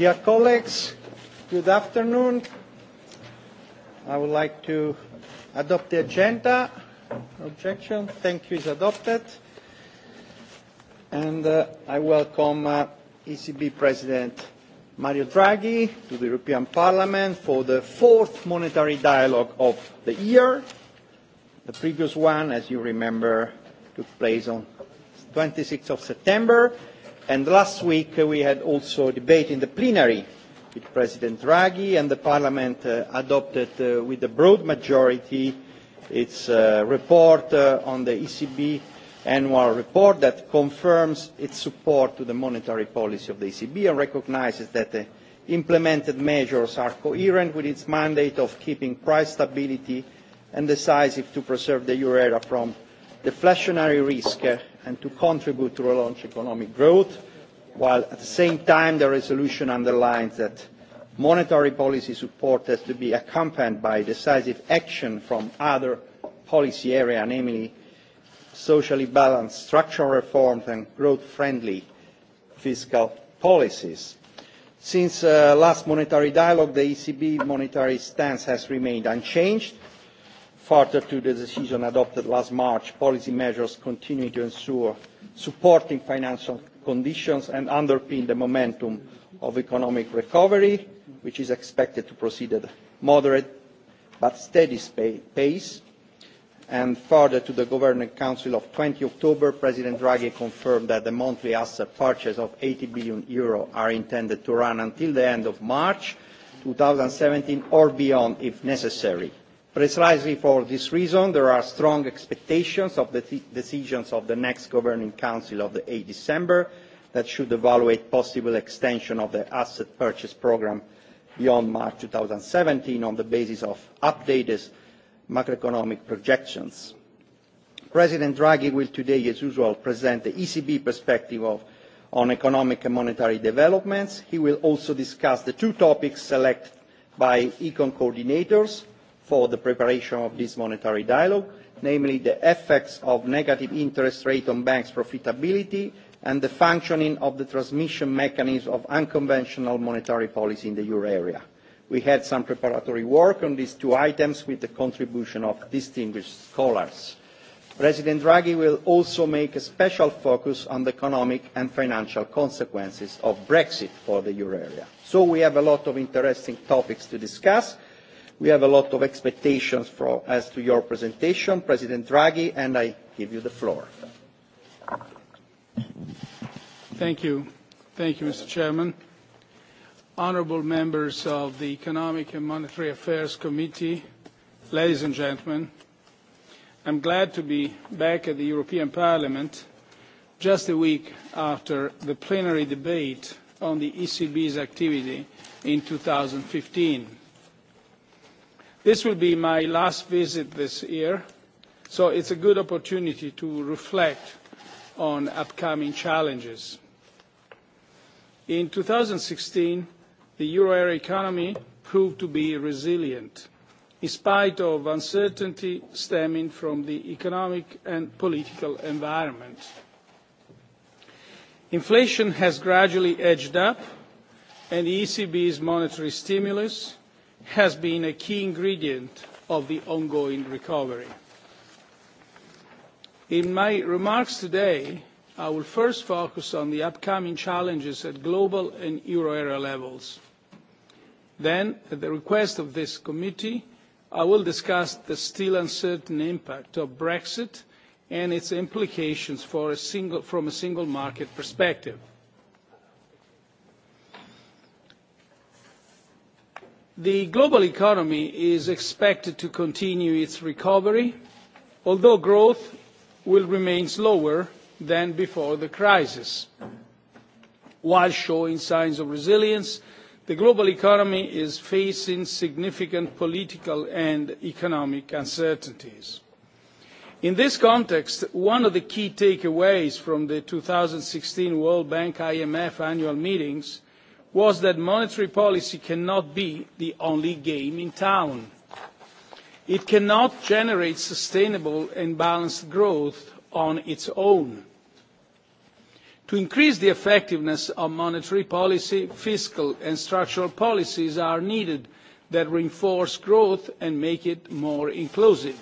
Dear colleagues, good afternoon. I would like to adopt the agenda. Objection? Thank you is adopted. And uh, I welcome uh, ECB President Mario Draghi to the European Parliament for the fourth monetary dialogue of the year. The previous one, as you remember, took place on 26th of September And last week we had also a debate in the plenary with President Draghi and the Parliament uh, adopted uh, with a broad majority its uh, report uh, on the ECB annual report that confirms its support to the monetary policy of the ECB and recognises that the implemented measures are coherent with its mandate of keeping price stability and decisive to preserve the euro area from deflationary risk and to contribute to relaunch economic growth, while at the same time the resolution underlines that monetary policy support has to be accompanied by decisive action from other policy areas, namely socially balanced structural reforms and growth-friendly fiscal policies. Since the last monetary dialogue, the ECB monetary stance has remained unchanged, further to the decision adopted last March, policy measures continue to ensure supporting financial conditions and underpin the momentum of economic recovery, which is expected to proceed at a moderate but steady pace. And further to the Governing Council of 20 October, President Draghi confirmed that the monthly asset purchase of 80 billion euro are intended to run until the end of March 2017 or beyond if necessary Precisely for this reason, there are strong expectations of the decisions of the next Governing Council of the 8 December that should evaluate possible extension of the asset purchase programme beyond March 2017 on the basis of updated macroeconomic projections. President Draghi will today, as usual, present the ECB perspective of, on economic and monetary developments. He will also discuss the two topics selected by ECON coordinators – for the preparation of this monetary dialogue, namely the effects of negative interest rate on banks' profitability and the functioning of the transmission mechanism of unconventional monetary policy in the euro area. We had some preparatory work on these two items with the contribution of distinguished scholars. President Draghi will also make a special focus on the economic and financial consequences of Brexit for the euro area. So we have a lot of interesting topics to discuss We have a lot of expectations for, as to your presentation, President Draghi, and I give you the floor. Thank you. Thank you, Mr. Chairman. Honourable members of the Economic and Monetary Affairs Committee, ladies and gentlemen, I'm glad to be back at the European Parliament just a week after the plenary debate on the ECB's activity in 2015 This will be my last visit this year, so it's a good opportunity to reflect on upcoming challenges. In 2016, the euro area economy proved to be resilient in spite of uncertainty stemming from the economic and political environment. Inflation has gradually edged up, and the ECB's monetary stimulus has been a key ingredient of the ongoing recovery. In my remarks today, I will first focus on the upcoming challenges at global and euro area levels. Then, at the request of this committee, I will discuss the still uncertain impact of Brexit and its implications from a single market perspective. The global economy is expected to continue its recovery, although growth will remain slower than before the crisis. While showing signs of resilience, the global economy is facing significant political and economic uncertainties. In this context, one of the key takeaways from the sixteen World Bank IMF annual meetings was that monetary policy cannot be the only game in town. It cannot generate sustainable and balanced growth on its own. To increase the effectiveness of monetary policy, fiscal and structural policies are needed that reinforce growth and make it more inclusive.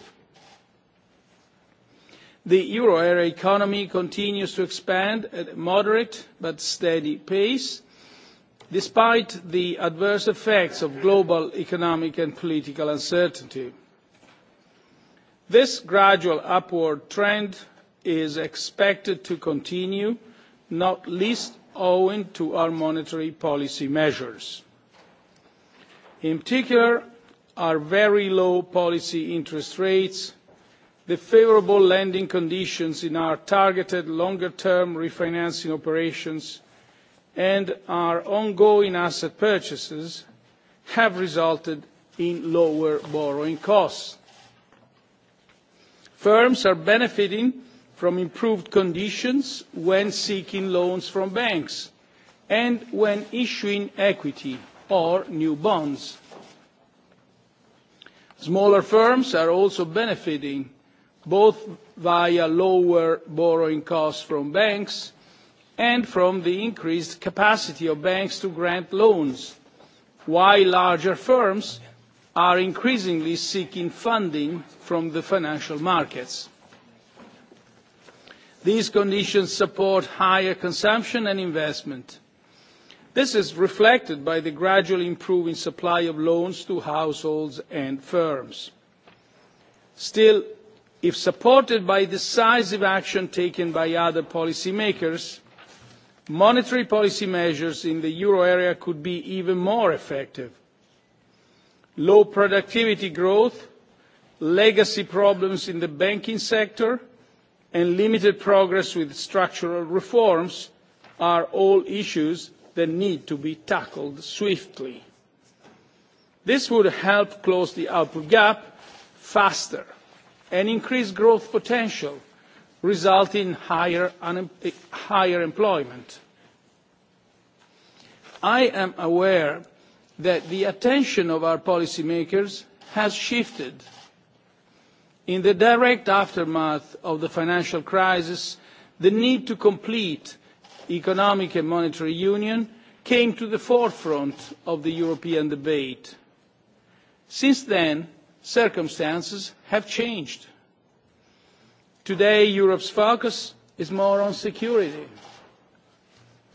The euro area economy continues to expand at a moderate but steady pace, despite the adverse effects of global economic and political uncertainty. This gradual upward trend is expected to continue, not least owing to our monetary policy measures. In particular, our very low policy interest rates, the favourable lending conditions in our targeted longer-term refinancing operations, and our ongoing asset purchases have resulted in lower borrowing costs. Firms are benefiting from improved conditions when seeking loans from banks and when issuing equity or new bonds. Smaller firms are also benefiting both via lower borrowing costs from banks and from the increased capacity of banks to grant loans, while larger firms are increasingly seeking funding from the financial markets. These conditions support higher consumption and investment. This is reflected by the gradually improving supply of loans to households and firms. Still, if supported by decisive action taken by other policymakers, monetary policy measures in the euro area could be even more effective. Low productivity growth, legacy problems in the banking sector, and limited progress with structural reforms are all issues that need to be tackled swiftly. This would help close the output gap faster and increase growth potential result in higher, employment. I am aware that the attention of our policymakers has shifted. In the direct aftermath of the financial crisis, the need to complete economic and monetary union came to the forefront of the European debate. Since then, circumstances have changed Today, Europe's focus is more on security.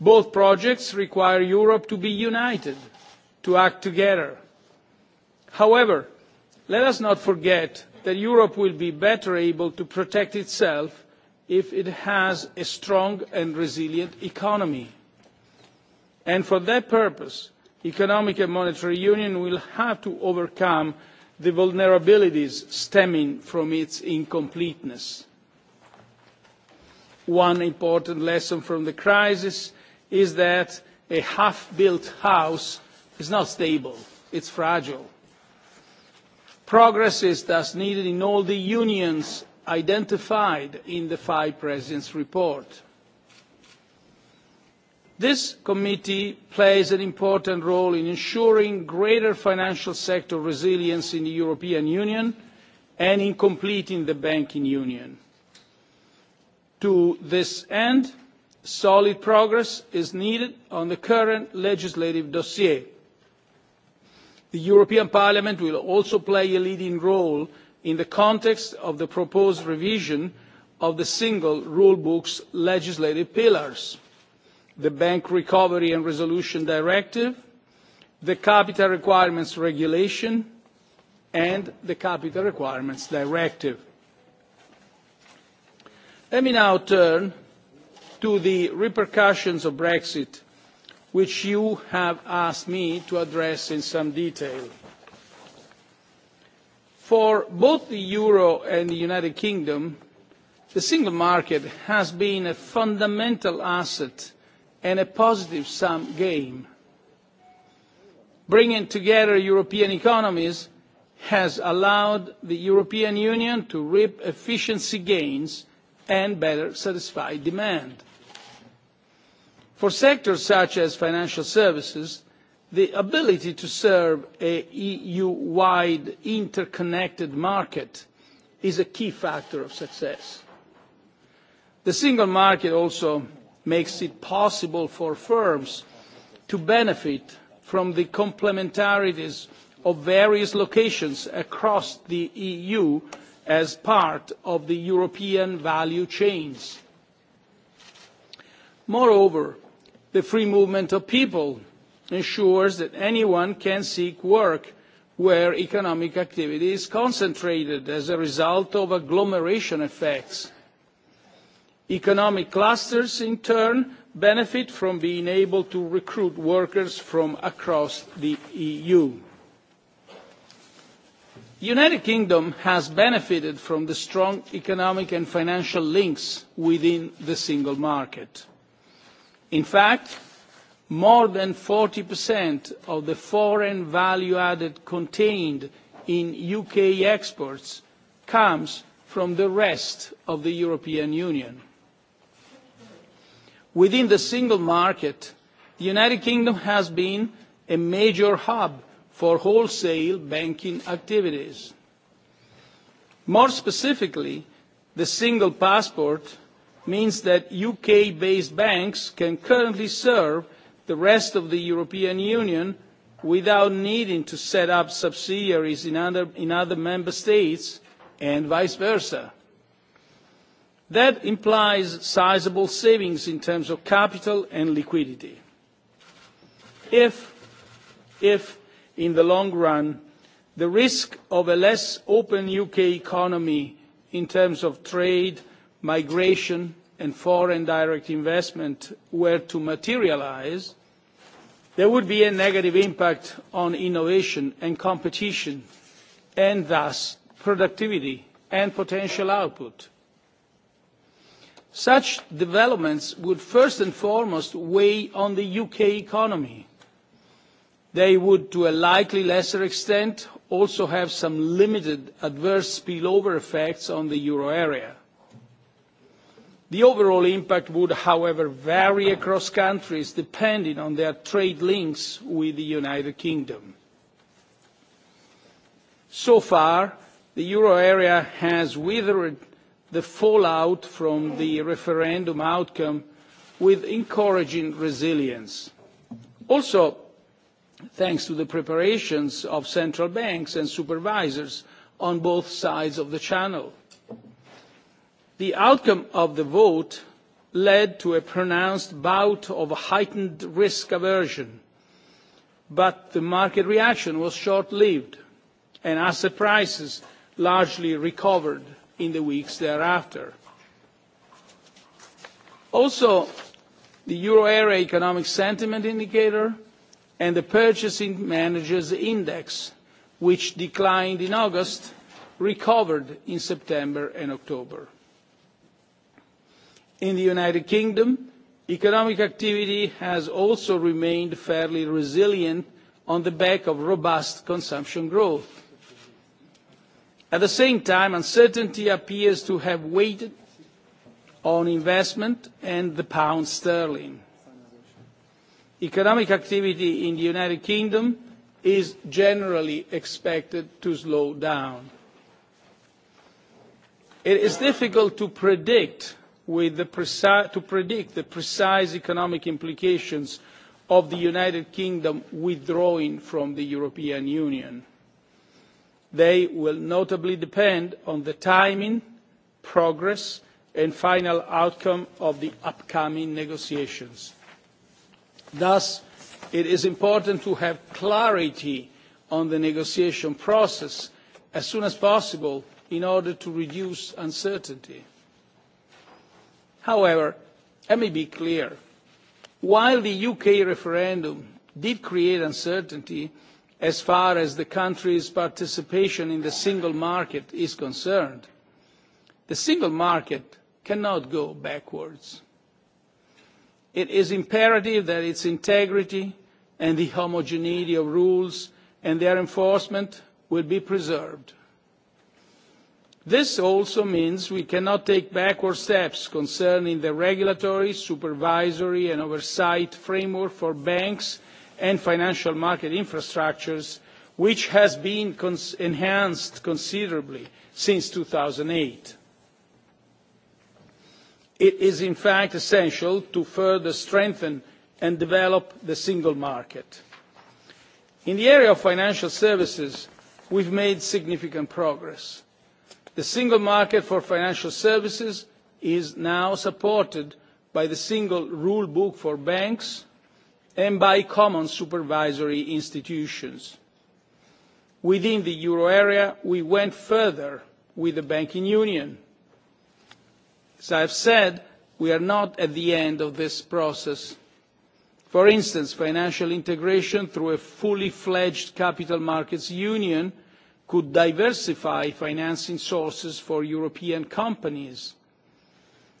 Both projects require Europe to be united, to act together. However, let us not forget that Europe will be better able to protect itself if it has a strong and resilient economy. And for that purpose, economic and monetary union will have to overcome the vulnerabilities stemming from its incompleteness one important lesson from the crisis is that a half-built house is not stable, it is fragile. Progress is thus needed in all the unions identified in the five presidents' report. This committee plays an important role in ensuring greater financial sector resilience in the European Union and in completing the banking union. To this end, solid progress is needed on the current legislative dossier. The European Parliament will also play a leading role in the context of the proposed revision of the single rulebook's legislative pillars, the Bank Recovery and Resolution Directive, the Capital Requirements Regulation, and the Capital Requirements Directive Let me now turn to the repercussions of Brexit, which you have asked me to address in some detail. For both the Euro and the United Kingdom, the single market has been a fundamental asset and a positive sum game. Bringing together European economies has allowed the European Union to reap efficiency gains and better satisfy demand. For sectors such as financial services, the ability to serve an EU-wide interconnected market is a key factor of success. The single market also makes it possible for firms to benefit from the complementarities of various locations across the EU as part of the European value chains. Moreover, the free movement of people ensures that anyone can seek work where economic activity is concentrated as a result of agglomeration effects. Economic clusters, in turn, benefit from being able to recruit workers from across the EU. The United Kingdom has benefited from the strong economic and financial links within the single market. In fact, more than forty of the foreign value added contained in UK exports comes from the rest of the European Union. Within the single market, the United Kingdom has been a major hub for wholesale banking activities. More specifically, the single passport means that UK-based banks can currently serve the rest of the European Union without needing to set up subsidiaries in other, member states and vice versa. That implies sizable savings in terms of capital and liquidity. If, if in the long run, the risk of a less open U.K. economy in terms of trade, migration, and foreign direct investment were to materialise, there would be a negative impact on innovation and competition, and thus productivity and potential output. Such developments would first and foremost weigh on the U.K. economy, They would, to a likely lesser extent, also have some limited adverse spillover effects on the euro area. The overall impact would, however, vary across countries depending on their trade links with the United Kingdom. So far, the euro area has withered the fallout from the referendum outcome with encouraging resilience. Also, thanks to the preparations of central banks and supervisors on both sides of the channel. The outcome of the vote led to a pronounced bout of heightened risk aversion, but the market reaction was short-lived, and asset prices largely recovered in the weeks thereafter. Also, the euro area economic sentiment indicator and the Purchasing Managers' Index, which declined in August, recovered in September and October. In the United Kingdom, economic activity has also remained fairly resilient on the back of robust consumption growth. At the same time, uncertainty appears to have weighted on investment and the pound sterling economic activity in the United Kingdom is generally expected to slow down. It is difficult to predict, with the to predict the precise economic implications of the United Kingdom withdrawing from the European Union. They will notably depend on the timing, progress and final outcome of the upcoming negotiations Thus, it is important to have clarity on the negotiation process as soon as possible in order to reduce uncertainty. However, let me be clear. While the UK referendum did create uncertainty as far as the country's participation in the single market is concerned, the single market cannot go backwards it is imperative that its integrity and the homogeneity of rules and their enforcement will be preserved. This also means we cannot take backward steps concerning the regulatory, supervisory and oversight framework for banks and financial market infrastructures, which has been enhanced considerably since two thousand eight it is in fact essential to further strengthen and develop the single market. in the area of financial services we have made significant progress. the single market for financial services is now supported by the single rule book for banks and by common supervisory institutions. within the euro area we went further with the banking union As I have said, we are not at the end of this process. For instance, financial integration through a fully fledged capital markets union could diversify financing sources for European companies.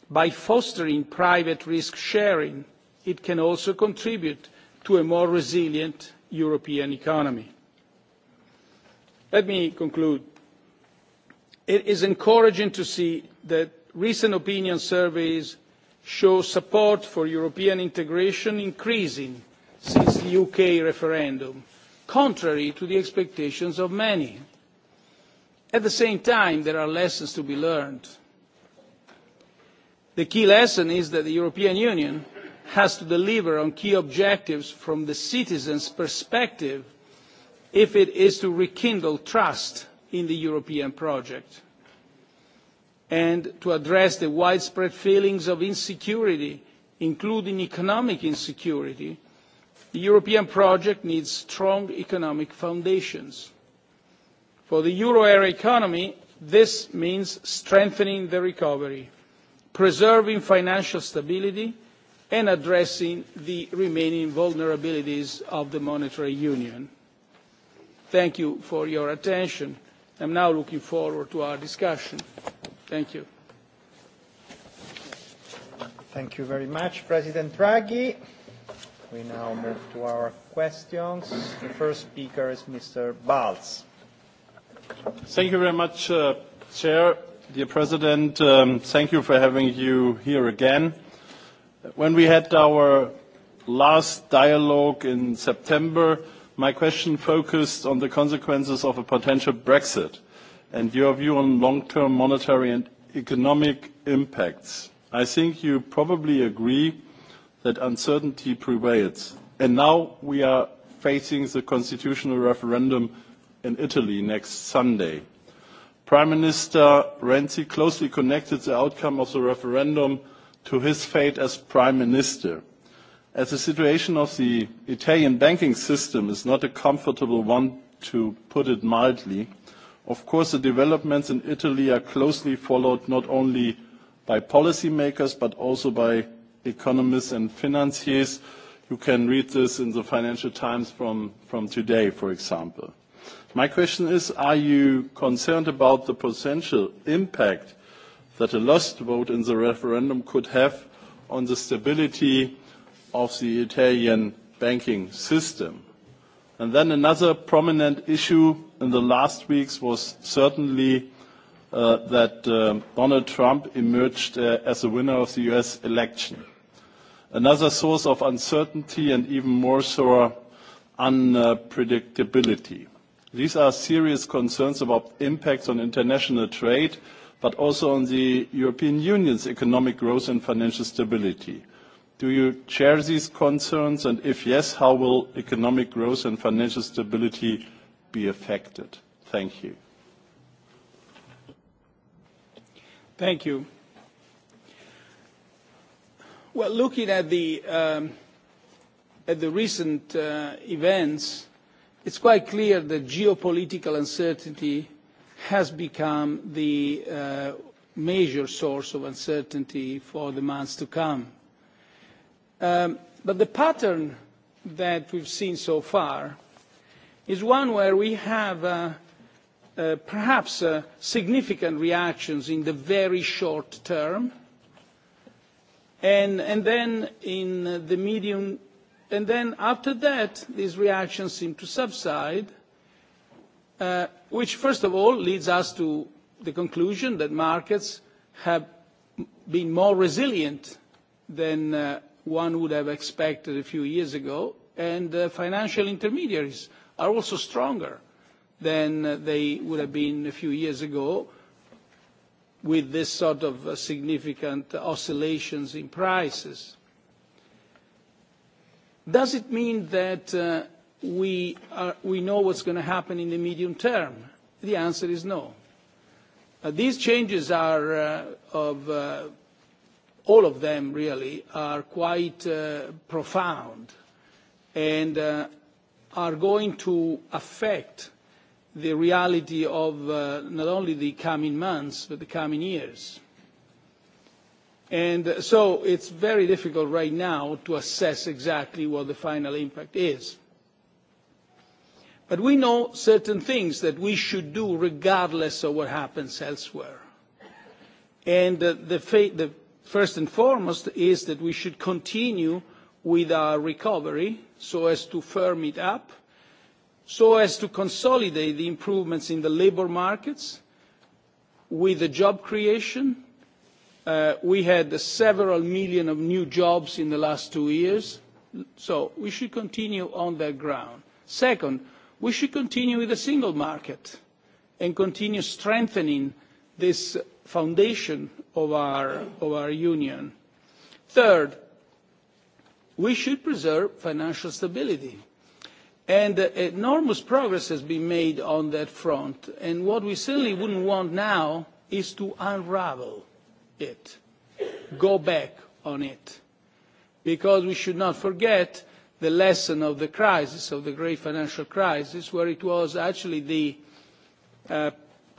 By fostering private risk sharing, it can also contribute to a more resilient European economy. Let me conclude. It is encouraging to see that recent opinion surveys show support for European integration increasing since the UK referendum, contrary to the expectations of many. At the same time, there are lessons to be learned. The key lesson is that the European Union has to deliver on key objectives from the citizens' perspective if it is to rekindle trust in the European project and to address the widespread feelings of insecurity, including economic insecurity, the European project needs strong economic foundations. For the euro area economy, this means strengthening the recovery, preserving financial stability, and addressing the remaining vulnerabilities of the monetary union. Thank you for your attention. I am now looking forward to our discussion. Thank you. Thank you very much, President Draghi. We now move to our questions. The first speaker is Mr. Balz. Thank you very much, uh, Chair. Dear President, um, thank you for having you here again. When we had our last dialogue in September, my question focused on the consequences of a potential Brexit and your view on long-term monetary and economic impacts. I think you probably agree that uncertainty prevails. And now we are facing the constitutional referendum in Italy next Sunday. Prime Minister Renzi closely connected the outcome of the referendum to his fate as Prime Minister. As the situation of the Italian banking system is not a comfortable one, to put it mildly, Of course, the developments in Italy are closely followed not only by policymakers but also by economists and financiers. You can read this in the Financial Times from, today, for example. My question is, are you concerned about the potential impact that a lost vote in the referendum could have on the stability of the Italian banking system? And then another prominent issue in the last weeks was certainly that Donald Trump emerged as the winner of the U.S. election. Another source of uncertainty and even more so unpredictability. These are serious concerns about impacts on international trade, but also on the European Union's economic growth and financial stability. Do you share these concerns? And if yes, how will economic growth and financial stability be affected? Thank you. Thank you. Well, looking at the um at the recent uh events, it's quite clear that geopolitical uncertainty has become the uh major source of uncertainty for the months to come But the pattern that we've seen so far is one where we have perhaps significant reactions in the very short term, and then in the medium, and then after that, these reactions seem to subside, which first of all leads us to the conclusion that markets have been more resilient than one would have expected a few years ago, and financial intermediaries are also stronger than they would have been a few years ago with this sort of significant oscillations in prices. Does it mean that we know what's going to happen in the medium term? The answer is no. These changes are of all of them really are quite profound and are going to affect the reality of not only the coming months but the coming years. And so It's very difficult right now to assess exactly what the final impact is. But We know certain things that we should do regardless of what happens elsewhere. And The First and foremost is that we should continue with our recovery so as to firm it up, so as to consolidate the improvements in the labour markets with the job creation. We had several million of new jobs in the last two years, so we should continue on that ground. Second, we should continue with the single market and continue strengthening this foundation of our of our union. Third, we should preserve financial stability. and Enormous progress has been made on that front, and what we certainly wouldn't want now is to unravel it, go back on it, because we should not forget the lesson of the crisis, of the great financial crisis, where it was actually the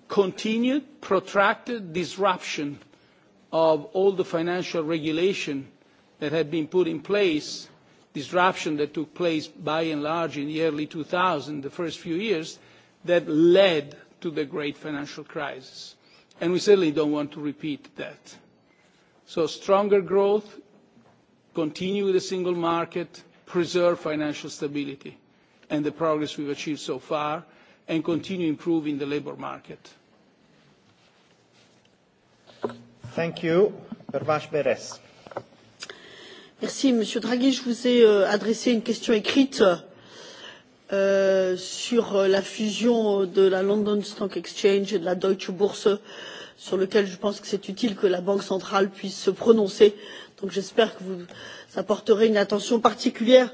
continued protracted disruption of all the financial regulation that had been put in place, disruption that took place by and large in the early 2000, the first few years, that led to the great financial crisis. And we certainly don't want to repeat that. So stronger growth, continue the single market, preserve financial stability and the progress we've achieved so far and continue improving the labor market. Thank you. Pervash Merci, Monsieur Draghi. Je vous ai adressé une question écrite sur la fusion de la London Stock Exchange et de la Deutsche Börse, sur lequel je pense que c'est utile que la Banque centrale puisse se prononcer. Donc j'espère que vous apporterez une attention particulière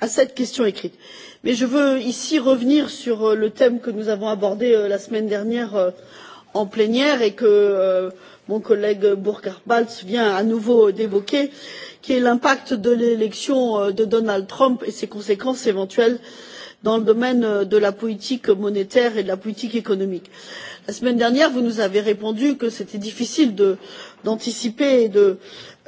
à cette question écrite. mais je veux ici revenir sur le thème que nous avons abordé la semaine dernière en plénière et que mon collègue burkhard balz vient à nouveau d'évoquer qui est l'impact de l'élection de donald trump et ses conséquences éventuelles dans le domaine de la politique monétaire et de la politique économique. la semaine dernière vous nous avez répondu que c'était difficile d'anticiper et de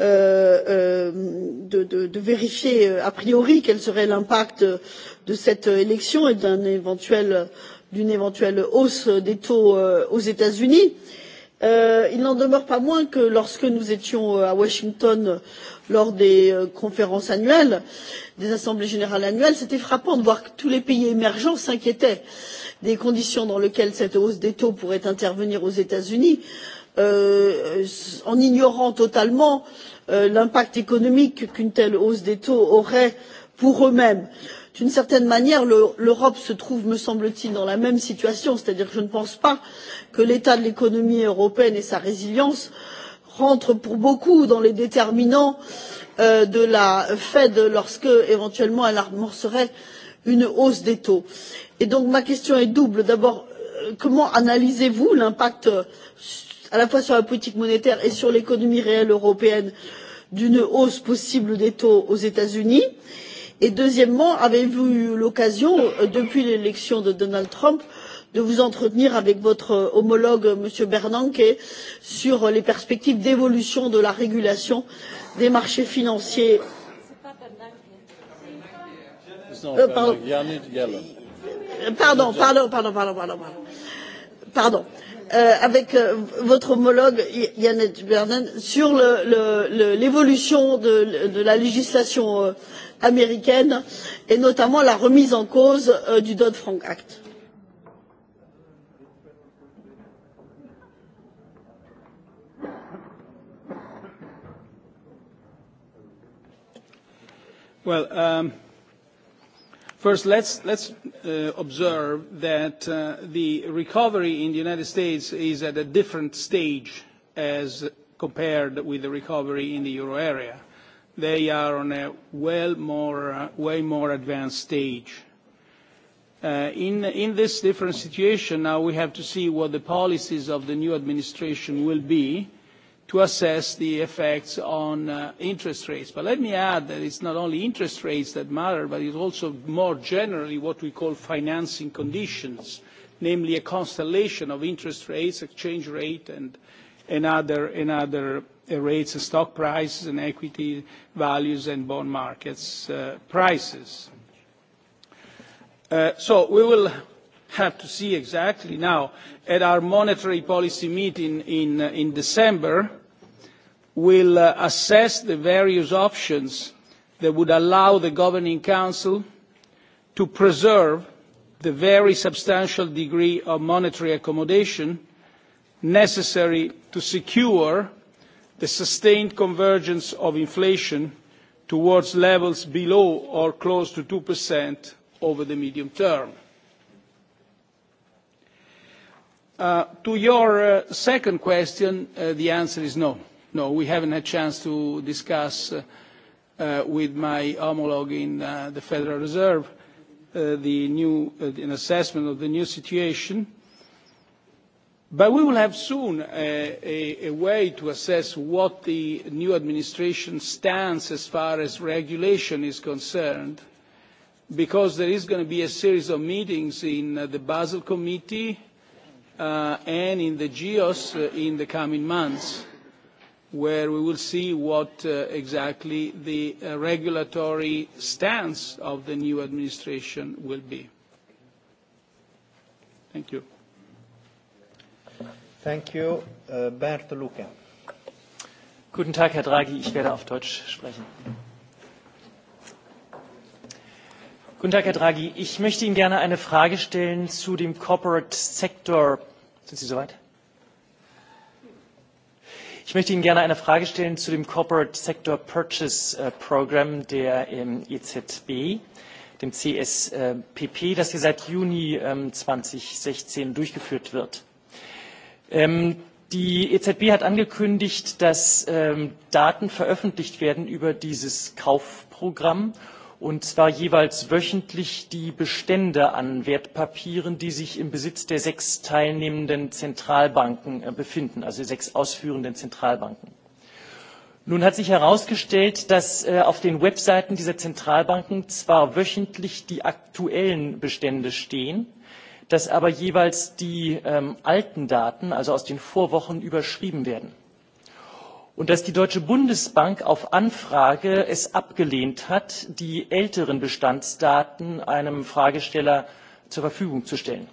de, de, de vérifier a priori quel serait l'impact de cette élection et d'un éventuel d'une éventuelle hausse des taux aux États-Unis. il n'en demeure pas moins que lorsque nous étions à Washington lors des conférences annuelles, des assemblées générales annuelles, c'était frappant de voir que tous les pays émergents s'inquiétaient des conditions dans lesquelles cette hausse des taux pourrait intervenir aux États-Unis en ignorant totalement l'impact économique qu'une telle hausse des taux aurait pour eux mêmes. d'une certaine manière l'europe se trouve me semble t il dans la même situation c'est à dire que je ne pense pas que l'état de l'économie européenne et sa résilience rentrent pour beaucoup dans les déterminants de la fed lorsque éventuellement elle amorcerait une hausse des taux. ma question est donc double d'abord comment analysez vous l'impact à la fois sur la politique monétaire et sur l'économie réelle européenne d'une hausse possible des taux aux états unis et deuxièmement avez vous eu l'occasion depuis l'élection de donald trump de vous entretenir avec votre homologue m. bernanke sur les perspectives d'évolution de la régulation des marchés financiers pardon pardon pardon pardon pardon pardon avec votre homologue Yannette Bernan sur l'évolution de, la législation américaine et notamment la remise en cause du Dodd Frank Act. First, let's let's observe that the recovery in the United States is at a different stage as compared with the recovery in the euro area. They are on a well more, way more advanced stage. In this different situation, now we have to see what the policies of the new administration will be to assess the effects on interest rates. But let me add that it's not only interest rates that matter, but it's also more generally what we call financing conditions, namely a constellation of interest rates, exchange rate, and, other, rates, and stock prices, and equity values, and bond markets prices. so we will have to see exactly now at our monetary policy meeting in December, will assess the various options that would allow the Governing Council to preserve the very substantial degree of monetary accommodation necessary to secure the sustained convergence of inflation towards levels below or close to 2% over the medium term. To your second question, the answer is no. No, we haven't had a chance to discuss with my homologue in the Federal Reserve the new an assessment of the new situation. But we will have soon a way to assess what the new administration stands as far as regulation is concerned, because there is going to be a series of meetings in the Basel Committee and in the GEOS in the coming months where we will see what exactly the regulatory stance of the new administration will be. Thank you. Thank you. Bert Lucke. Guten Tag, Herr Draghi. Ich werde auf Deutsch sprechen. Guten Tag, Herr Draghi. Ich möchte Ihnen gerne eine Frage stellen zu dem Corporate Sector. Sind Sie soweit? Ich möchte Ihnen gerne eine Frage stellen zu dem Corporate Sector Purchase Program der EZB, dem CSPP, das hier seit Juni 2016 durchgeführt wird. Die EZB hat angekündigt, dass Daten veröffentlicht werden über dieses Kaufprogramm und zwar jeweils wöchentlich die Bestände an Wertpapieren, die sich im Besitz der sechs teilnehmenden Zentralbanken befinden, also sechs ausführenden Zentralbanken. Nun hat sich herausgestellt, dass auf den Webseiten dieser Zentralbanken zwar wöchentlich die aktuellen Bestände stehen, dass aber jeweils die alten Daten, also aus den Vorwochen, überschrieben werden und dass die deutsche bundesbank auf anfrage es abgelehnt hat die älteren bestandsdaten einem fragesteller zur verfügung zu stellen.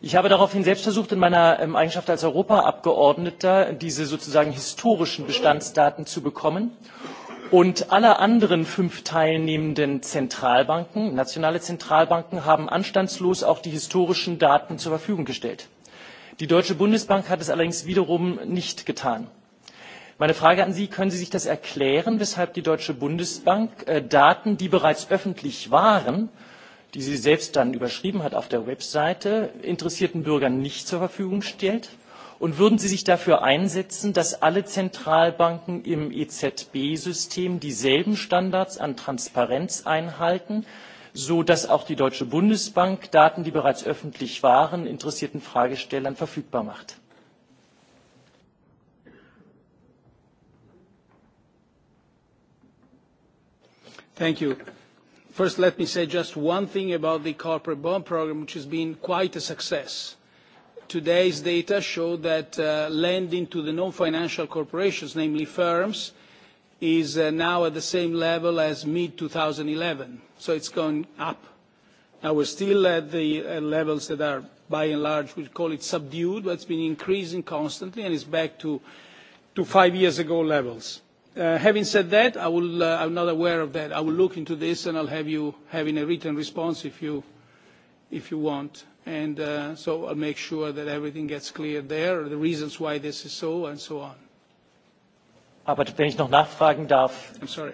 ich habe daraufhin selbst versucht in meiner eigenschaft als europaabgeordneter diese sozusagen historischen bestandsdaten zu bekommen und alle anderen fünf teilnehmenden zentralbanken nationale zentralbanken haben anstandslos auch die historischen daten zur verfügung gestellt. die deutsche bundesbank hat es allerdings wiederum nicht getan. Meine Frage an Sie, können Sie sich das erklären, weshalb die Deutsche Bundesbank Daten, die bereits öffentlich waren, die sie selbst dann überschrieben hat auf der Webseite, interessierten Bürgern nicht zur Verfügung stellt? Und würden Sie sich dafür einsetzen, dass alle Zentralbanken im EZB-System dieselben Standards an Transparenz einhalten, so dass auch die Deutsche Bundesbank Daten, die bereits öffentlich waren, interessierten Fragestellern verfügbar macht? Thank you. First, let me say just one thing about the corporate bond program, which has been quite a success. Today's data show that lending to the non-financial corporations, namely firms, is now at the same level as mid-2011, so it's going up. Now, we're still at the levels that are, by and large, we call it subdued, but it's been increasing constantly and is back to five years ago levels. Having said that, I will, I'm not aware of that. I will look into this, and I'll have you having a written response if you if you want. And uh so I'll make sure that everything gets clear there, the reasons why this is so, and so on. Aber wenn ich noch nachfragen darf. I'm sorry.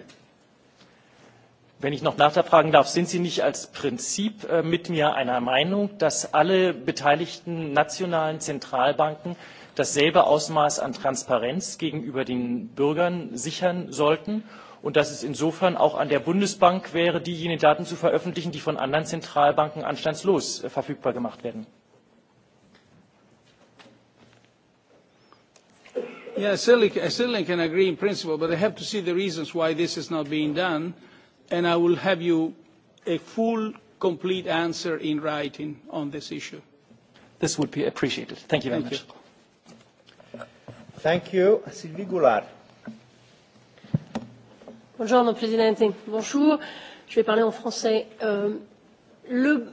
Wenn ich noch nachfragen darf, sind Sie nicht als Prinzip mit mir einer Meinung, dass alle beteiligten nationalen Zentralbanken dasselbe Ausmaß an Transparenz gegenüber den Bürgern sichern sollten und dass es insofern auch an der Bundesbank wäre, diejenigen Daten zu veröffentlichen, die von anderen Zentralbanken anstandslos verfügbar gemacht werden. Yeah, certainly, I certainly can agree in principle, but I have to see the reasons why this is not being done, and I will have you a full, complete answer in writing on this issue. This would be appreciated. Thank you very much. Thank you. Sylvie Goulard. Bonjour, mon président. Bonjour. Je vais parler en français. Euh, le,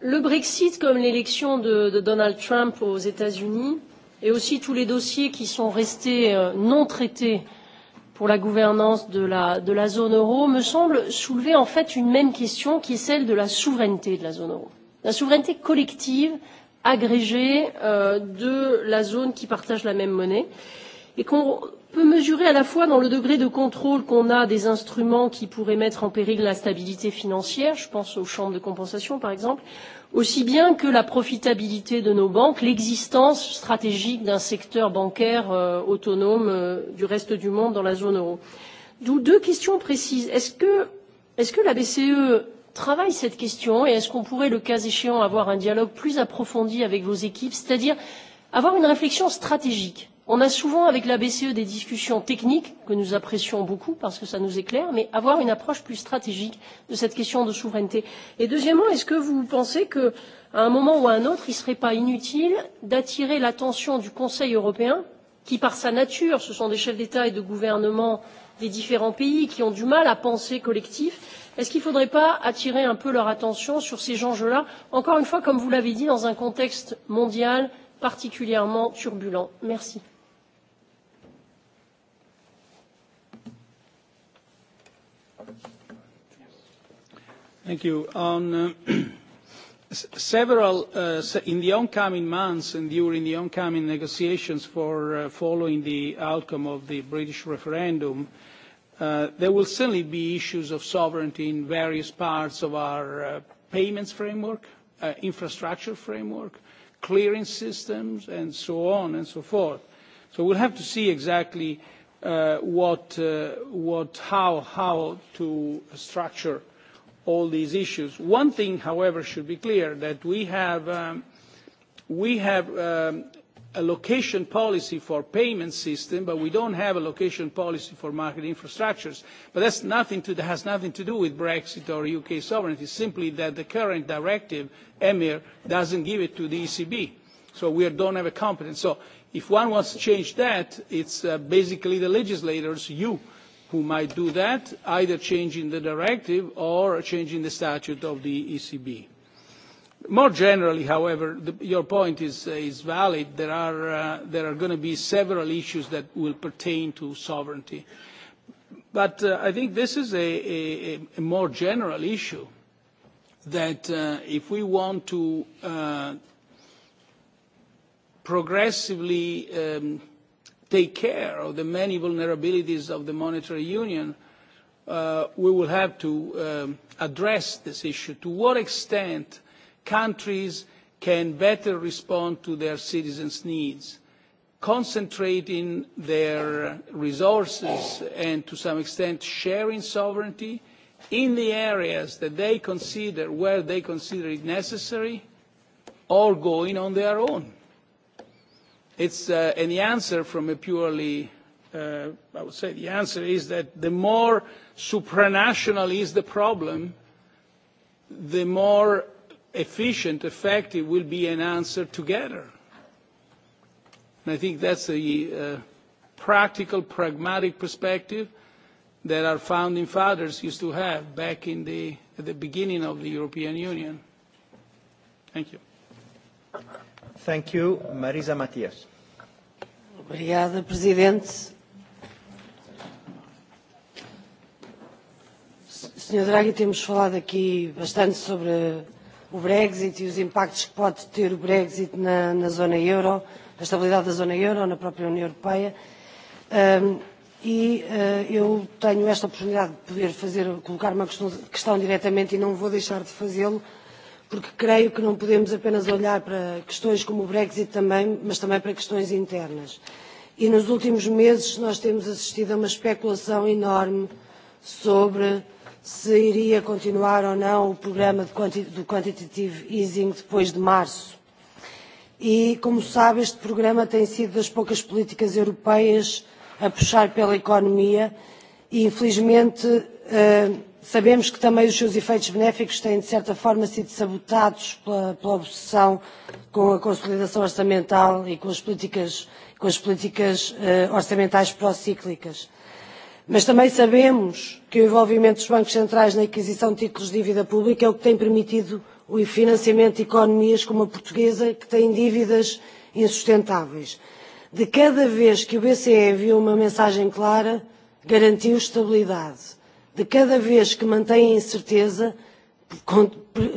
le Brexit, comme l'élection de, de Donald Trump aux États-Unis, et aussi tous les dossiers qui sont restés euh, non traités pour la gouvernance de la, de la zone euro, me semblent soulever en fait une même question qui est celle de la souveraineté de la zone euro. La souveraineté collective agrégée euh, de la zone qui partage la même monnaie et qu'on peut mesurer à la fois dans le degré de contrôle qu'on a des instruments qui pourraient mettre en péril la stabilité financière, je pense aux chambres de compensation par exemple, aussi bien que la profitabilité de nos banques, l'existence stratégique d'un secteur bancaire euh, autonome euh, du reste du monde dans la zone euro. D'où deux questions précises. Est-ce que, est que la BCE travaille cette question et est-ce qu'on pourrait, le cas échéant, avoir un dialogue plus approfondi avec vos équipes, c'est-à-dire avoir une réflexion stratégique On a souvent avec la BCE des discussions techniques que nous apprécions beaucoup parce que ça nous éclaire, mais avoir une approche plus stratégique de cette question de souveraineté. Et deuxièmement, est-ce que vous pensez que à un moment ou à un autre, il ne serait pas inutile d'attirer l'attention du Conseil européen, qui par sa nature, ce sont des chefs d'État et de gouvernement des différents pays qui ont du mal à penser collectif, Est-ce qu'il ne faudrait pas attirer un peu leur attention sur ces enjeux-là, encore une fois, comme vous l'avez dit, dans un contexte mondial particulièrement turbulent Merci. Thank you. On several in the oncoming months and during the oncoming negotiations for following the outcome of the British referendum, There will certainly be issues of sovereignty in various parts of our payments framework, infrastructure framework, clearing systems, and so on and so forth. So we'll have to see exactly what, how to structure all these issues. One thing, however, should be clear, that we have a location policy for payment system, but we don't have a location policy for market infrastructures. But that's nothing to, that has nothing to do with Brexit or UK sovereignty, simply that the current directive, EMIR, doesn't give it to the ECB. So we don't have a competence. So if one wants to change that, it's uh, basically the legislators, you, who might do that, either changing the directive or changing the statute of the ECB. More generally, however, your point is valid. There are going to be several issues that will pertain to sovereignty. But I think this is a more general issue that if we want to progressively take care of the many vulnerabilities of the monetary union, we will have to address this issue. To what extent countries can better respond to their citizens' needs, concentrating their resources and to some extent sharing sovereignty in the areas that they consider where they consider it necessary or going on their own. It's, uh, and the answer from a purely, uh, I would say the answer is that the more supranational is the problem, the more efficient, effective will be an answer together. And I think that's a uh, practical, pragmatic perspective that our founding fathers used to have back in the, at the beginning of the European Union. Thank you. Thank you. Marisa Matias. Obrigada, Presidente. Sr. Draghi, temos falado aqui bastante sobre o Brexit e os impactos que pode ter o Brexit na, na zona euro, a estabilidade da zona euro, na própria União Europeia. Um, e uh, eu tenho esta oportunidade de poder fazer, colocar uma questão, questão diretamente e não vou deixar de fazê-lo, porque creio que não podemos apenas olhar para questões como o Brexit também, mas também para questões internas. E nos últimos meses nós temos assistido a uma especulação enorme sobre uh, se iria continuar ou não o programa do quantitative easing depois de março. E, como sabe, este programa tem sido das poucas políticas europeias a puxar pela economia e, infelizmente, sabemos que também os seus efeitos benéficos têm, de certa forma, sido sabotados pela, pela obsessão com a consolidação orçamental e com as políticas, com as políticas orçamentais procíclicas. Mas também sabemos que o envolvimento dos bancos centrais na aquisição de títulos de dívida pública é o que tem permitido o financiamento de economias como a portuguesa, que têm dívidas insustentáveis. De cada vez que o BCE enviou uma mensagem clara, garantiu estabilidade. De cada vez que mantém a incerteza,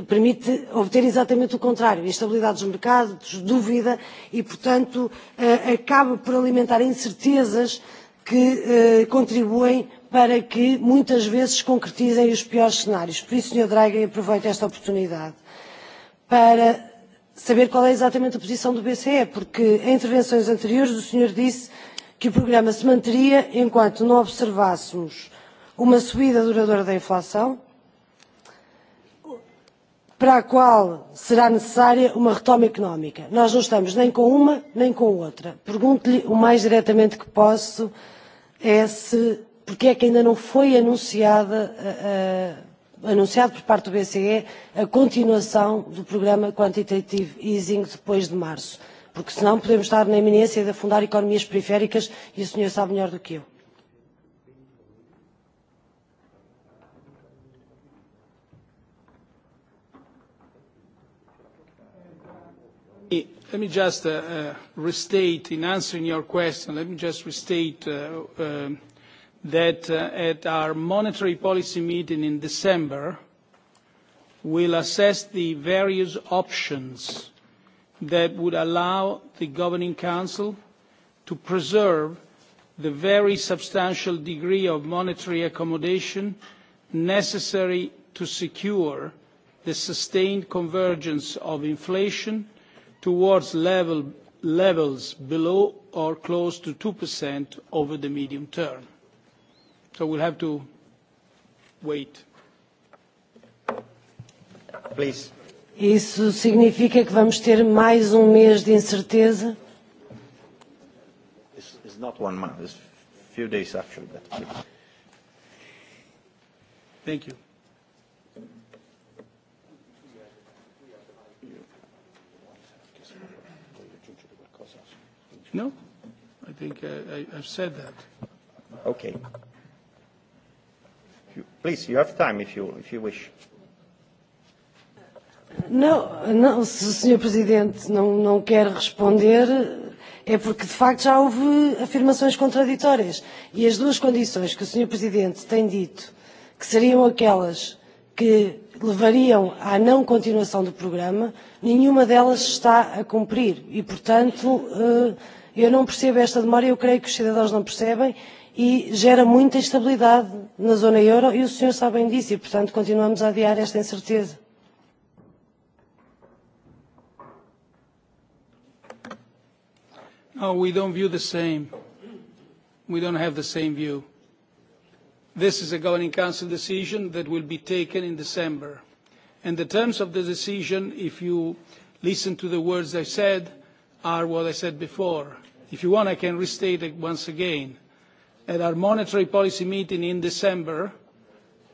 permite obter exatamente o contrário, instabilidade dos mercados, dúvida e, portanto, acaba por alimentar incertezas que contribuem para que muitas vezes concretizem os piores cenários. Por isso, Sr. Draghi, aproveito esta oportunidade para saber qual é exatamente a posição do BCE, porque em intervenções anteriores o senhor disse que o programa se manteria enquanto não observássemos uma subida duradoura da inflação, para a qual será necessária uma retoma económica. Nós não estamos nem com uma nem com outra. Pergunto-lhe o mais diretamente que posso é se porque é que ainda não foi anunciada anunciado por parte do BCE a continuação do programa Quantitative Easing depois de março, porque senão podemos estar na iminência de afundar economias periféricas e o senhor sabe melhor do que eu. Let me just restate, in answering your question, let me just restate that at our monetary policy meeting in December, we'll assess the various options that would allow the Governing Council to preserve the very substantial degree of monetary accommodation necessary to secure the sustained convergence of inflation towards levels below or close to 2% over the medium term. So We'll have to wait. Please. Isso significa que vamos ter mais um mês de incerteza? It's not one month. It's few days Thank you. No? I think I, I, I've said that. Okay. You, please, you have time if you, if you wish. Não, não, se o Sr. Presidente não, não quer responder, é porque de facto já houve afirmações contraditórias. E as duas condições que o Sr. Presidente tem dito que seriam aquelas que levariam à não continuação do programa, nenhuma delas está a cumprir. E, portanto, Eu não percebo esta demora, eu creio que os cidadãos não percebem e gera muita instabilidade na zona euro e o senhor sabe bem disso e, portanto, continuamos a adiar esta incerteza. No, we don't view the same. We don't have the same view. This is a governing council decision that will be taken in December. And the terms of the decision, if you listen to the words I said, are what I said before. If you want, I can restate it once again. At our monetary policy meeting in December,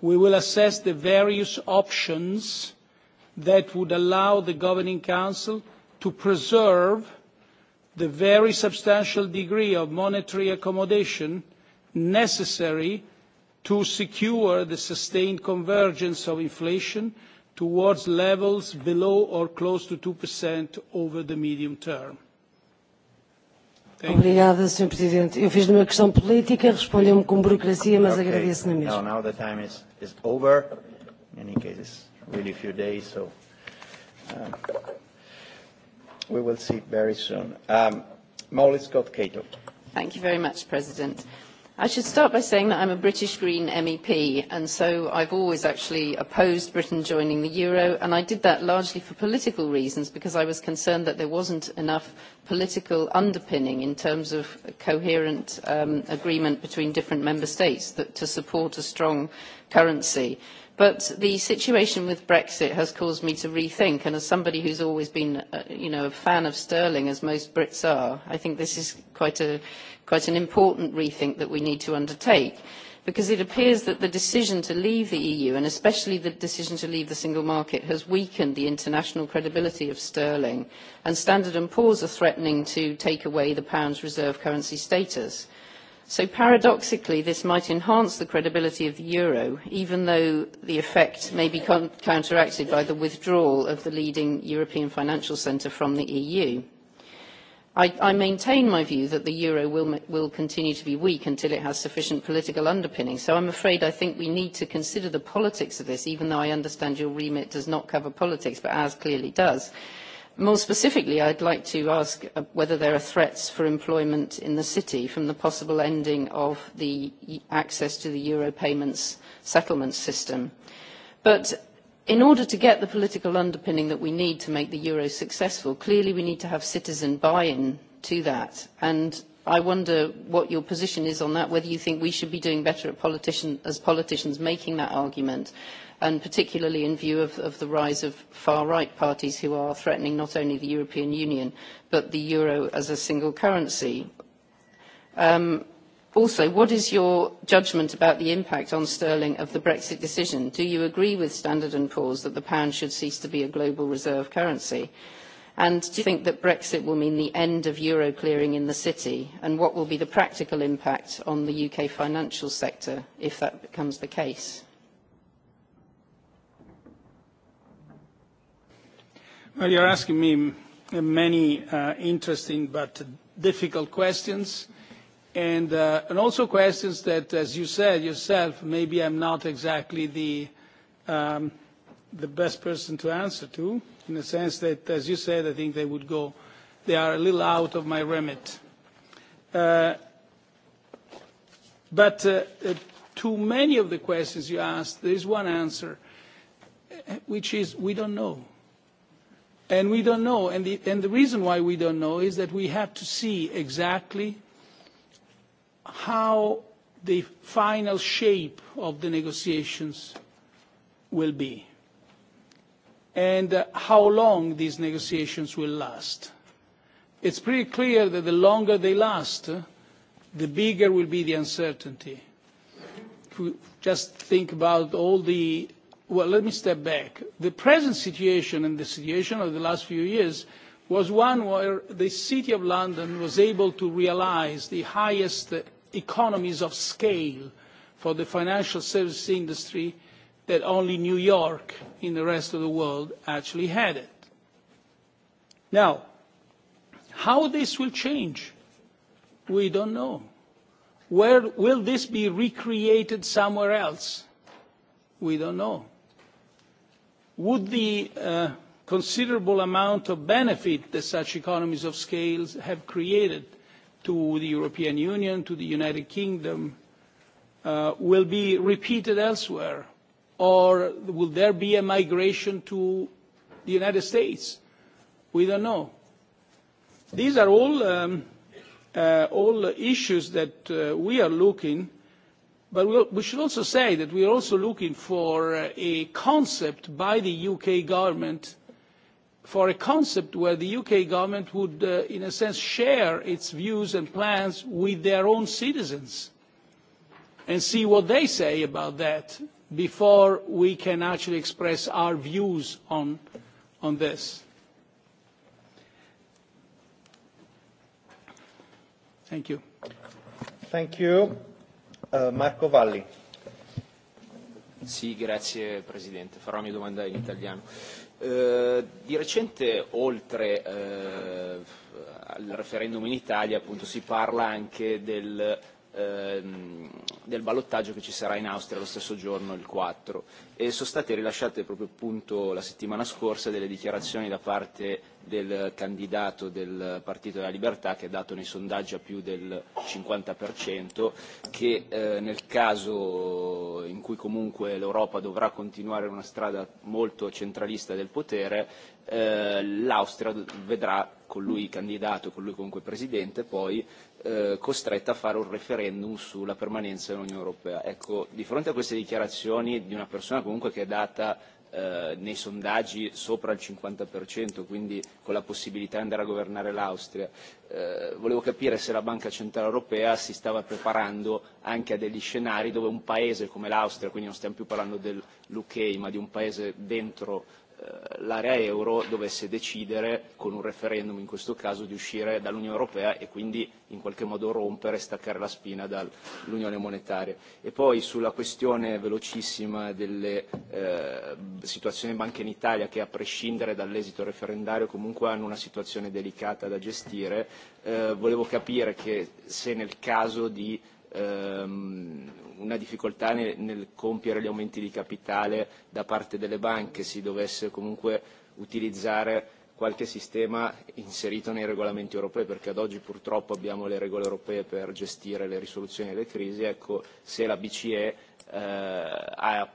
we will assess the various options that would allow the Governing Council to preserve the very substantial degree of monetary accommodation necessary to secure the sustained convergence of inflation towards levels below or close to 2% over the medium term. Obrigada, Sr. Presidente. Eu fiz-lhe uma questão política, respondeu-me com burocracia, mas agradeço na mesma. Now the time is, over. In any case, it's really a few days, so we will see very soon. Um, Molly Scott-Cato. Thank you very much, President. I should start by saying that I'm a British Green MEP, and so I've always actually opposed Britain joining the euro, and I did that largely for political reasons because I was concerned that there wasn't enough political underpinning in terms of a coherent um, agreement between different member states that, to support a strong currency But the situation with Brexit has caused me to rethink, and as somebody who's always been, uh, you know, a fan of sterling, as most Brits are, I think this is quite, a, quite an important rethink that we need to undertake because it appears that the decision to leave the EU, and especially the decision to leave the single market, has weakened the international credibility of sterling, and Standard and Poor's are threatening to take away the pound's reserve currency status. So paradoxically, this might enhance the credibility of the euro, even though the effect may be counteracted by the withdrawal of the leading European financial centre from the EU. I, I maintain my view that the euro will, will continue to be weak until it has sufficient political underpinning. So I'm afraid I think we need to consider the politics of this, even though I understand your remit does not cover politics, but ours clearly does More specifically, I'd like to ask whether there are threats for employment in the city from the possible ending of the access to the euro payments settlement system. But in order to get the political underpinning that we need to make the euro successful, clearly we need to have citizen buy-in to that. And I wonder what your position is on that, whether you think we should be doing better as politicians making that argument, and particularly in view of, of the rise of far-right parties who are threatening not only the European Union but the euro as a single currency. Um, also, what is your judgment about the impact on sterling of the Brexit decision? Do you agree with Standard Poor's that the pound should cease to be a global reserve currency? And do you think that Brexit will mean the end of euro clearing in the city? And what will be the practical impact on the UK financial sector if that becomes the case? Well, you're asking me many uh, interesting but difficult questions, and, uh, and also questions that, as you said yourself, maybe I'm not exactly the, um, the best person to answer to, in the sense that, as you said, I think they would go, they are a little out of my remit. Uh, but uh, to many of the questions you asked, there is one answer, which is we don't know And we don't know. And the, and the reason why we don't know is that we have to see exactly how the final shape of the negotiations will be and how long these negotiations will last. It's pretty clear that the longer they last, the bigger will be the uncertainty. If we just think about all the well, let me step back. The present situation and the situation of the last few years was one where the City of London was able to realise the highest economies of scale for the financial services industry that only New York in the rest of the world actually had it. Now, how this will change, we don't know. Where will this be recreated somewhere else? We don't know would the uh, considerable amount of benefit that such economies of scale have created to the European Union, to the United Kingdom, uh, will be repeated elsewhere? Or will there be a migration to the United States? We don't know. These are all, um, uh, all issues that uh, we are looking But we should also say that we are also looking for a concept by the UK government, for a concept where the UK government would, in a sense, share its views and plans with their own citizens and see what they say about that before we can actually express our views on, on this. Thank you. Thank you. Marco Valli. Sì, grazie Presidente. Farò la mia domanda in italiano. Eh, di recente, oltre eh, al referendum in Italia, appunto, si parla anche del del ballottaggio che ci sarà in Austria lo stesso giorno, il 4, e sono state rilasciate proprio appunto la settimana scorsa delle dichiarazioni da parte del candidato del Partito della Libertà, che ha dato nei sondaggi a più del 50%, che eh, nel caso in cui comunque l'Europa dovrà continuare una strada molto centralista del potere, eh, l'Austria vedrà con lui candidato, con lui comunque presidente, poi costretta a fare un referendum sulla permanenza dell'Unione Europea. Ecco, di fronte a queste dichiarazioni di una persona comunque che è data nei sondaggi sopra il 50%, quindi con la possibilità di andare a governare l'Austria. volevo capire se la Banca Centrale Europea si stava preparando anche a degli scenari dove un paese come l'Austria, quindi non stiamo più parlando dell'UK, ma di un paese dentro l'area euro dovesse decidere con un referendum in questo caso di uscire dall'Unione Europea e quindi in qualche modo rompere e staccare la spina dall'Unione Monetaria. E poi sulla questione velocissima delle eh, situazioni banche in Italia che a prescindere dall'esito referendario comunque hanno una situazione delicata da gestire, eh, volevo capire che se nel caso di una difficoltà nel, nel compiere gli aumenti di capitale da parte delle banche, si dovesse comunque utilizzare qualche sistema inserito nei regolamenti europei, perché ad oggi purtroppo abbiamo le regole europee per gestire le risoluzioni delle crisi, ecco, se la BCE eh, ha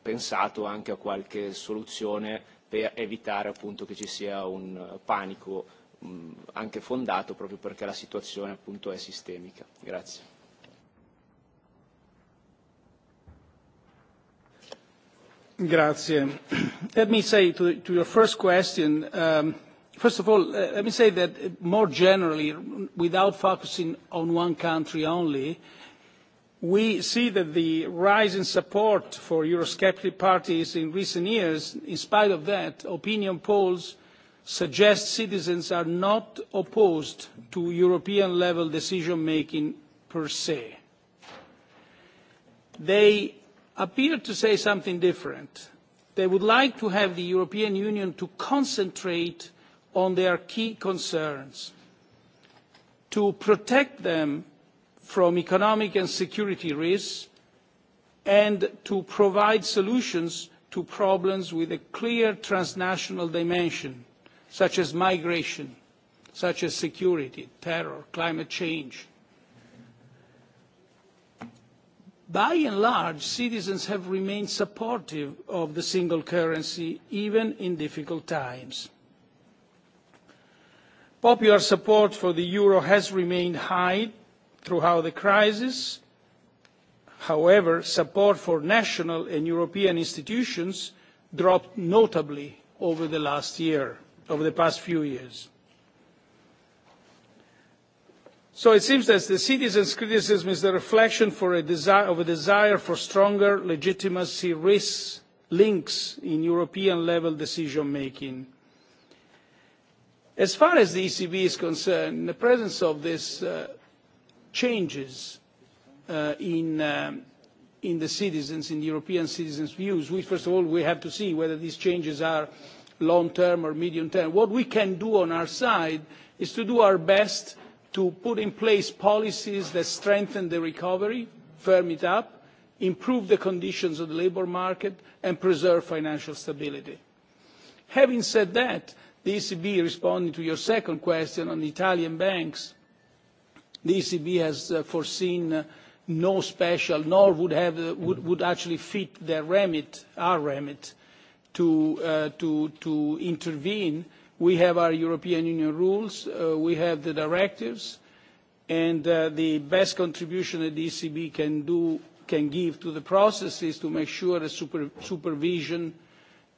pensato anche a qualche soluzione per evitare appunto che ci sia un panico anche fondato proprio perché la situazione appunto è sistemica. Grazie. Grazie. Let me say to, to your first question, um, first of all, uh, let me say that more generally, without focusing on one country only, we see that the rise in support for Eurosceptic parties in recent years, in spite of that, opinion polls suggest citizens are not opposed to European level decision making per se. They appear to say something different. They would like to have the European Union to concentrate on their key concerns, to protect them from economic and security risks, and to provide solutions to problems with a clear transnational dimension such as migration, such as security, terror, climate change. By and large, citizens have remained supportive of the single currency, even in difficult times. Popular support for the euro has remained high throughout the crisis. However, support for national and European institutions dropped notably over the last year over the past few years. So it seems that the citizens' criticism is the reflection for a desire, of a desire for stronger legitimacy risks links in European level decision making. As far as the ECB is concerned, in the presence of these changes in, the citizens, in European citizens' views, we first of all we have to see whether these changes are long term or medium term. What we can do on our side is to do our best to put in place policies that strengthen the recovery, firm it up, improve the conditions of the labour market, and preserve financial stability. Having said that, the ECB, responding to your second question on Italian banks, the ECB has foreseen no special, nor would, have, would, would actually fit their remit, our remit, to intervene. We have our European Union rules, we have the directives, and the best contribution that the ECB can do can give to the process is to make sure that supervision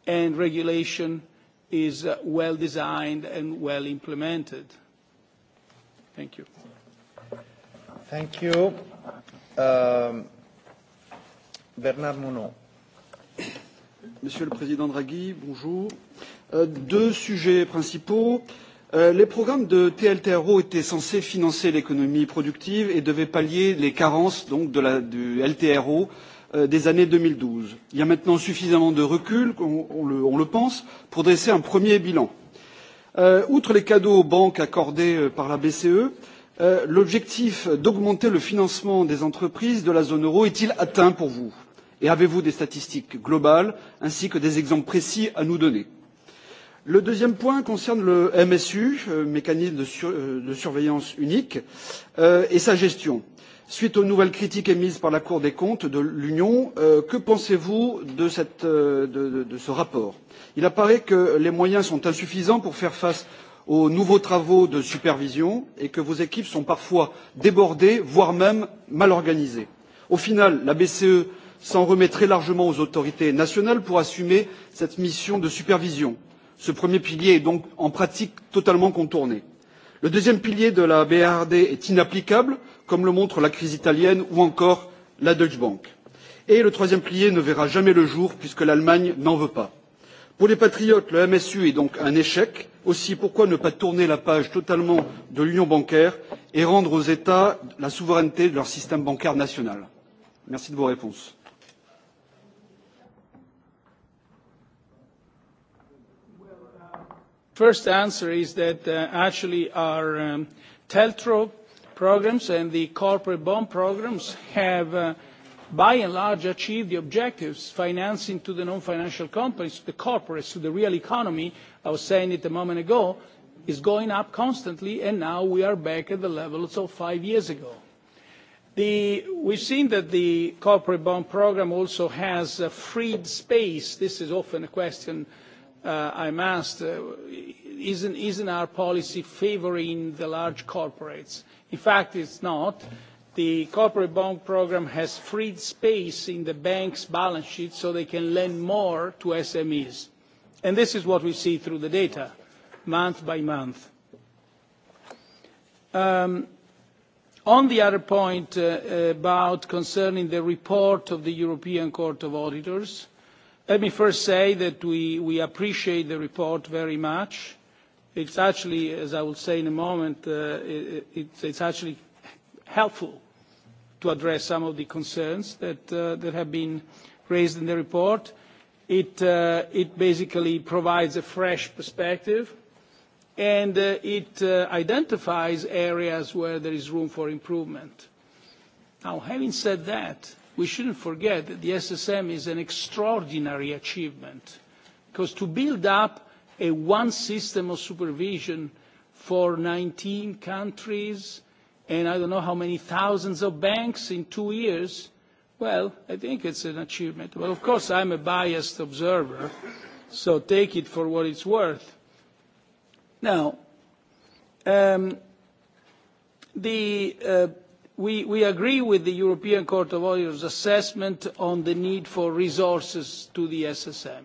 and regulation is well designed and well implemented. Thank you. Thank you. Bernard Monod. Monsieur le Président Draghi, bonjour. deux sujets principaux. les programmes de TLTRO étaient censés financer l'économie productive et devaient pallier les carences du LTRO des années deux mille douze. Il y a maintenant suffisamment de recul, on, le, pense, pour dresser un premier bilan. outre les cadeaux aux banques accordés par la BCE, l'objectif d'augmenter le financement des entreprises de la zone euro est-il atteint pour vous et avez vous des statistiques globales ainsi que des exemples précis à nous donner? le deuxième point concerne le msu mécanisme de surveillance unique et sa gestion. suite aux nouvelles critiques émises par la cour des comptes de l'union que pensez vous de ce rapport? il apparaît que les moyens sont insuffisants pour faire face aux nouveaux travaux de supervision et que vos équipes sont parfois débordées voire même mal organisées. au final la bce s'en remettrait largement aux autorités nationales pour assumer cette mission de supervision. ce premier pilier est donc en pratique totalement contourné. le deuxième pilier de la brrd est inapplicable comme le montre la crise italienne ou encore la deutsche bank et le troisième pilier ne verra jamais le jour puisque l'allemagne n'en veut pas. pour les patriotes le msu est donc un échec aussi pourquoi ne pas tourner la page totalement de l'union bancaire et rendre aux états la souveraineté de leur système bancaire national? merci de vos réponses. First answer is that actually our TLTRO programs and the corporate bond programs have by and large achieved the objectives, financing to the non-financial companies, to the corporates, to the real economy. I was saying it a moment ago, is going up constantly, and now we are back at the levels of five years ago. We've seen that the corporate bond program also has freed space. This is often a question I'm asked, isn't, our policy favoring the large corporates? In fact, it's not. The corporate bond program has freed space in the bank's balance sheet so they can lend more to SMEs. this is what we see through the data, month by month. On the other point about concerning the report of the European Court of Auditors, Let me first say that we we appreciate the report very much. It's actually, as I will say in a moment, it it's actually helpful to address some of the concerns that have been raised in the report. It basically provides a fresh perspective, and it identifies areas where there is room for improvement. Now, having said that, we shouldn't forget that the SSM is an extraordinary achievement because to build up a one system of supervision for 19 countries and I don't know how many thousands of banks in two years, well, I think it's an achievement. Well, of course, I'm a biased observer, so take it for what it's worth. Now, the we agree with the European Court of Auditors' assessment on the need for resources to the SSM.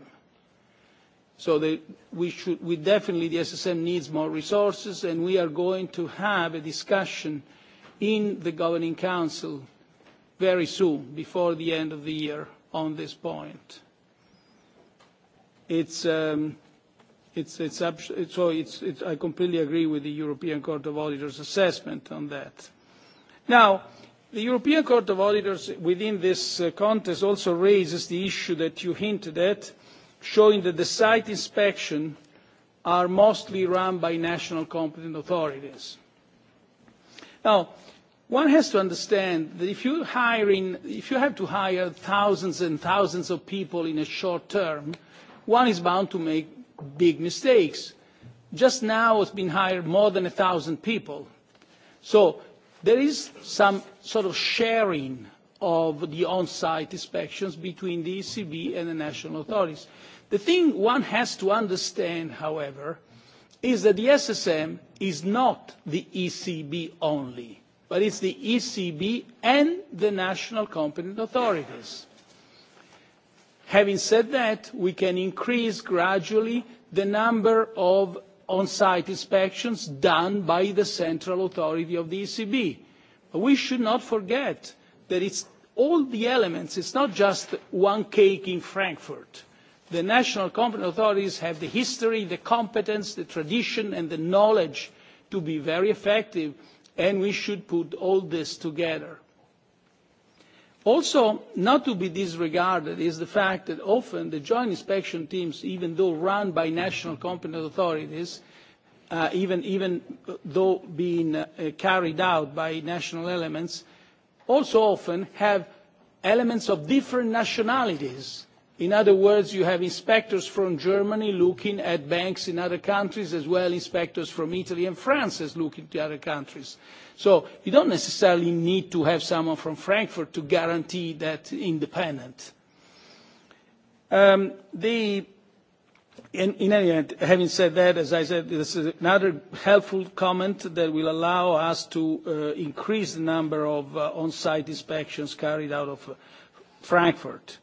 So the, we, should, we definitely, the SSM needs more resources, and we are going to have a discussion in the Governing Council very soon, before the end of the year, on this point. It's, um, it's, it's, so it's, it's, I completely agree with the European Court of Auditors' assessment on that Now, the European Court of Auditors within this context also raises the issue that you hinted at, showing that the site inspections are mostly run by national competent authorities. Now, one has to understand that if you, hiring, if you have to hire thousands and thousands of people in a short term, one is bound to make big mistakes. Just now it's been hired more than a thousand people. So There is some sort of sharing of the on-site inspections between the ECB and the national authorities. The thing one has to understand, however, is that the SSM is not the ECB only, but it's the ECB and the national competent authorities. Having said that, we can increase gradually the number of on-site inspections done by the central authority of the ECB. But we should not forget that it's all the elements, it's not just one cake in Frankfurt. The national competent authorities have the history, the competence, the tradition and the knowledge to be very effective and we should put all this together Also, not to be disregarded is the fact that often the joint inspection teams, even though run by national competent authorities, uh, even, even though being uh, carried out by national elements, also often have elements of different nationalities In other words, you have inspectors from Germany looking at banks in other countries, as well inspectors from Italy and France as looking to other countries. So you don't necessarily need to have someone from Frankfurt to guarantee that independent. Um, the, in, in any event, having said that, as I said, this is another helpful comment that will allow us to uh, increase the number of uh, on-site inspections carried out of uh, Frankfurt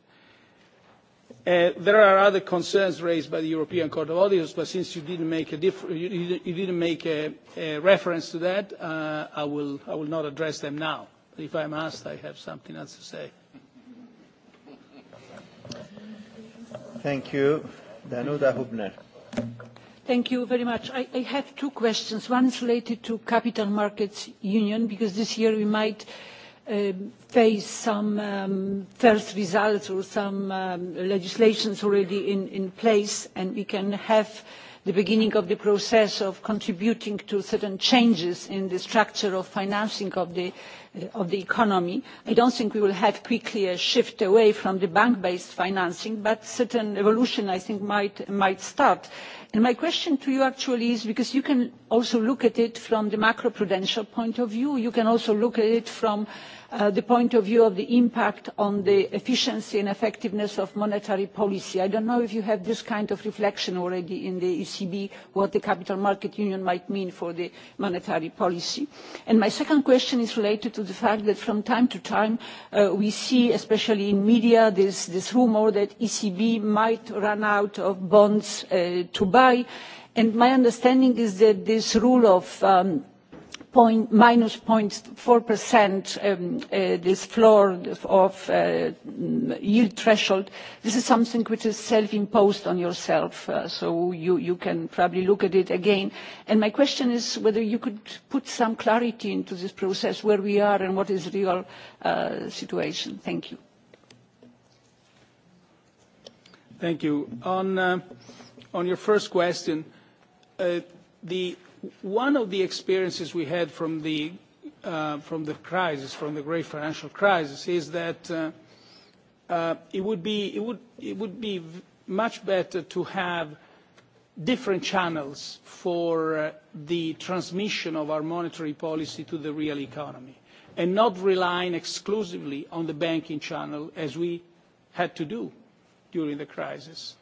there are other concerns raised by the European Court of Auditors, but since you didn't make a, you didn't make a, a reference to that, uh, I, will, I will not address them now. If I'm asked, I have something else to say. Thank you. Danuta Hubner. Thank you very much. I, I have two questions. One is related to Capital Markets Union, because this year we might uh, face some first results or some legislations already in place, and we can have the beginning of the process of contributing to certain changes in the structure of financing of the of the economy. I don't think we will have quickly a shift away from bank-based financing, but certain evolution, I think, might start. My question to you actually is, because you can also look at it from the macroprudential point of view, you can also look at it from the point of view of the impact on the efficiency and effectiveness of monetary policy. I don't know if you have this kind of reflection already in the ECB, what the capital market union might mean for the monetary policy. And my second question is related to the fact that from time to time we see, especially in media, this, this rumour that the ECB might run out of bonds to buy. And my understanding is that this rule of point, minus 0.4%, this floor of yield threshold, this is something which is self-imposed on yourself, so you can probably look at it again. And My question is whether you could put some clarity into this process, where we are and what is real situation. Thank you. Thank you. On your first question, the one of the experiences we had from the from the crisis, from the great financial crisis, is that it would be much better to have different channels for the transmission of our monetary policy to the real economy, and not relying exclusively on the banking channel as we had to do during the crisis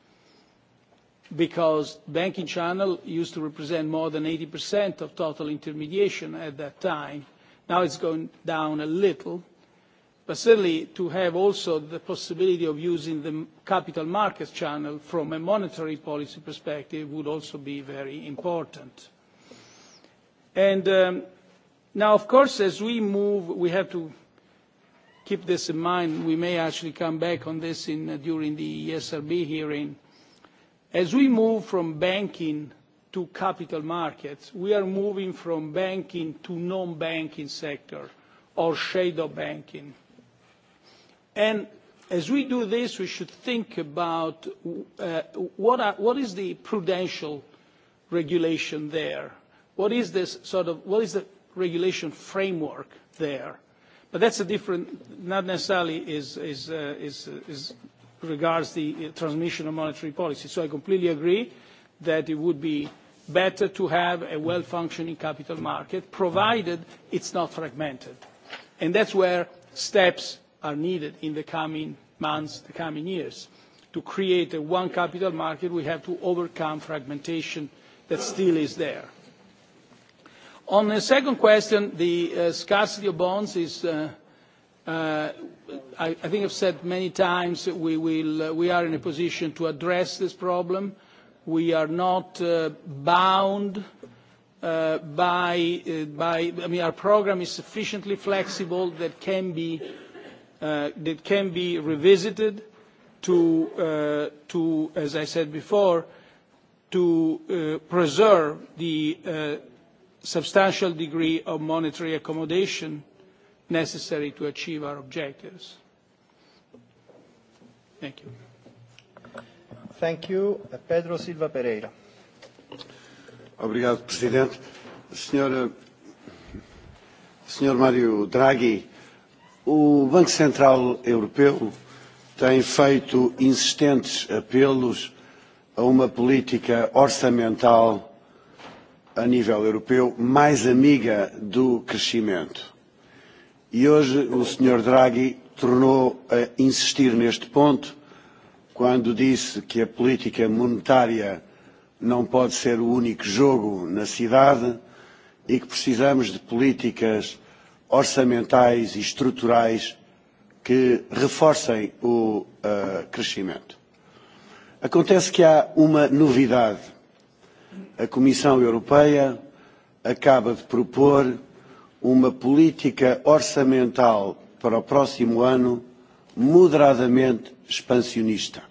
because banking channel used to represent more than 80% of total intermediation at that time. Now it's going down a little, but certainly to have also the possibility of using the capital markets channel from a monetary policy perspective would also be very important. And now, of course, as we move, we have to keep this in mind. We may actually come back on this in during the ESRB hearing As we move from banking to capital markets, we are moving from banking to non-banking sector or shadow banking. And As we do this, we should think about what is the prudential regulation there? What is this sort of what is the regulation framework there? But That's a different, not necessarily is regards the transmission of monetary policy. So I completely agree that it would be better to have a well-functioning capital market, provided it's not fragmented. And that's where steps are needed in the coming months, the coming years. To create a one capital market, we have to overcome fragmentation that still is there. On the second question, the scarcity of bonds is I think I have said many times that we are in a position to address this problem. We are not bound by. I mean, our programme is sufficiently flexible that can be revisited to, as I said before, to preserve the substantial degree of monetary accommodation necessary to achieve our objectives. Thank you. Thank you. Pedro Silva Pereira. Obrigado, Presidente. Senhora, Senhor Mário Draghi, o Banco Central Europeu tem feito insistentes apelos a uma política orçamental a nível europeu mais amiga do crescimento E hoje o Sr. Draghi tornou a insistir neste ponto quando disse que a política monetária não pode ser o único jogo na cidade e que precisamos de políticas orçamentais e estruturais que reforcem o crescimento. Acontece que há uma novidade. A Comissão Europeia acaba de propor uma política orçamental para o próximo ano moderadamente expansionista.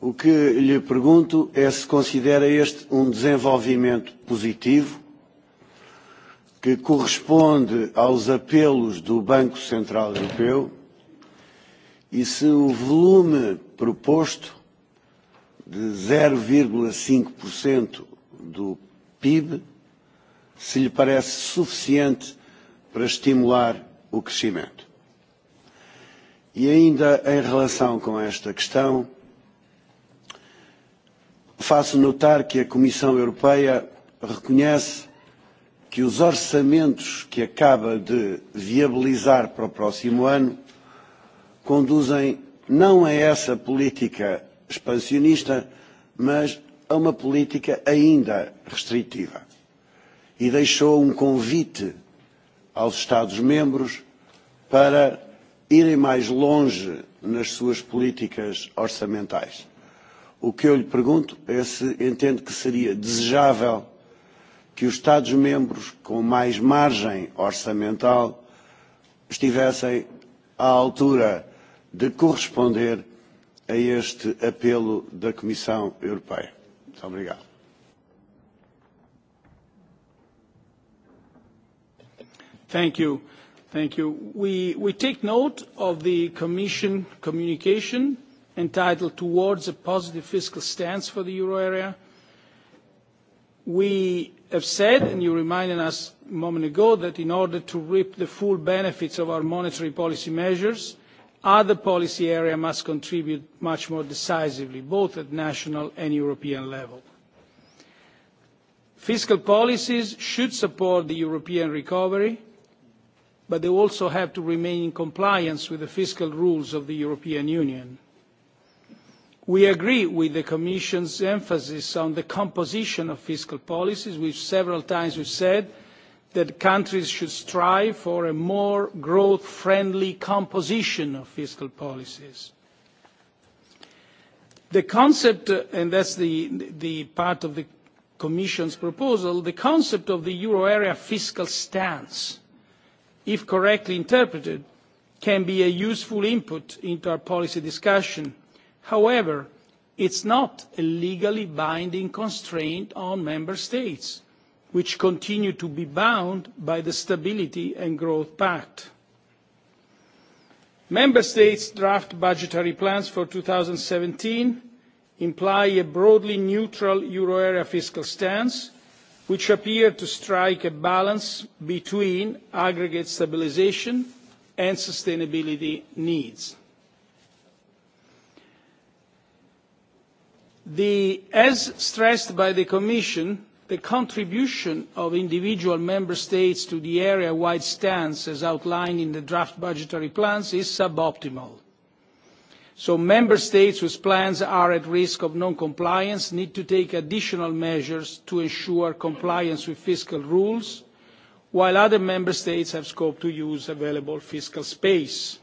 O que lhe pergunto é se considera este um desenvolvimento positivo que corresponde aos apelos do Banco Central Europeu e se o volume proposto de 0,5% do PIB se lhe parece suficiente para estimular o crescimento. E ainda em relação com esta questão, faço notar que a Comissão Europeia reconhece que os orçamentos que acaba de viabilizar para o próximo ano conduzem não a essa política expansionista, mas a uma política ainda restritiva e deixou um convite aos Estados-membros para irem mais longe nas suas políticas orçamentais. O que eu lhe pergunto é se entende que seria desejável que os Estados-membros com mais margem orçamental estivessem à altura de corresponder a este apelo da Comissão Europeia. Muito obrigado. Thank you. Thank you. We, we take note of the Commission communication entitled Towards a Positive Fiscal Stance for the Euro Area. We have said, and you reminded us a moment ago, that in order to reap the full benefits of our monetary policy measures, other policy areas must contribute much more decisively, both at national and European level. Fiscal policies should support the European recovery but they also have to remain in compliance with the fiscal rules of the European Union. We agree with the Commission's emphasis on the composition of fiscal policies, which several times we said that countries should strive for a more growth-friendly composition of fiscal policies. The concept, and is the, the part of the Commission's proposal, the concept of the euro area fiscal stance if correctly interpreted, can be a useful input into our policy discussion. However, it is not a legally binding constraint on member states, which continue to be bound by the Stability and Growth Pact. Member states' draft budgetary plans for seventeen imply a broadly neutral euro area fiscal stance, which appear to strike a balance between aggregate stabilisation and sustainability needs. as stressed by the Commission, the contribution of individual member states to the area-wide stance as outlined in the draft budgetary plans is suboptimal So member states whose plans are at risk of non-compliance need to take additional measures to ensure compliance with fiscal rules, while other member states have scope to use available fiscal space.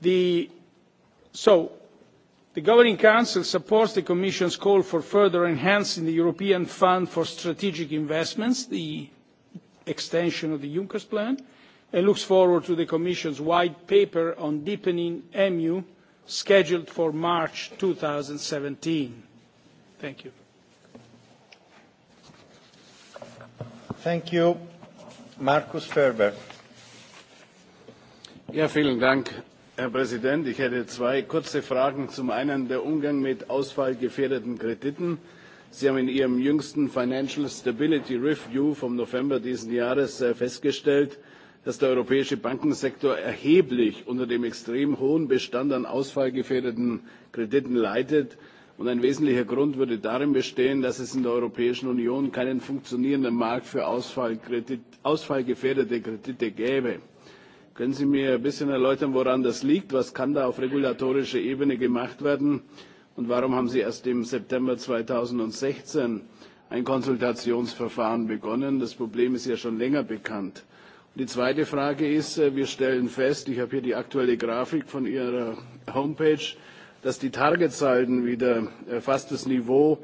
The, so the Governing Council supports the Commission's call for further enhancing the European Fund for Strategic Investments, the extension of the Juncker Plan, and looks forward to the Commission's white paper on deepening EMU, scheduled for March two thousand and seventeen Thank you. Thank you. Markus Ferber. Ja, vielen Dank, Herr Präsident. Ich hätte zwei kurze Fragen. Zum einen der Umgang mit ausfallgefährdeten Krediten. Sie haben in Ihrem jüngsten Financial Stability Review vom November diesen Jahres festgestellt, dass der europäische Bankensektor erheblich unter dem extrem hohen Bestand an ausfallgefährdeten Krediten leidet. Und ein wesentlicher Grund würde darin bestehen, dass es in der Europäischen Union keinen funktionierenden Markt für ausfallgefährdete Kredite gäbe. Können Sie mir ein bisschen erläutern, woran das liegt? Was kann da auf regulatorischer Ebene gemacht werden? Und warum haben Sie erst im September 2016 ein Konsultationsverfahren begonnen? Das Problem ist ja schon länger bekannt. Die zweite Frage ist, wir stellen fest, ich habe hier die aktuelle Grafik von Ihrer Homepage, dass die Targetsalden wieder fast das Niveau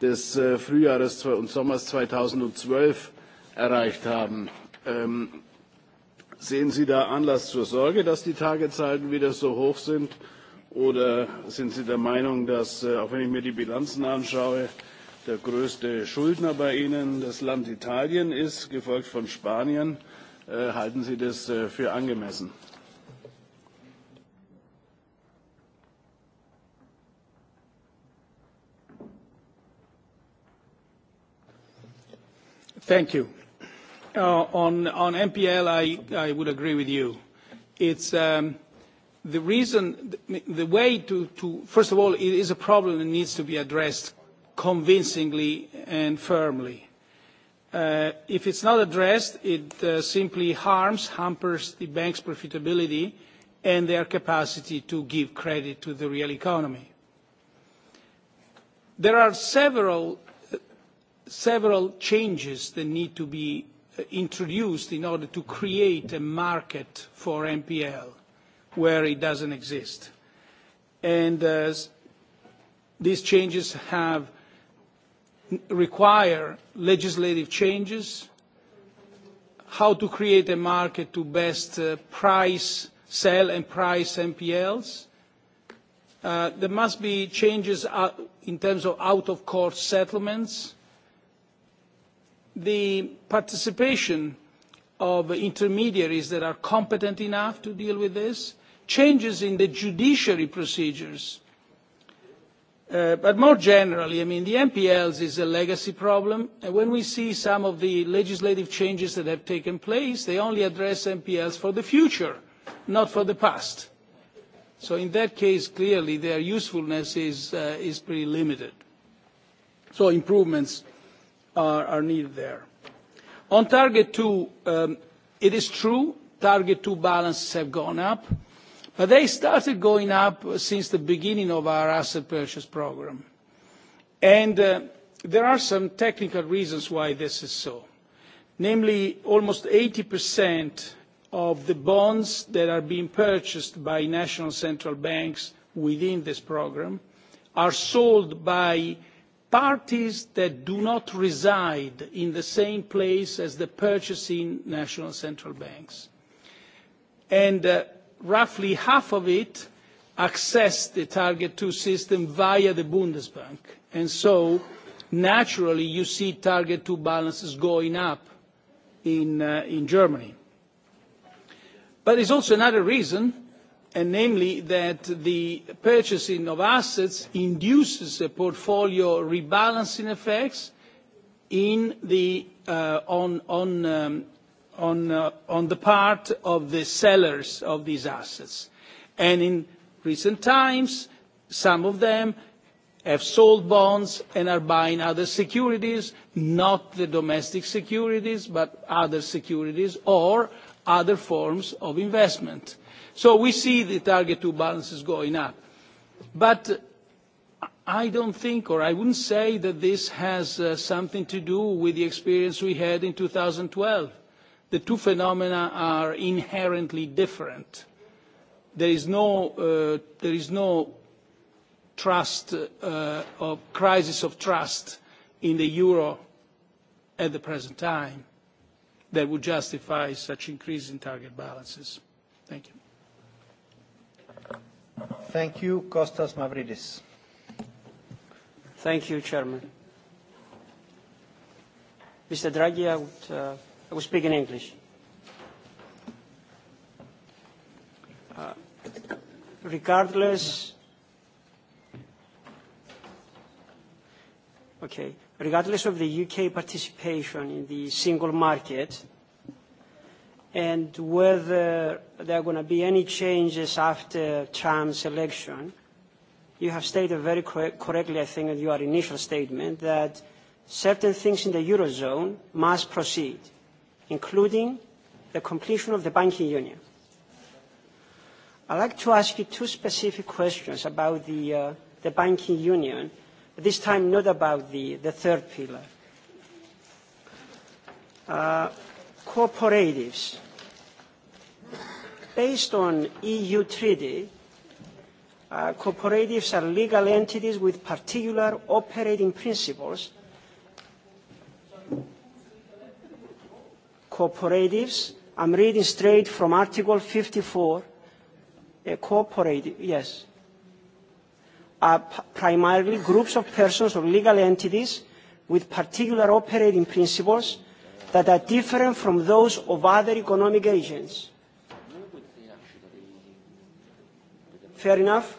des Frühjahres und Sommers 2012 erreicht haben. Sehen Sie da Anlass zur Sorge, dass die Targetsalden wieder so hoch sind? Oder sind Sie der Meinung, dass, auch wenn ich mir die Bilanzen anschaue, der größte Schuldner bei Ihnen das Land Italien ist, gefolgt von Spanien? halten Sie das für angemessen? Thank you. On NPL, I would agree with you. It's the reason, the way to. First of all, it is a problem that needs to be addressed convincingly and firmly If it's not addressed, it simply harms, hampers the bank's profitability and their capacity to give credit to the real economy. There are several changes that need to be introduced in order to create a market for MPL where it doesn't exist. And These changes have require legislative changes, how to create a market to best price, sell and price NPLs. There must be changes in terms of out-of-court settlements. The participation of intermediaries that are competent enough to deal with this, changes in the judiciary procedures But more generally, I mean, the NPLs is a legacy problem, and when we see some of the legislative changes that have taken place, they only address NPLs for the future, not for the past. So in that case, clearly, their usefulness is pretty limited. So improvements are needed there. On Target two, it is true, Target two balances have gone up, But they started going up since the beginning of our asset purchase program. And there are some technical reasons why this is so. Namely, almost 80% of the bonds that are being purchased by national central banks within this programme are sold by parties that do not reside in the same place as the purchasing national central banks. And roughly half of it accessed the Target two system via the Bundesbank. And so naturally, you see Target two balances going up in Germany. But There's also another reason, and namely that the purchasing of assets induces a portfolio rebalancing effects on on the part of the sellers of these assets. and In recent times, some of them have sold bonds and are buying other securities, not the domestic securities, but other securities or other forms of investment. So We see the Target 2 balances going up. But I don't think, or I wouldn't say that this has something to do with the experience we had in 2012 the two phenomena are inherently different. There is no, uh, there is no trust uh, or crisis of trust in the euro at the present time that would justify such increase in target balances. Thank you. Thank you. Kostas Mavridis. Thank you, Chairman. Mr. Draghi, I would uh, I will speak in English. Uh, regardless, okay, regardless of the UK participation in the single market and whether there are going to be any changes after Trump's election, you have stated very correctly, I think, in your initial statement that certain things in the Eurozone must proceed including the completion of the banking union. I'd like to ask you two specific questions about the, uh, the banking union, this time not about the, the third pillar. Uh, cooperatives. Based on EU treaty, uh, cooperatives are legal entities with particular operating principles cooperatives. I'm reading straight from Article 54. A cooperative, yes. Are primarily groups of persons or legal entities with particular operating principles that are different from those of other economic agents. Fair enough?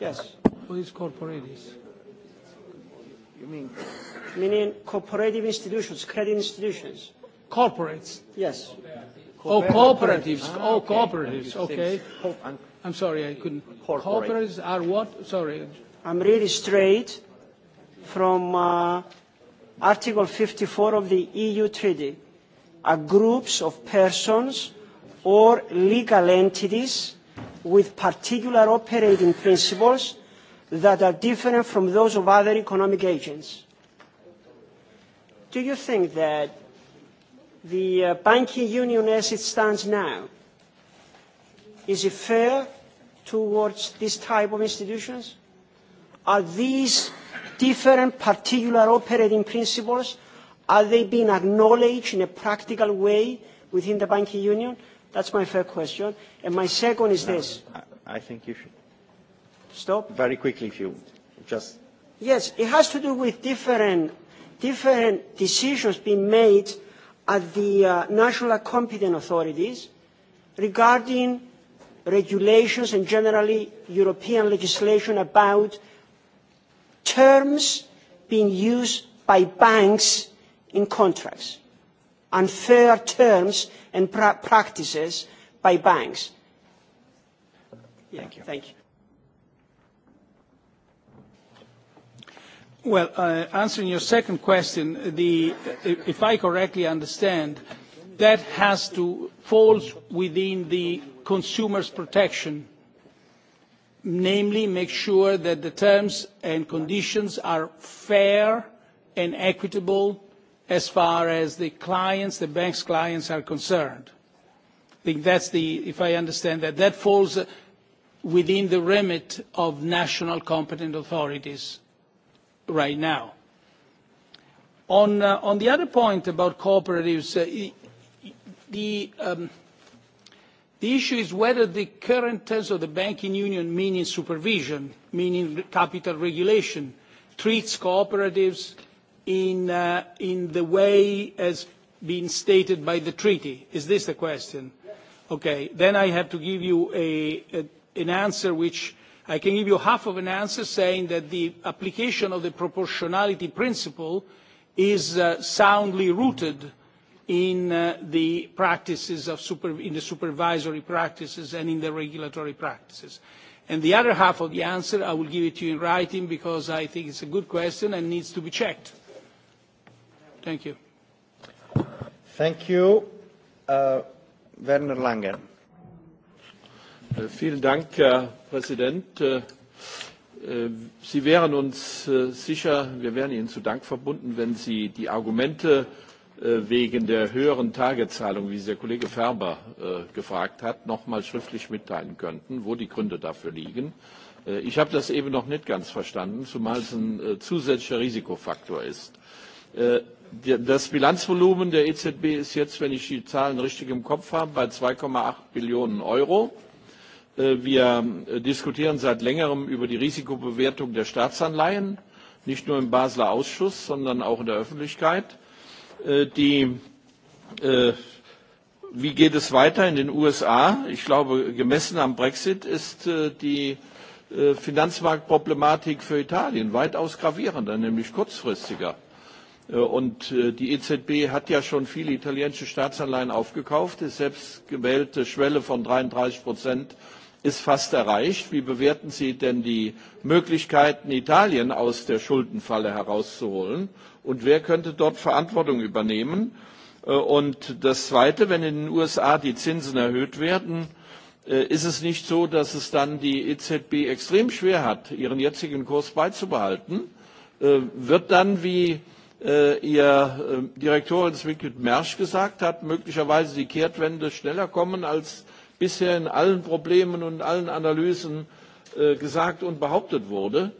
Yes. What is corporate? you mean? Meaning cooperative institutions, credit institutions. Corporates. Yes. Oh, cooperatives. Ah, oh, cooperatives. Okay. I'm sorry, I couldn't. Corporate. Cooperatives are what? Sorry. I'm really straight from uh, Article 54 of the EU Treaty. Are groups of persons or legal entities with particular operating principles that are different from those of other economic agents. Do you think that the uh, banking union as it stands now, is it fair towards this type of institutions? Are these different particular operating principles, are they being acknowledged in a practical way within the banking union? That's my first question. And my second is this. I think you should stop very quickly if you just. Yes, it has to do with different, different decisions being made at the uh, national competent authorities regarding regulations and generally European legislation about terms being used by banks in contracts, unfair terms and pra practices by banks. Yeah, thank you. Thank you. Well, answering your second question, if I correctly understand, that has to fall within the consumer's protection, namely make sure that the terms and conditions are fair and equitable as far as the clients, the bank's clients are concerned. I think that's the, if I understand that, that falls within the remit of national competent authorities right now. On the other point about cooperatives, the issue is whether the current terms of the banking union, meaning supervision, meaning capital regulation, treats cooperatives in the way as been stated by the treaty. Is this the question? Okay. Then I have to give you an answer which I can give you half of an answer saying that the application of the proportionality principle is soundly rooted in the practices of super, in the supervisory practices and in the regulatory practices. And the other half of the answer, I will give it to you in writing because I think it's a good question and needs to be checked. Thank you. Thank you. Uh, Werner Vielen Dank, Herr Präsident. Sie wären uns sicher, wir wären Ihnen zu Dank verbunden, wenn Sie die Argumente wegen der höheren Tagezahlung, wie Sie der Kollege Ferber gefragt hat, noch mal schriftlich mitteilen könnten, wo die Gründe dafür liegen. Ich habe das eben noch nicht ganz verstanden, zumal es ein zusätzlicher Risikofaktor ist. Das Bilanzvolumen der EZB ist jetzt, wenn ich die Zahlen richtig im Kopf habe, bei zwei acht Billionen Euro Wir diskutieren seit längerem über die Risikobewertung der Staatsanleihen, nicht nur im Basler Ausschuss, sondern auch in der Öffentlichkeit. wie geht es weiter in den USA? Ich glaube, gemessen am Brexit ist die Finanzmarktproblematik für Italien weitaus gravierender, nämlich kurzfristiger. Und die EZB hat ja schon viele italienische Staatsanleihen aufgekauft. Die selbstgewählte Schwelle von 33 Prozent ist fast erreicht. Wie bewerten Sie denn die Möglichkeiten, Italien aus der Schuldenfalle herauszuholen? Und wer könnte dort Verantwortung übernehmen? Und das Zweite, wenn in den USA die Zinsen erhöht werden, ist es nicht so, dass es dann die EZB extrem schwer hat, ihren jetzigen Kurs beizubehalten? Wird dann, wie Ihr Direktorinsmitglied Mersch gesagt hat, möglicherweise die Kehrtwende schneller kommen als bisher in allen Problemen und allen Analysen gesagt und behauptet wurde.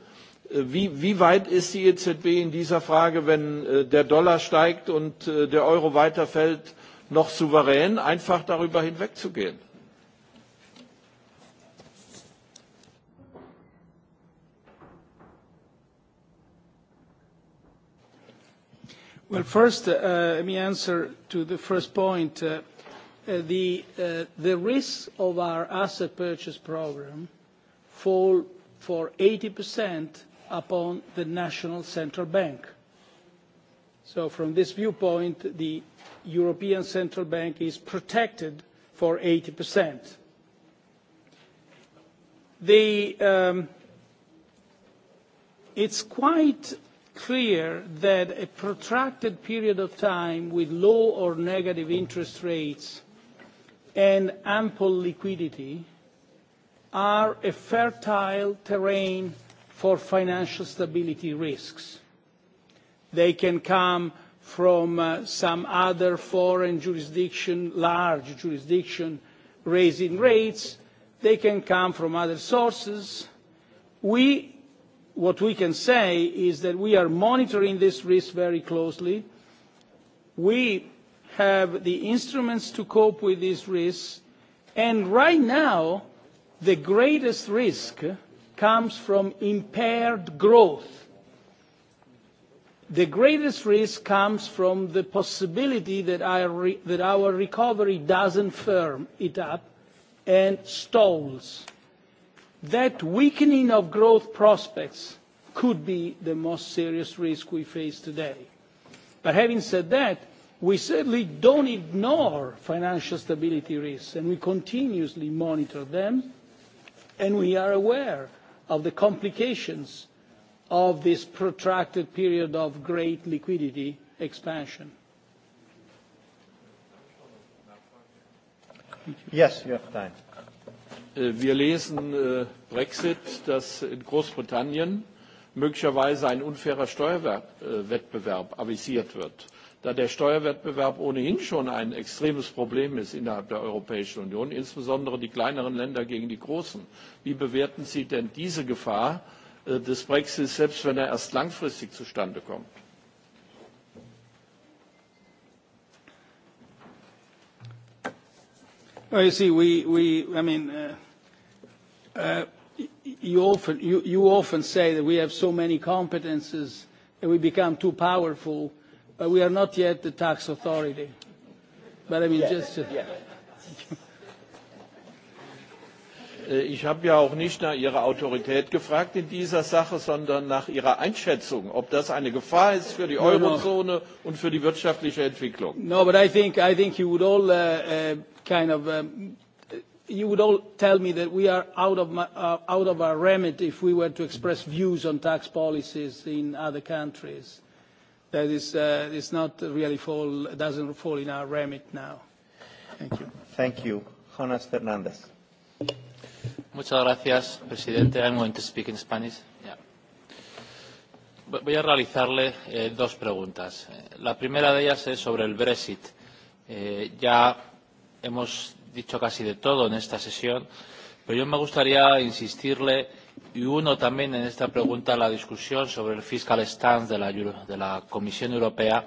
Wie, weit ist die EZB in dieser Frage, wenn der Dollar steigt und der Euro weiterfällt, noch souverän, einfach darüber hinwegzugehen? Well, first, let me answer to the first point the risks of our asset purchase programme fall for 80% upon the national central bank. So From this viewpoint, the European Central Bank is protected for 80%. It's quite clear that a protracted period of time with low or negative interest rates and ample liquidity are a fertile terrain for financial stability risks. They can come from some other foreign jurisdiction, large jurisdiction, raising rates. They can come from other sources. What we can say is that we are monitoring this risk very closely. We have the instruments to cope with these risks. And right now, the greatest risk comes from impaired growth. The greatest risk comes from the possibility that our recovery doesn't firm it up and stalls. That weakening of growth prospects could be the most serious risk we face today. But having said that, We certainly don't ignore financial stability risks, and we continuously monitor them, and we are aware of the complications of this protracted period of great liquidity expansion. Yes, you have time. Wir lesen Brexit, dass in Großbritannien möglicherweise ein unfairer Steuerwettbewerb avisiert wird da der Steuerwettbewerb ohnehin schon ein extremes Problem ist innerhalb der Europäischen Union, insbesondere die kleineren Länder gegen die großen. Wie bewerten Sie denn diese Gefahr des Brexit, selbst wenn er erst langfristig zustande kommt? Well, you see, we, we I mean, uh, uh, you, often, you, you often say that we have so many competences and we become too powerful But we are not yet the tax authority. But I mean, just. Ich habe ja auch nicht nach Ihrer Autorität gefragt in dieser Sache, sondern nach Ihrer Einschätzung, ob das eine Gefahr ist für die Eurozone und für die wirtschaftliche Entwicklung. No, but I think I think you would all uh, kind of um, you would all tell me that we are out of my, uh, out of our remit if we were to express views on tax policies in other countries that is, uh, is not really fall, doesn't fall in our remit now. Thank you. Thank you. Jonas Fernandez. Muchas gracias, presidente. I'm going to speak in Spanish. Yeah. Voy a realizarle eh, dos preguntas. La primera de ellas es sobre el Brexit. Eh, ya hemos dicho casi de todo en esta sesión, pero yo me gustaría insistirle y uno también en esta pregunta a la discusión sobre el fiscal stance de la, de la Comisión Europea.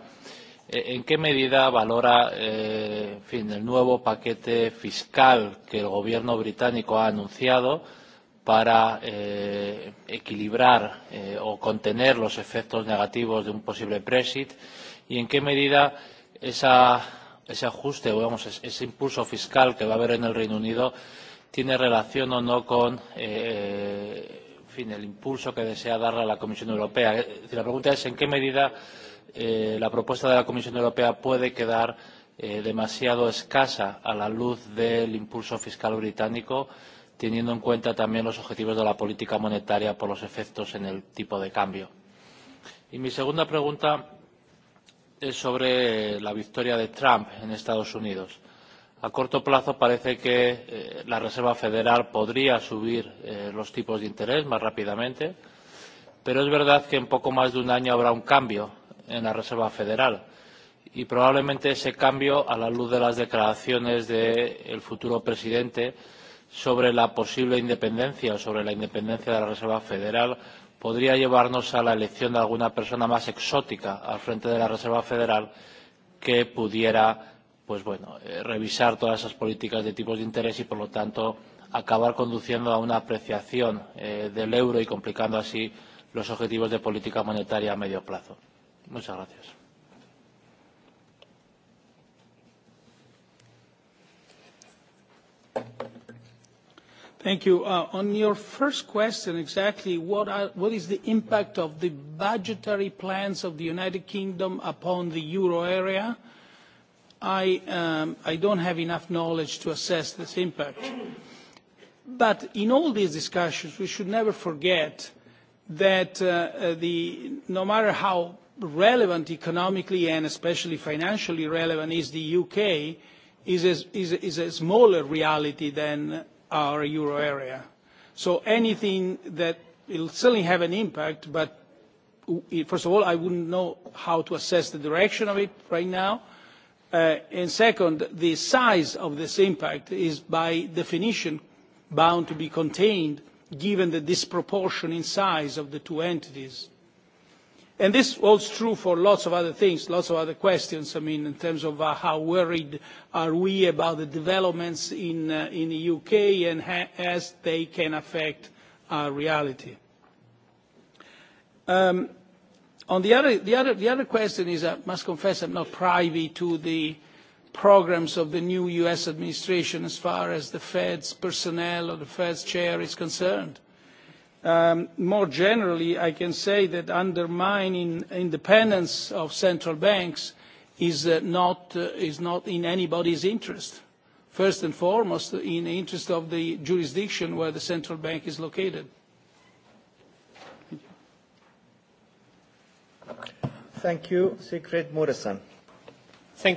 ¿En qué medida valora eh, en fin, el nuevo paquete fiscal que el gobierno británico ha anunciado para eh, equilibrar eh, o contener los efectos negativos de un posible Brexit? ¿Y en qué medida esa, ese ajuste o ese impulso fiscal que va a haber en el Reino Unido tiene relación o no con eh, en fin, el impulso que desea dar a la Comisión Europea. Es decir, la pregunta es en qué medida eh, la propuesta de la Comisión Europea puede quedar eh, demasiado escasa a la luz del impulso fiscal británico, teniendo en cuenta también los objetivos de la política monetaria por los efectos en el tipo de cambio. Y mi segunda pregunta es sobre la victoria de Trump en Estados Unidos A corto plazo parece que la Reserva Federal podría subir los tipos de interés más rápidamente, pero es verdad que en poco más de un año habrá un cambio en la Reserva Federal y probablemente ese cambio, a la luz de las declaraciones del futuro presidente sobre la posible independencia o sobre la independencia de la Reserva Federal, podría llevarnos a la elección de alguna persona más exótica al frente de la Reserva Federal que pudiera pues bueno, revisar todas esas políticas de tipos de interés y, por lo tanto, acabar conduciendo a una apreciación eh, del euro y complicando así los objetivos de política monetaria a medio plazo. Muchas gracias. Thank you. Uh, on your first question, exactly what, are, what is the impact of the budgetary plans of the United Kingdom upon the euro area? Uh, I, um, I don't have enough knowledge to assess this impact. But in all these discussions, we should never forget that uh, the, no matter how relevant economically and especially financially relevant is the UK, is a, is a, is a smaller reality than our euro area. So anything that will certainly have an impact, but first of all, I wouldn't know how to assess the direction of it right now and second, the size of this impact is by definition bound to be contained given the disproportion in size of the two entities. this holds true for lots of other things, lots of other questions. I mean, in terms of how worried are we about the developments in, the UK and as they can affect our reality. On the other, the other, the other question is, I must confess, I'm not privy to the programs of the new U.S. administration as far as the Fed's personnel or the Fed's chair is concerned. more generally, I can say that undermining independence of central banks is not, in anybody's interest. First and foremost, in the interest of the jurisdiction where the central bank is located Thank you.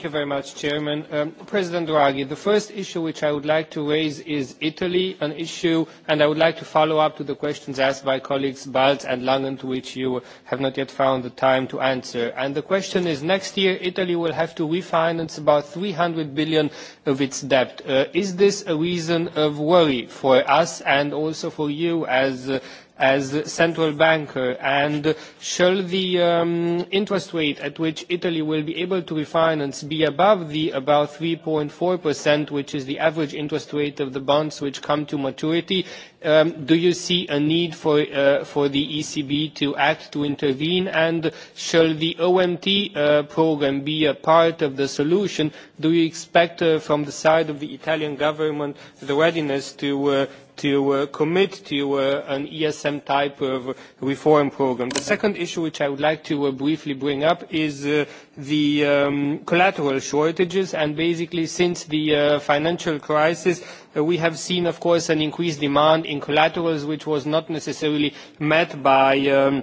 very much, Chairman. President Draghi, the first issue which I would like to raise is Italy, an issue, and I would like to follow up to the questions asked by colleagues Balz and Langen, to which you have not yet found the time to answer. And the question is, next year Italy will have to refinance about 300 billion of its debt. Uh, is this a reason of worry for us and also for you as uh, as central banker? And shall the um, interest rate at which Italy will be able to refinance be above the about 3.4%, which is the average interest rate of the bonds which come to maturity? Um, do you see a need for, uh, for the ECB to act, to intervene? And shall the OMT uh, program be a part of the solution? Do you expect uh, from the side of the Italian government the readiness to uh, to uh, commit to uh, an ESM type of reform program. The second issue which I would like to uh, briefly bring up is uh, the um, collateral shortages and basically since the uh, financial crisis we have seen of course an increased demand in collaterals which was not necessarily met by um,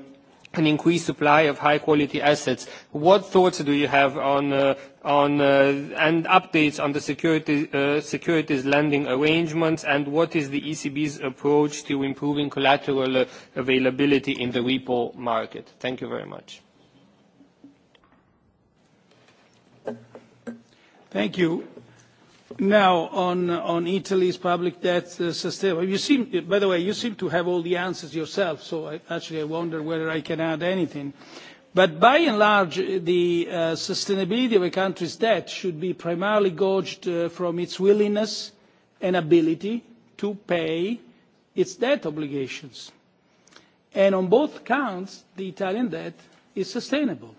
an increased supply of high-quality assets. What thoughts do you have on and updates on the securities lending arrangements, and what is the ECB's approach to improving collateral availability in the repo market? Thank you very much. Thank you. Now, on on Italy's public debt sustainable. You seem, by the way, you seem to have all the answers yourself, so I actually I wonder whether I can add anything. But by and large, the sustainability of a country's debt should be primarily gauged from its willingness and ability to pay its debt obligations. And on both counts, the Italian debt is sustainable.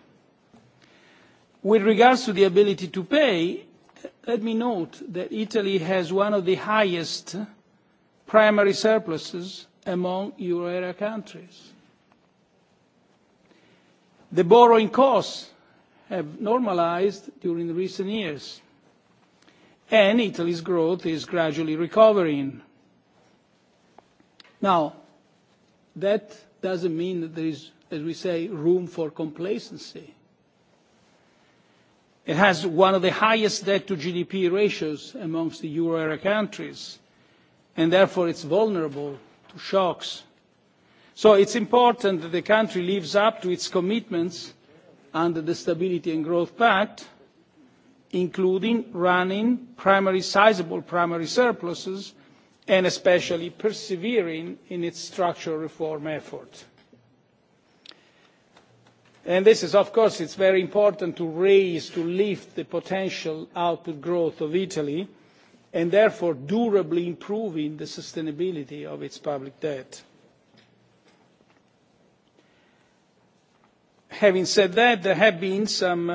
With regards to the ability to pay, Let me note that Italy has one of the highest primary surpluses among euro area countries. The borrowing costs have normalized during recent years, and Italy's growth is gradually recovering. Now, that doesn't mean that there is, as we say, room for complacency It has one of the highest debt to GDP ratios amongst the euro area countries, and therefore it's vulnerable to shocks. So it's important that the country lives up to its commitments under the Stability and Growth Pact, including running primary sizable primary surpluses and especially persevering in its structural reform effort And this is, of course, it's very important to raise, to lift the potential output growth of Italy, and therefore durably improving the sustainability of its public debt. Having said that, there have been some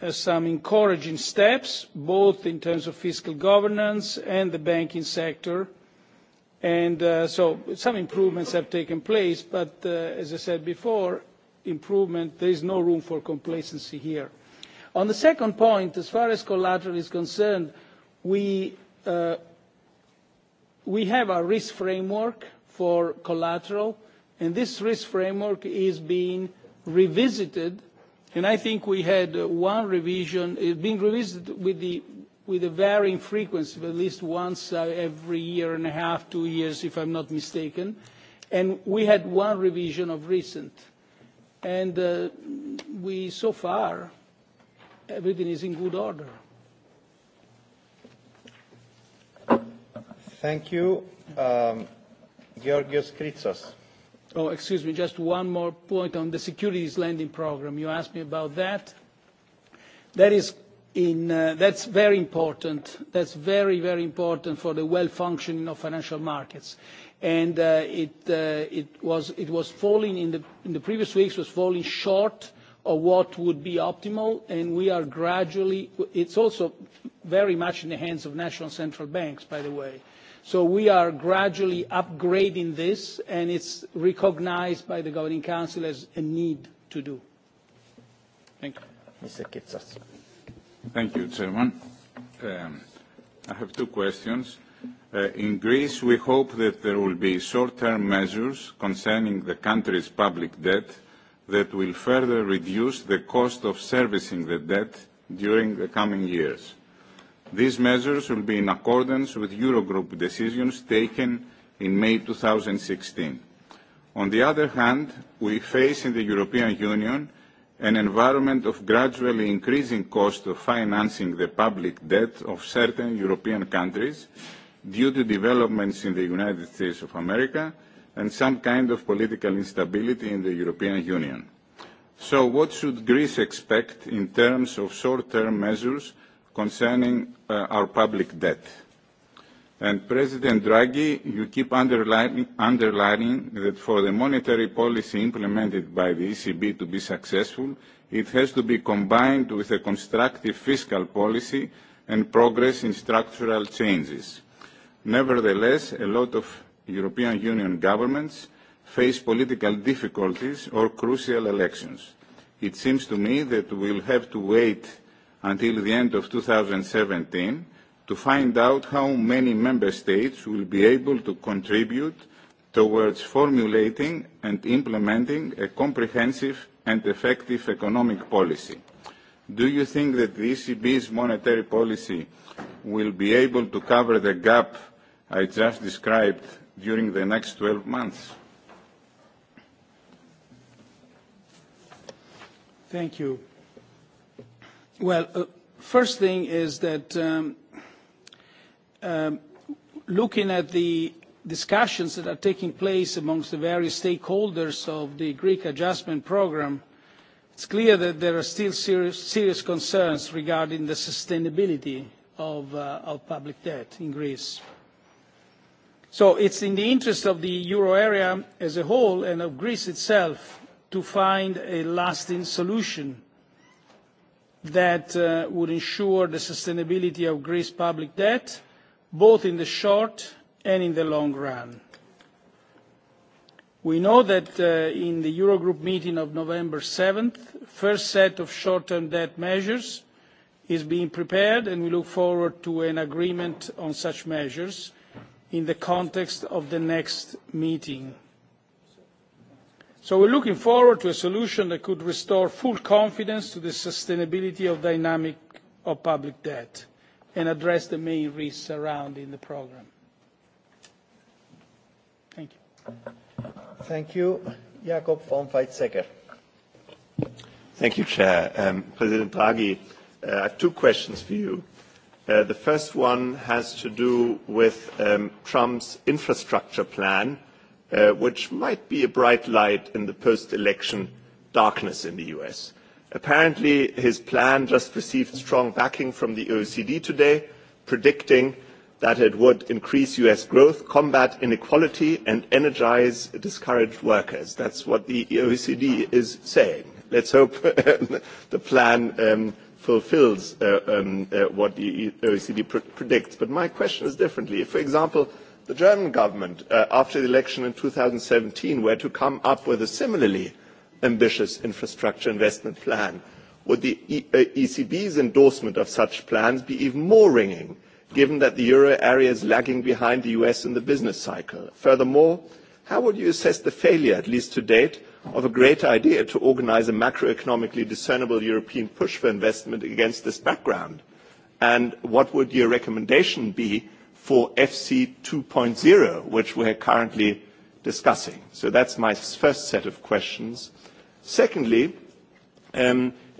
encouraging steps, both in terms of fiscal governance and the banking sector. and so Some improvements have taken place, but as I said before, improvement. There is no room for complacency here. On the second point, as far as collateral is concerned, we have a risk framework for collateral, and this risk framework is being revisited, and I think we had one revision. It's being revisited with the with a varying frequency, but at least once every year and a half, two years, if I'm not mistaken. And we had one revision of recent and we so far everything is in good order. Thank you, Georgios Kritsos. Oh, excuse me, just one more point on the securities lending program. You asked me about that. That is in that's very important. That's very, very important for the well functioning of financial markets. And It was falling in the previous weeks, was falling short of what would be optimal, and we are gradually. It's also very much in the hands of national central banks, by the way. So We are gradually upgrading this, and it's recognized by the Governing Council as a need to do. Thank you. Mr. Thank you, Chairman. I have two questions. in Greece, we hope that there will be short-term measures concerning the country's public debt that will further reduce the cost of servicing the debt during the coming years. These measures will be in accordance with Eurogroup decisions taken in May 2016. On the other hand, we face in the European Union an environment of gradually increasing cost of financing the public debt of certain European countries due to developments in the United States of America and some kind of political instability in the European Union. So what should Greece expect in terms of short-term measures concerning uh, our public debt? And President Draghi, you keep underlining, underlining that for the monetary policy implemented by the ECB to be successful, it has to be combined with a constructive fiscal policy and progress in structural changes. Nevertheless, a lot of European Union governments face political difficulties or crucial elections. It seems to me that we will have to wait until the end of 2017 to find out how many member states will be able to contribute towards formulating and implementing a comprehensive and effective economic policy. Do you think that the ECB's monetary policy will be able to cover the gap I just described during the next 12 months? Thank you. Well, uh, first thing is that um, looking at the discussions that are taking place amongst the various stakeholders of the Greek adjustment programme, it is clear that there are still serious, concerns regarding the sustainability of, public debt in Greece. So it is in the interest of the euro area as a whole and of Greece itself to find a lasting solution that would ensure the sustainability of Greece's public debt – both in the short and in the long run. We know that in the Eurogroup meeting of November 7th, the first set of short-term debt measures is being prepared, and we look forward to an agreement on such measures in the context of the next meeting. So we're looking forward to a solution that could restore full confidence to the sustainability of dynamic of public debt and address the main risks surrounding the program. Thank you. Thank you. Jakob von Weizsäcker. Thank you, Chair. Um, President Draghi, uh, I have two questions for you. Uh, the first one has to do with um, Trump's infrastructure plan, uh, which might be a bright light in the post-election darkness in the U.S. Apparently, his plan just received strong backing from the OECD today, predicting that it would increase US growth, combat inequality, and energize discouraged workers. That's what the OECD is saying. Let's hope the plan um, fulfills uh, um, uh, what the OECD pr- predicts. But my question is differently. If, for example, the German government, uh, after the election in 2017, were to come up with a similarly ambitious infrastructure investment plan. Would the ECB's endorsement of such plans be even more ringing, given that the euro area is lagging behind the US in the business cycle? Furthermore, how would you assess the failure, at least to date, of a great idea to organise a macroeconomically discernible European push for investment against this background? And what would your recommendation be for FC 2.0, which we're currently discussing? So that's my first set of questions. Secondly,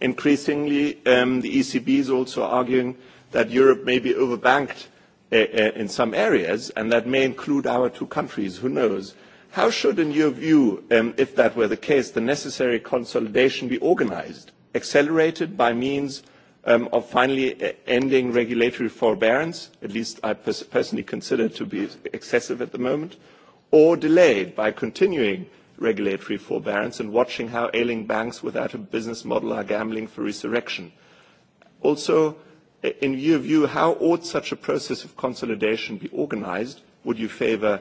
increasingly, the ECB is also arguing that Europe may be overbanked in some areas, and that may include our two countries, who knows? How should, in your view, if that were the case, the necessary consolidation be organised, Accelerated by means of finally ending regulatory forbearance, at least I personally consider to be excessive at the moment, or delayed by continuing regulatory forbearance and watching how ailing banks without a business model are gambling for resurrection. Also, in your view, how ought such a process of consolidation be organized? Would you favor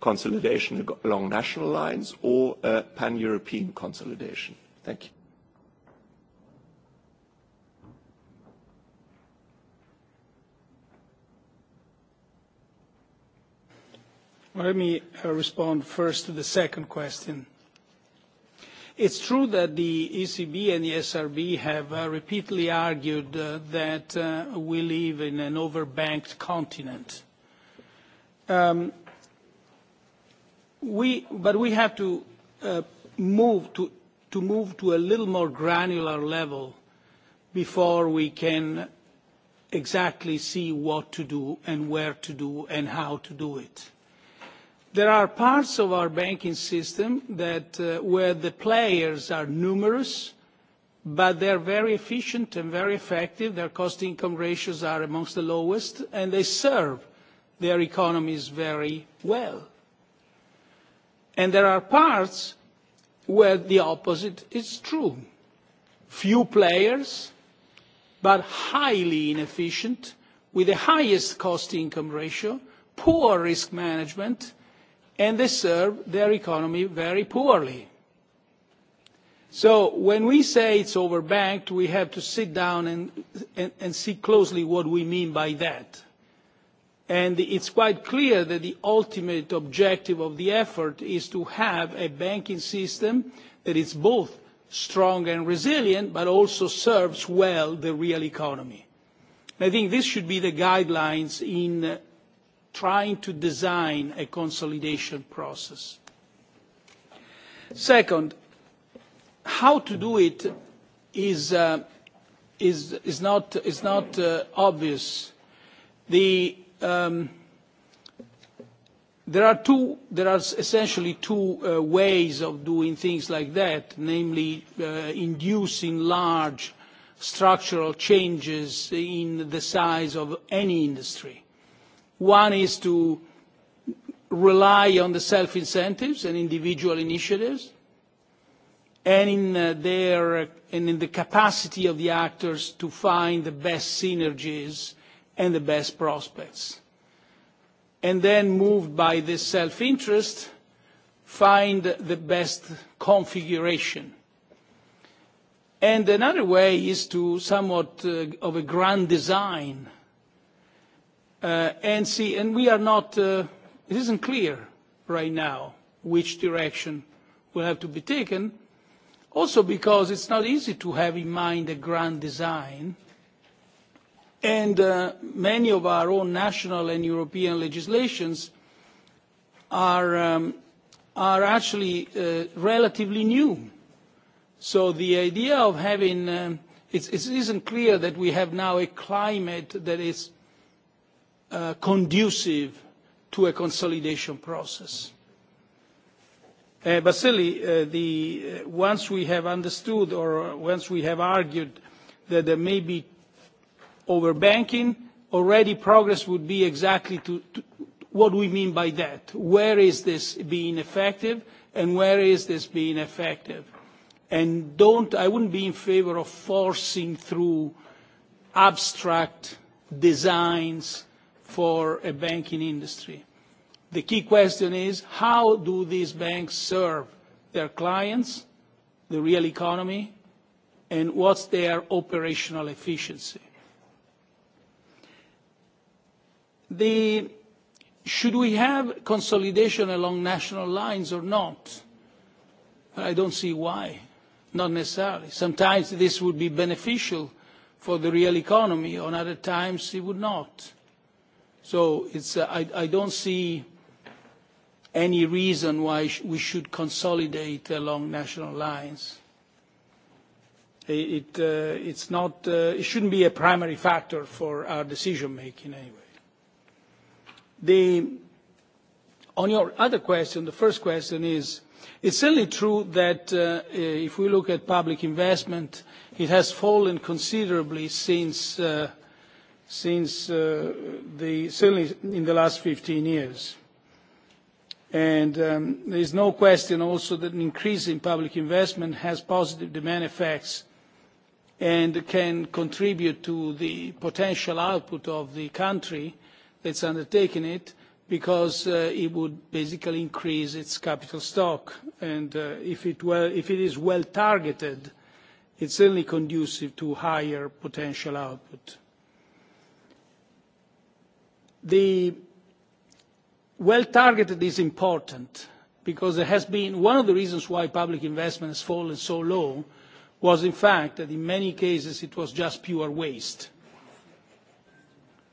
consolidation along national lines or uh, pan-European consolidation? Thank you. Let me respond first to the second question. It's true that the ECB and the SRB have repeatedly argued that we live in an overbanked continent. But we have to move to a little more granular level before we can exactly see what to do and where to do and how to do it There are parts of our banking system that uh, where the players are numerous, but they're very efficient and very effective. Their cost-income ratios are amongst the lowest, and they serve their economies very well. And there are parts where the opposite is true. Few players, but highly inefficient, with the highest cost-income ratio, poor risk management, and they serve their economy very poorly. So when we say it's overbanked, we have to sit down and, and, and see closely what we mean by that. And it's quite clear that the ultimate objective of the effort is to have a banking system that is both strong and resilient, but also serves well the real economy. I think this should be the guidelines in trying to design a consolidation process. Second, how to do it is, uh, is, is not, is not uh, obvious. The, um, there, are two, there are essentially two uh, ways of doing things like that, namely uh, inducing large structural changes in the size of any industry One is to rely on the self-incentives and individual initiatives, and in their and in the capacity of the actors to find the best synergies and the best prospects. And then, moved by this self-interest, find the best configuration. And another way is to somewhat of a grand design and see, and we are not, uh it isn't clear right now which direction will have to be taken, also because it's not easy to have in mind a grand design, and uh many of our own national and European legislations are um are actually uh relatively new. So the idea of having, um it's it isn't clear that we have now a climate that is conducive to a consolidation process. Vasily, once we have understood or once we have argued that there may be over-banking, already progress would be exactly to what we mean by that. Where is this being effective, and where is this being effective? And don't, I wouldn't be in favor of forcing through abstract designs for a banking industry. The key question is how do these banks serve their clients, the real economy, and what's their operational efficiency? The Should we have consolidation along national lines or not? I don't see why. Not necessarily. Sometimes this would be beneficial for the real economy, on other times it would not So it's, uh, I, I don't see any reason why sh we should consolidate along national lines. It, it's not, it shouldn't be a primary factor for our decision making anyway. on your other question, the first question is, It's certainly true that if we look at public investment, it has fallen considerably since since uh, the, certainly in the last 15 years. And um, there is no question also that an increase in public investment has positive demand effects and can contribute to the potential output of the country that's undertaking it because uh, it would basically increase its capital stock. And uh, if, it well, if it is well targeted, it's certainly conducive to higher potential output The well targeted is important because there has been one of the reasons why public investment has fallen so low was in fact that in many cases it was just pure waste.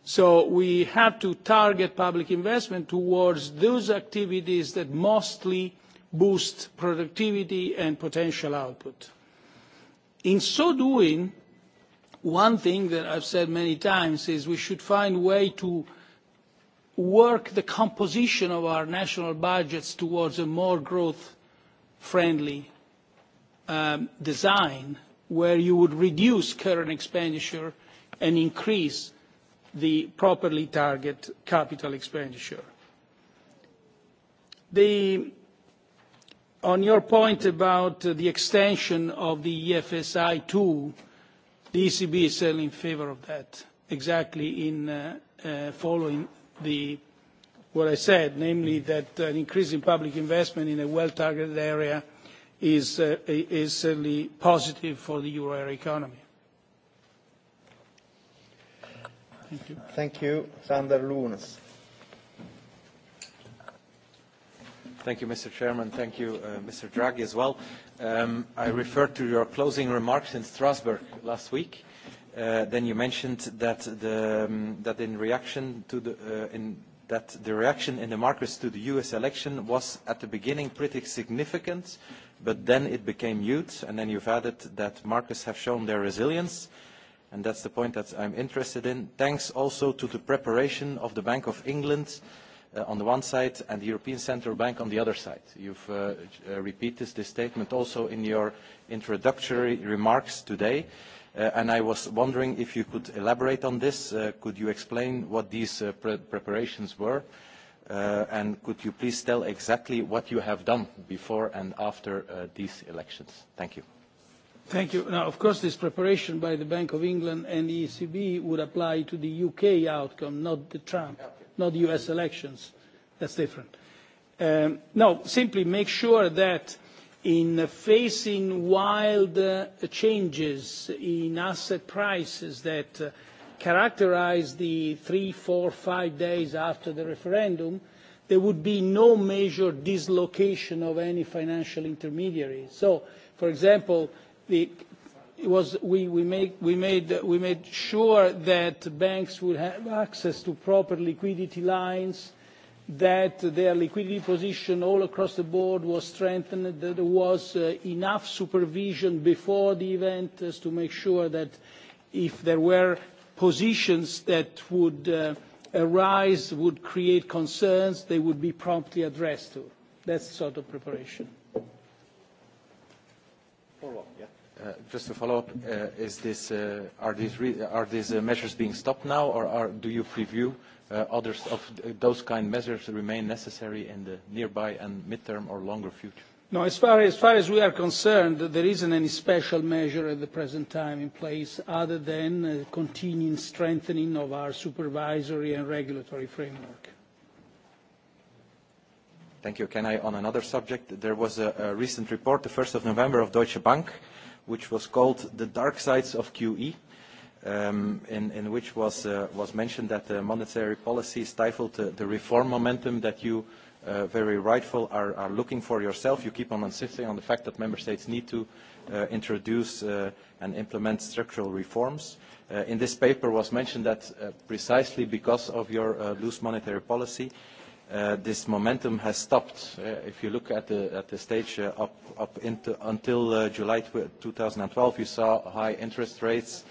So we have to target public investment towards those activities that mostly boost productivity and potential output. In so doing, one thing that I've said many times is we should find a way to work the composition of our national budgets towards a more growth-friendly design where you would reduce current expenditure and increase the properly target capital expenditure. On your point about the extension of the EFSI tool, the ECB is certainly in favor of that, exactly in following the, what I said, namely that an increase in public investment in a well-targeted area is, is certainly positive for the euro area economy. Thank you. Thank you. Sander Lunes. Thank you, Mr. Chairman. Thank you, uh, Mr. Draghi, as well. Um, I referred to your closing remarks in Strasbourg last week Then you mentioned that the in that reaction in the markets to the U.S. election was, at the beginning, pretty significant, but then it became mute. and Then you've added that markets have shown their resilience, and that's the point that I'm interested in. Thanks also to the preparation of the Bank of England on the one side and the European Central Bank on the other side. You've uh repeated this statement also in your introductory remarks today and I was wondering if you could elaborate on this. Could you explain what these preparations were? And could you please tell exactly what you have done before and after these elections? Thank you. Thank you. Now, of course, this preparation by the Bank of England and the ECB would apply to the U.K. outcome, not the Trump, not the U.S. elections. That's different. No, simply make sure that in facing wild changes in asset prices that characterize the three, four, five days after the referendum, there would be no major dislocation of any financial intermediary. So, for example, the it was we we make we made we made sure that banks would have access to proper liquidity lines that their liquidity position all across the board was strengthened, that there was enough supervision before the event as to make sure that if there were positions that would arise, would create concerns, they would be promptly addressed to. That's sort of preparation. Follow-up, yeah. Just to follow up, are these measures being stopped now, or are do you preview others of those kind measures remain necessary in the nearby and mid-term or longer future? No, as far as far as we are concerned, there isn't any special measure at the present time in place other than continuing strengthening of our supervisory and regulatory framework. Thank you. Can I, on another subject, there was a, a recent report, the 1st of November, of Deutsche Bank, which was called The Dark Sides of QE in which was mentioned that the monetary policy stifled the reform momentum that you very rightful are looking for yourself. You keep on insisting on the fact that member states need to introduce and implement structural reforms. In this paper was mentioned that precisely because of your loose monetary policy, this momentum has stopped. If you look at the stage up until July 2012, you saw high interest rates,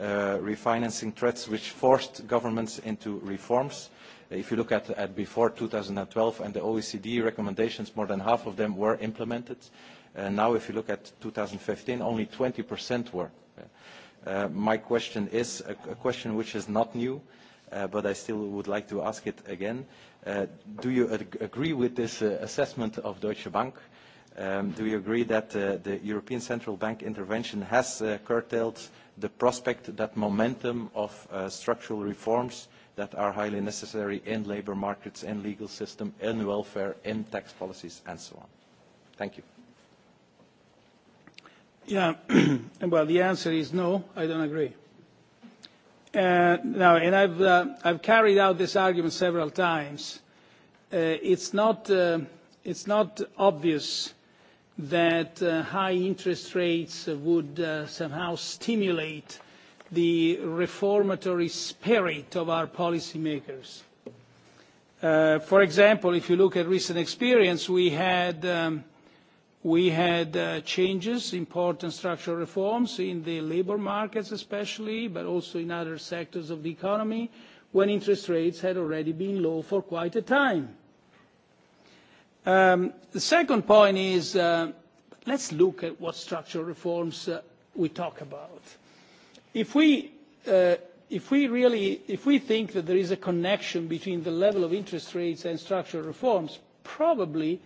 refinancing threats which forced governments into reforms. If you look at, at before 2012 and the OECD recommendations, more than half of them were implemented. And now if you look at 2015, only 20% were. Uh, my question is a, a question which is not new, uh, but I still would like to ask it again. Uh, do you ag agree with this uh, assessment of Deutsche Bank? Um, do you agree that uh, the European Central Bank intervention has uh, curtailed uh, the prospect, that momentum of structural reforms that are highly necessary in labour markets, in legal system, in welfare, in tax policies, and so on. Thank you. Yeah, well, the answer is no, I don't agree. Uh, no, and I've, uh, I've carried out this argument several times. Uh, it's, not, uh, it's not obvious that high interest rates would somehow stimulate the reformatory spirit of our policymakers. For example, if you look at recent experience, we had changes, important structural reforms in the labor markets especially, but also in other sectors of the economy, when interest rates had already been low for quite a time Um, the second point is let's look at what structural reforms we talk about. If we, if, we really, if we think that there is a connection between the level of interest rates and structural reforms, probably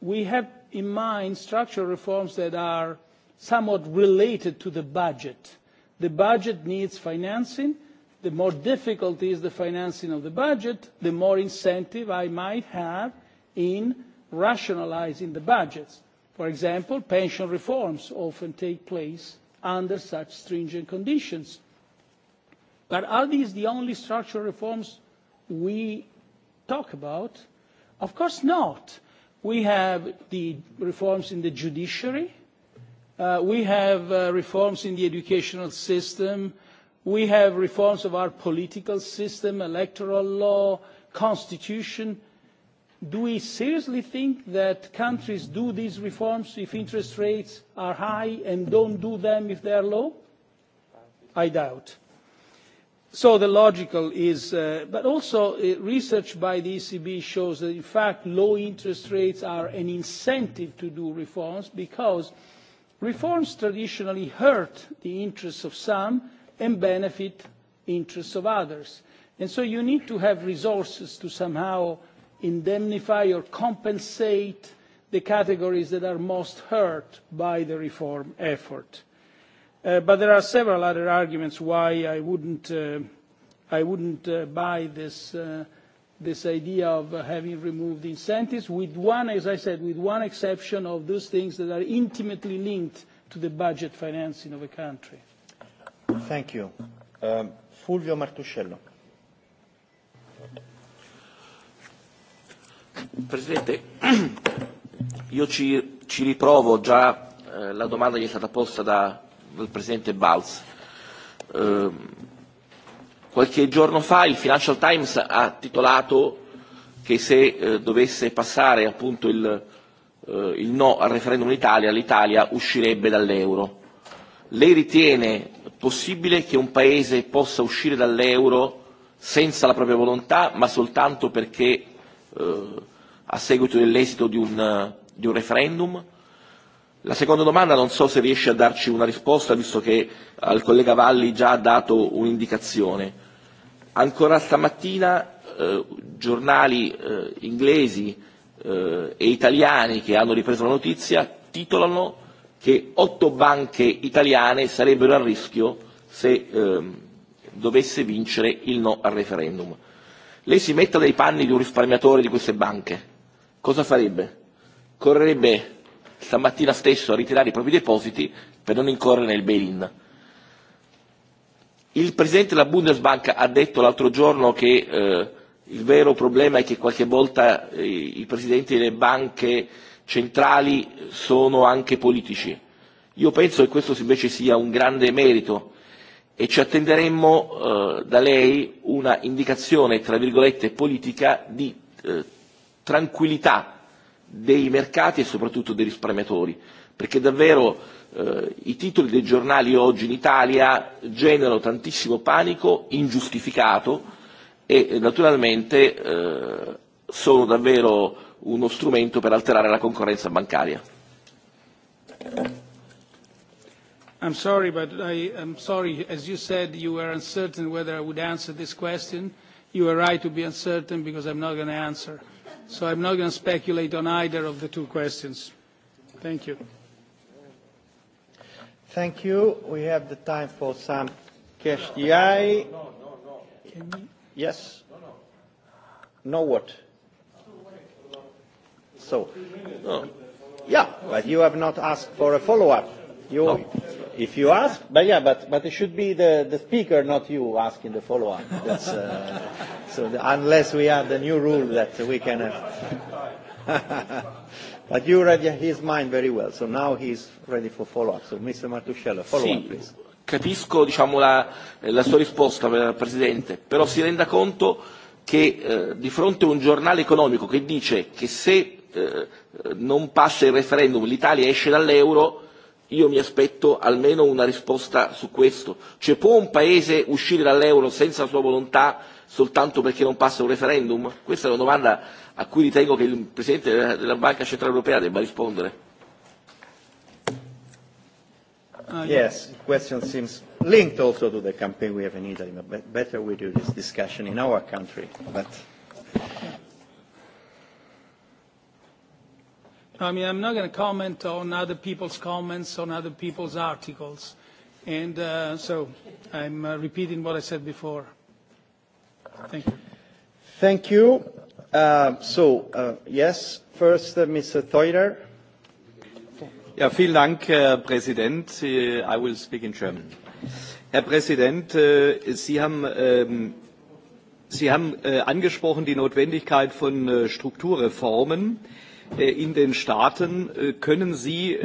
we have in mind structural reforms that are somewhat related to the budget. The budget needs financing. The more difficult is the financing of the budget, the more incentive I might have in rationalising the budgets. For example, pension reforms often take place under such stringent conditions. But are these the only structural reforms we talk about? Of course not. We have the reforms in the judiciary. we have reforms in the educational system. We have reforms of our political system, electoral law, constitution do we seriously think that countries do these reforms if interest rates are high and don't do them if they are low? I doubt. So the logical is, uh, but also uh, research by the ECB shows that in fact low interest rates are an incentive to do reforms because reforms traditionally hurt the interests of some and benefit interests of others. And so you need to have resources to somehow uh, indemnify or compensate the categories that are most hurt by the reform effort. But there are several other arguments why I wouldn't buy this idea of having removed incentives, with one, as I said, with one exception of those things that are intimately linked to the budget financing of a country. Thank you. Fulvio Martuscello. Presidente, io ci, ci riprovo, già eh, la domanda gli è stata posta da, dal Presidente Balz. Eh, qualche giorno fa il Financial Times ha titolato che se eh, dovesse passare appunto il, eh, il no al referendum in Italia, l'Italia uscirebbe dall'euro. Lei ritiene possibile che un Paese possa uscire dall'euro senza la propria volontà, ma soltanto perché eh, a seguito dell'esito di un, di un referendum? La seconda domanda non so se riesce a darci una risposta, visto che al collega Valli già ha dato un'indicazione. Ancora stamattina eh, giornali eh, inglesi eh, e italiani che hanno ripreso la notizia titolano che otto banche italiane sarebbero a rischio se eh, dovesse vincere il no al referendum. Lei si metta nei panni di un risparmiatore di queste banche. Cosa farebbe? Correrebbe stamattina stesso a ritirare i propri depositi per non incorrere nel bail-in. Il presidente della Bundesbank ha detto l'altro giorno che eh, il vero problema è che qualche volta eh, i presidenti delle banche centrali sono anche politici. Io penso che questo invece sia un grande merito e ci attenderemmo eh, da lei una indicazione, tra virgolette, politica di eh, tranquillità dei mercati e soprattutto dei risparmiatori, perché davvero eh, i titoli dei giornali oggi in Italia generano tantissimo panico ingiustificato e naturalmente eh, sono davvero uno strumento per alterare la concorrenza bancaria. I'm sorry, but I am sorry. As you said, you were uncertain whether I would answer this question. You are right to be uncertain because I'm not going to answer. So I'm not going to speculate on either of the two questions. Thank you. Thank you. We have the time for some cash DI. No, no, no. Can we? Yes. No, no. No what? So. No. Yeah, but you have not asked for a follow-up. You. No if you ask, but yeah, but, but it should be the, the speaker, not you, asking the follow-up. uh, so the, unless we have the new rule that we can have. but you read his mind very well, so now he's ready for follow-up. So Mr. Martuscello, follow-up, please. Capisco diciamo, la, la sua risposta, Presidente, però si renda conto che eh, di fronte a un giornale economico che dice che se eh, non passa il referendum l'Italia esce dall'euro, eh, io mi aspetto almeno una risposta su questo. Cioè può un paese uscire dall'euro senza sua volontà soltanto perché non passa un referendum? Questa è una domanda a cui ritengo che il Presidente della Banca Centrale Europea debba rispondere. Uh, yes, the question seems linked also to the campaign we have in Italy, but better we do this discussion in our country. But I mean, I'm not going to comment on other people's comments, on other people's articles. And uh, so I'm uh, repeating what I said before. Thank you. Thank you. Uh, so, uh, yes, first, uh, Mr. Theurer. Ja, vielen Dank, Herr Präsident. I will speak in German. Herr Präsident, Sie haben Sie haben angesprochen die Notwendigkeit von Strukturreformen. Äh, in den Staaten, können Sie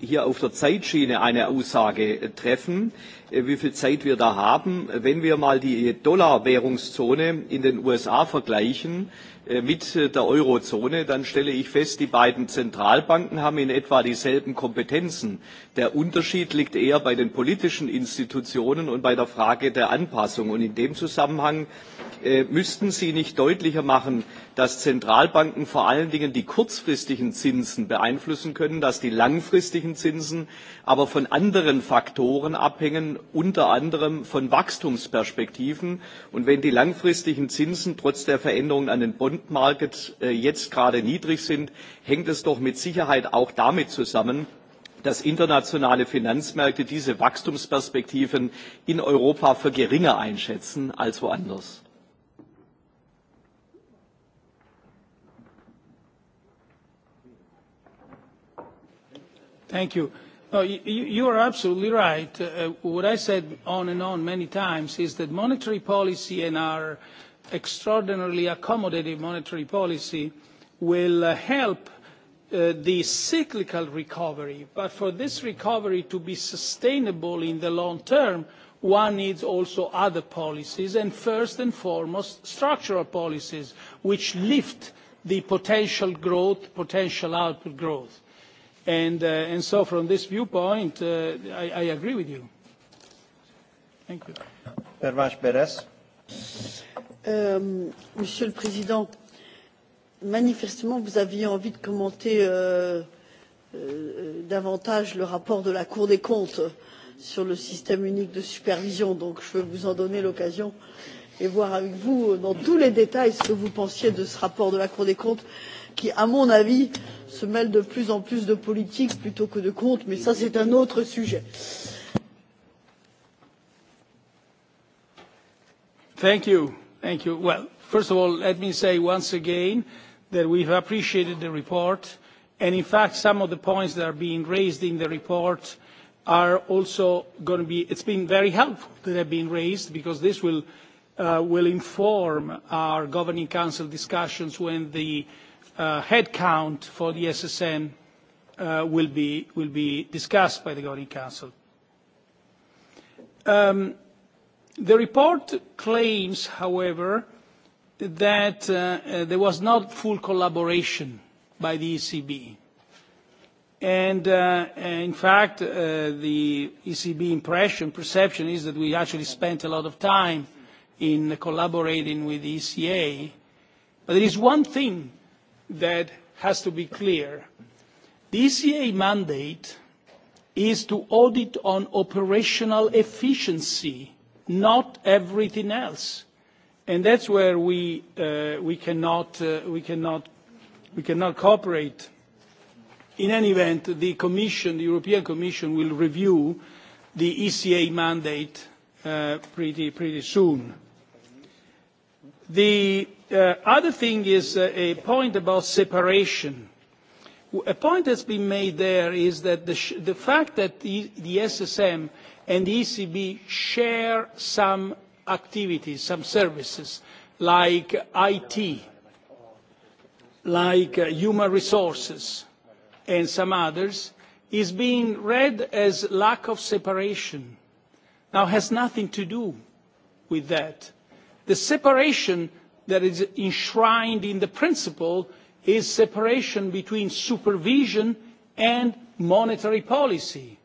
hier auf der Zeitschiene eine Aussage treffen, wie viel Zeit wir da haben? Wenn wir mal die Dollarwährungszone in den USA vergleichen, mit der Eurozone, dann stelle ich fest, die beiden Zentralbanken haben in etwa dieselben Kompetenzen. Der Unterschied liegt eher bei den politischen Institutionen und bei der Frage der Anpassung. Und in dem Zusammenhang müssten Sie nicht deutlicher machen, dass Zentralbanken vor allen Dingen die kurzfristigen Zinsen beeinflussen können, dass die langfristigen Zinsen aber von anderen Faktoren abhängen, unter anderem von Wachstumsperspektiven. Und wenn die langfristigen Zinsen trotz der Veränderungen an den Bonn Second jetzt gerade niedrig sind, hängt es doch mit Sicherheit auch damit zusammen, dass internationale Finanzmärkte diese Wachstumsperspektiven in Europa für geringer einschätzen als woanders. Thank you. No, you, you are absolutely right. Uh, what I said on and on many times is that monetary policy and our extraordinarily accommodative monetary policy will help the cyclical recovery. But for this recovery to be sustainable in the long term, one needs also other policies, and first and foremost, structural policies, which lift the potential growth, potential output growth. And so from this viewpoint, I agree with you. Thank you. Pervash Beres monsieur le président manifestement vous aviez envie de commenter davantage le rapport de la cour des comptes sur le système unique de supervision donc je vais vous en donner l'occasion et voir avec vous dans tous les détails ce que vous pensiez de ce rapport de la cour des comptes qui à mon avis se mêle de plus en plus de politique plutôt que de comptes mais ça c'est un autre sujet. Euh, Thank you. Thank you. Well, first of all, let me say once again that we have appreciated the report, and in fact, some of the points that are being raised in the report are also going to be, it's been very helpful that have been raised because this will, uh, will inform our governing council discussions when the uh, headcount for the SSN uh, will, be, will be discussed by the governing council. Um, The report claims, however, that there was not full collaboration by the ECB. And in fact, the ECB impression, perception is that we actually spent a lot of time in collaborating with the ECA. But there is one thing that has to be clear. The ECA mandate is to audit on operational efficiency not everything else. And that's where we, cannot, cooperate. In any event, the Commission, the European Commission, will review the ECA mandate pretty, soon. The other thing is a point about separation. A point that's been made there is that the, sh- the fact that the, the SSM – and the ECB share some activities, some services like IT, like human resources, and some others, is being read as lack of separation. Now, has nothing to do with that. The separation that is enshrined in the principle is separation between supervision and monetary policy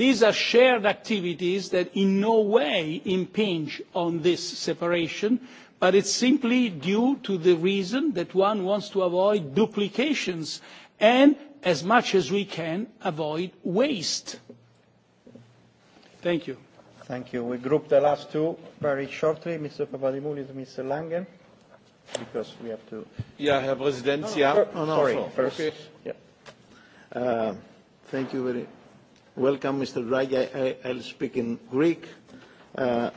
These are shared activities that in no way impinge on this separation, but it's simply due to the reason that one wants to avoid duplications and, as much as we can, avoid waste. Thank you. Thank you. We group the last two very shortly, Mr. Papadimoulis and Mr. Langen, because we have to... Yeah, Herr Präsident, no, no, No, no, sorry. First. Okay. Yeah. Uh, thank you very Welcome, Mr. Draghi. I, I'll speak in Greek. Uh,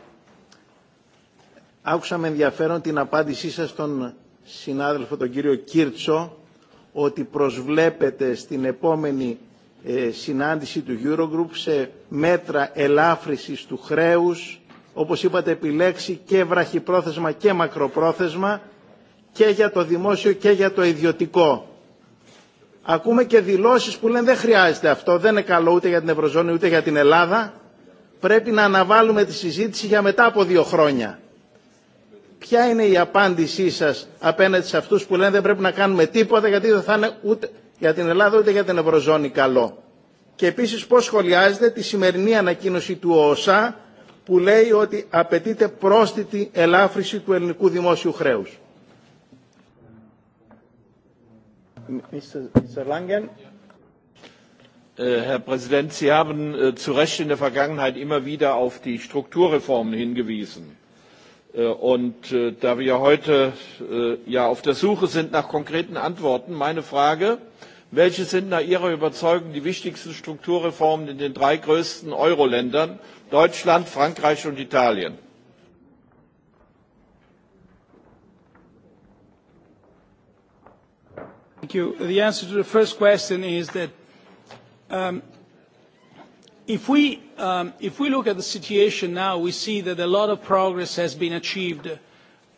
άκουσα με ενδιαφέρον την απάντησή σας στον συνάδελφο τον κύριο Κίρτσο ότι προσβλέπετε στην επόμενη ε, συνάντηση του Eurogroup σε μέτρα ελάφρυσης του χρέους, όπως είπατε επιλέξει και βραχυπρόθεσμα και μακροπρόθεσμα και για το δημόσιο και για το ιδιωτικό Ακούμε και δηλώσεις που λένε δεν χρειάζεται αυτό, δεν είναι καλό ούτε για την Ευρωζώνη ούτε για την Ελλάδα. Πρέπει να αναβάλουμε τη συζήτηση για μετά από δύο χρόνια. Ποια είναι η απάντησή σας απέναντι σε αυτούς που λένε δεν πρέπει να κάνουμε τίποτα γιατί δεν θα είναι ούτε για την Ελλάδα ούτε για την Ευρωζώνη καλό. Και επίσης πώς σχολιάζεται τη σημερινή ανακοίνωση του ΟΟΣΑ που λέει ότι απαιτείται πρόσθετη ελάφρυση του ελληνικού δημόσιου χρέους. Herr Präsident, Sie haben zu Recht in der Vergangenheit immer wieder auf die Strukturreformen hingewiesen. Und da wir heute ja auf der Suche sind nach konkreten Antworten, meine Frage, welche sind nach Ihrer Überzeugung die wichtigsten Strukturreformen in den drei größten Euro-Ländern, Deutschland, Frankreich und Italien? Thank you. The answer to the first question is that if we look at the situation now, we see that a lot of progress has been achieved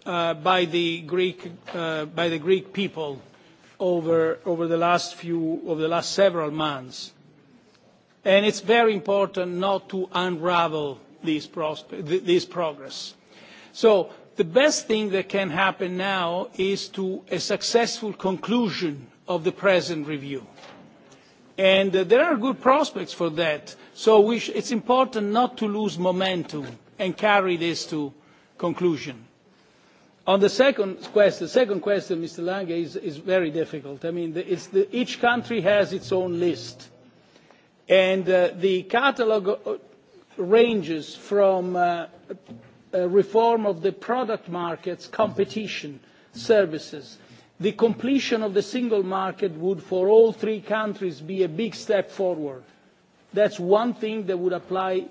by the Greek people over the last several months. and It's very important not to unravel this progress. So the best thing that can happen now is to a successful conclusion of the present review. And there are good prospects for that. So we sh it's important not to lose momentum and carry this to conclusion. On the second question, the second question, Mr. Lange, is, is very difficult. I mean, the, it's the, each country has its own list. And uh, the catalogue ranges from uh, reform of the product markets, competition, services. The completion of the single market would, for all three countries, be a big step forward. That's one thing that would apply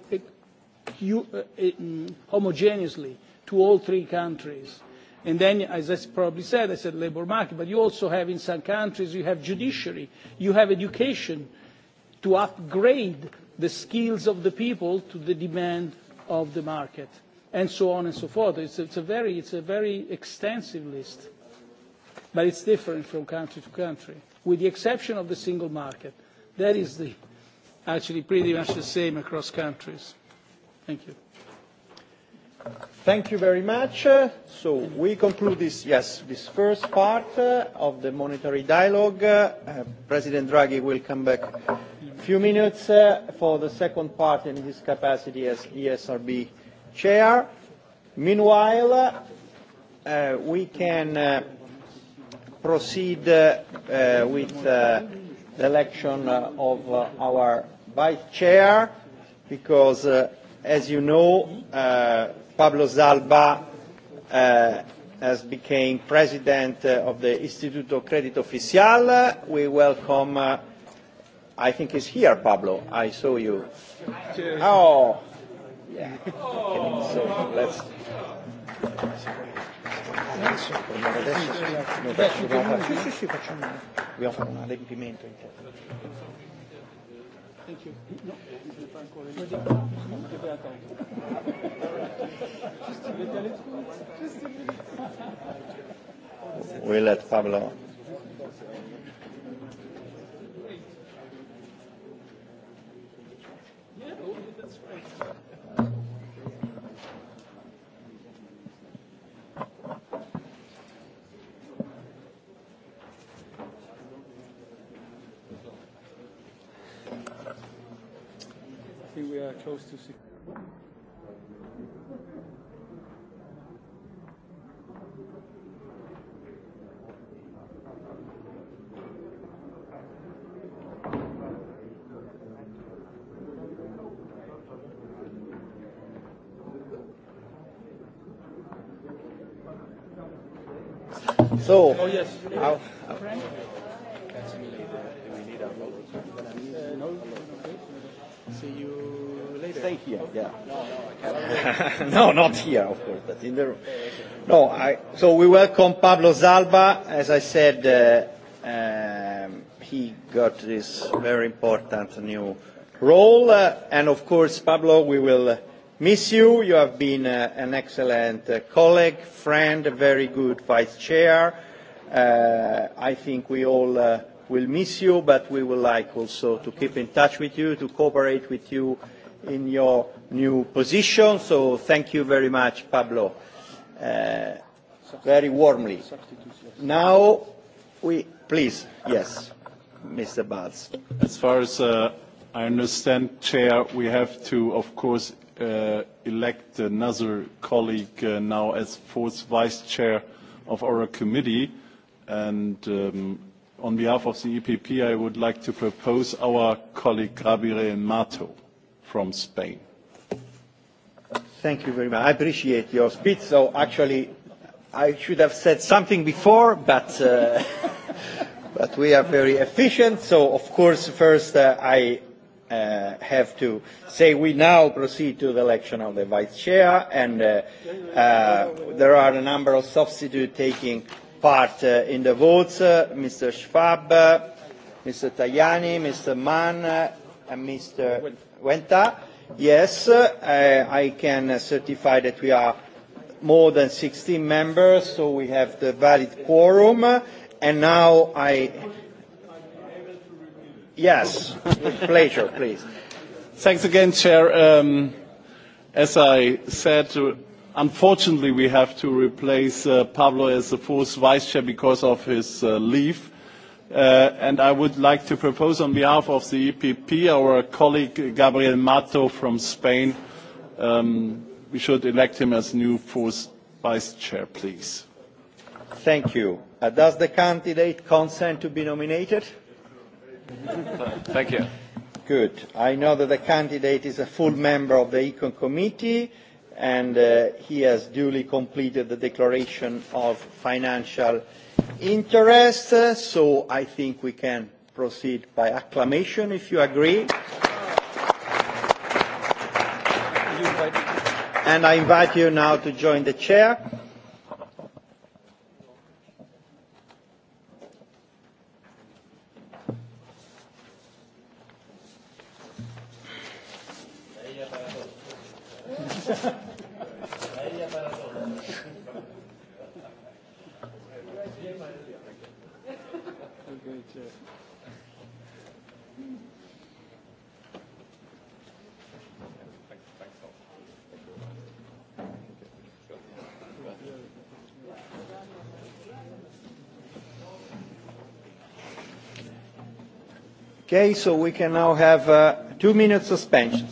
homogeneously to all three countries. And then, as I probably said, I said labour market, but you also have in some countries, you have judiciary, you have education to upgrade the skills of the people to the demand of the market and so on and so forth. It's, it's, a very, it's a very extensive list, but it's different from country to country, with the exception of the single market. That is the, actually pretty much the same across countries. Thank you. Thank you very much. So we conclude this, yes, this first part of the monetary dialogue. President Draghi will come back a few minutes for the second part in his capacity as ESRB Chair. Meanwhile, uh, we can uh, proceed uh, uh, with uh, the election uh, of uh, our Vice Chair, because, uh, as you know, uh, Pablo Zalba uh, has become President uh, of the Istituto Credito Oficial. We welcome, uh, I think he's here, Pablo. I saw you. Oh, dobbiamo fare. un adempimento interno. Thank We'll let Pablo. yeah, close to six. So, oh, yes. how, how, stay here. Yeah. no, not here, of course, but in the room. No, I, so we welcome Pablo Zalba. As I said, uh, um, he got this very important new role. Uh, and of course, Pablo, we will miss you. You have been uh, an excellent uh, colleague, friend, a very good vice chair. Uh, I think we all. Uh, will miss you, but we would like also to keep in touch with you, to cooperate with you in your new position. So thank you very much, Pablo, uh, very warmly. Now, we please, yes, Mr. Balz. As far as uh, I understand, Chair, we have to, of course, uh, elect another colleague uh, now as fourth vice chair of our committee. And um, on behalf of the EPP, I would like to propose our colleague Gabriel Mato from Spain. Thank you very much. I appreciate your speech. So actually, I should have said something before, but uh, but we are very efficient. So of course, first uh, I uh, have to say we now proceed to the election of the vice chair, and uh, uh, there are a number of substitutes taking part uh, in the votes. Uh, Mr. Schwab, uh, Mr. Tajani, Mr. Mann, uh, and Mr up. Yes, I can certify that we are more than 16 members, so we have the valid quorum. And now I... Yes, with pleasure, please. Thanks again, Chair. Um, as I said, unfortunately, we have to replace uh, Pablo as the fourth vice chair because of his uh, leave and I would like to propose on behalf of the EPP, our colleague Gabriel Mato from Spain, we should elect him as new fourth vice chair, please. Thank you. does the candidate consent to be nominated? Thank you. Good. I know that the candidate is a full member of the Econ Committee and uh, he has duly completed the declaration of financial interest, so I think we can proceed by acclamation if you agree. And I invite you now to join the chair. Thank you. Okay, so we can now have a two-minute suspension.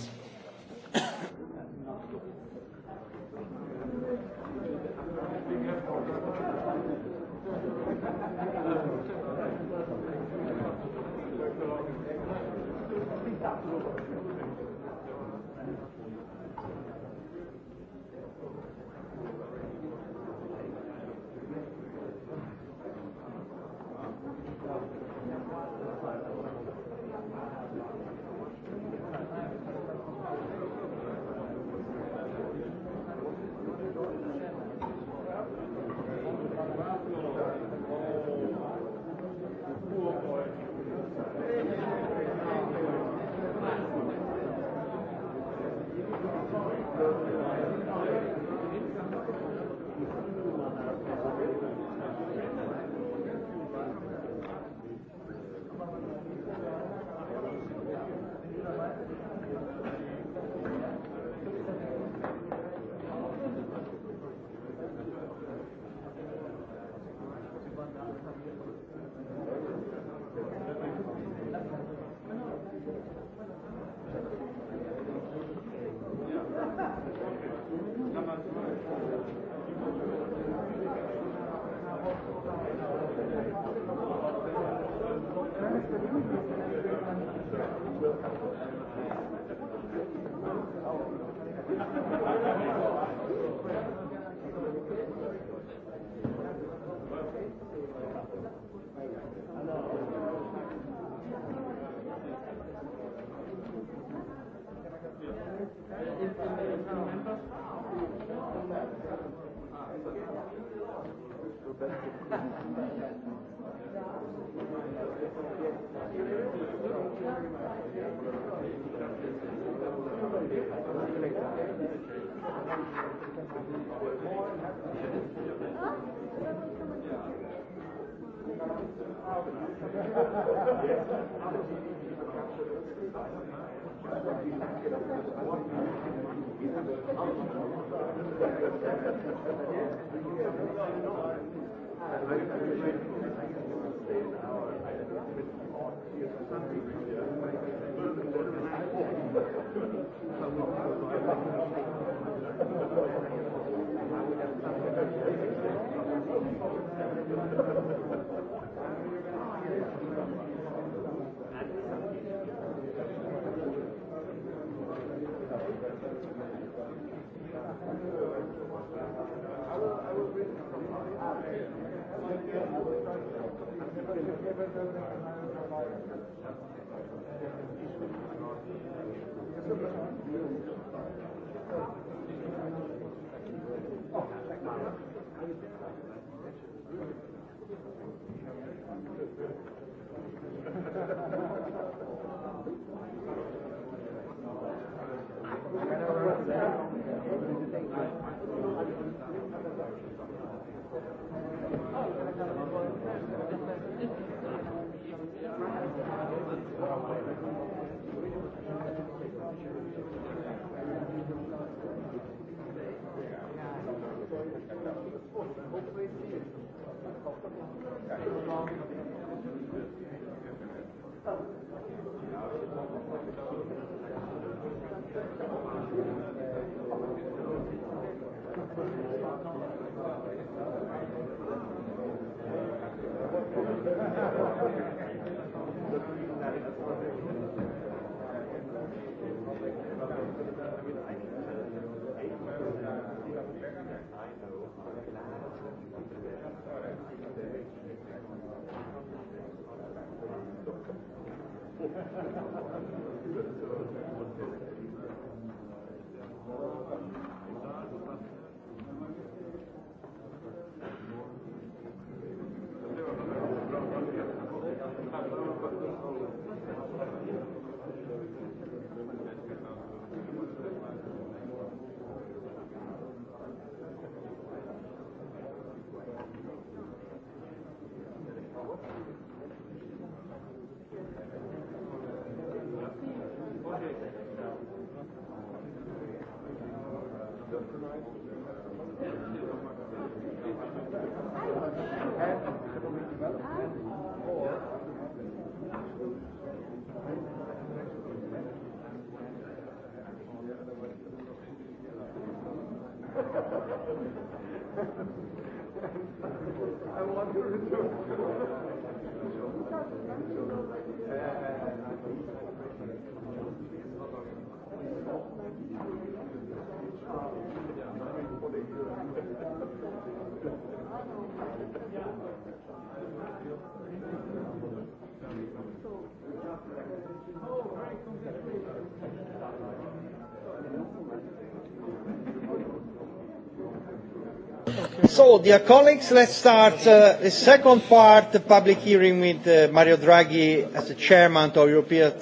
So, dear colleagues, let's start uh, the second part, the public hearing with uh, Mario Draghi as the chairman of European,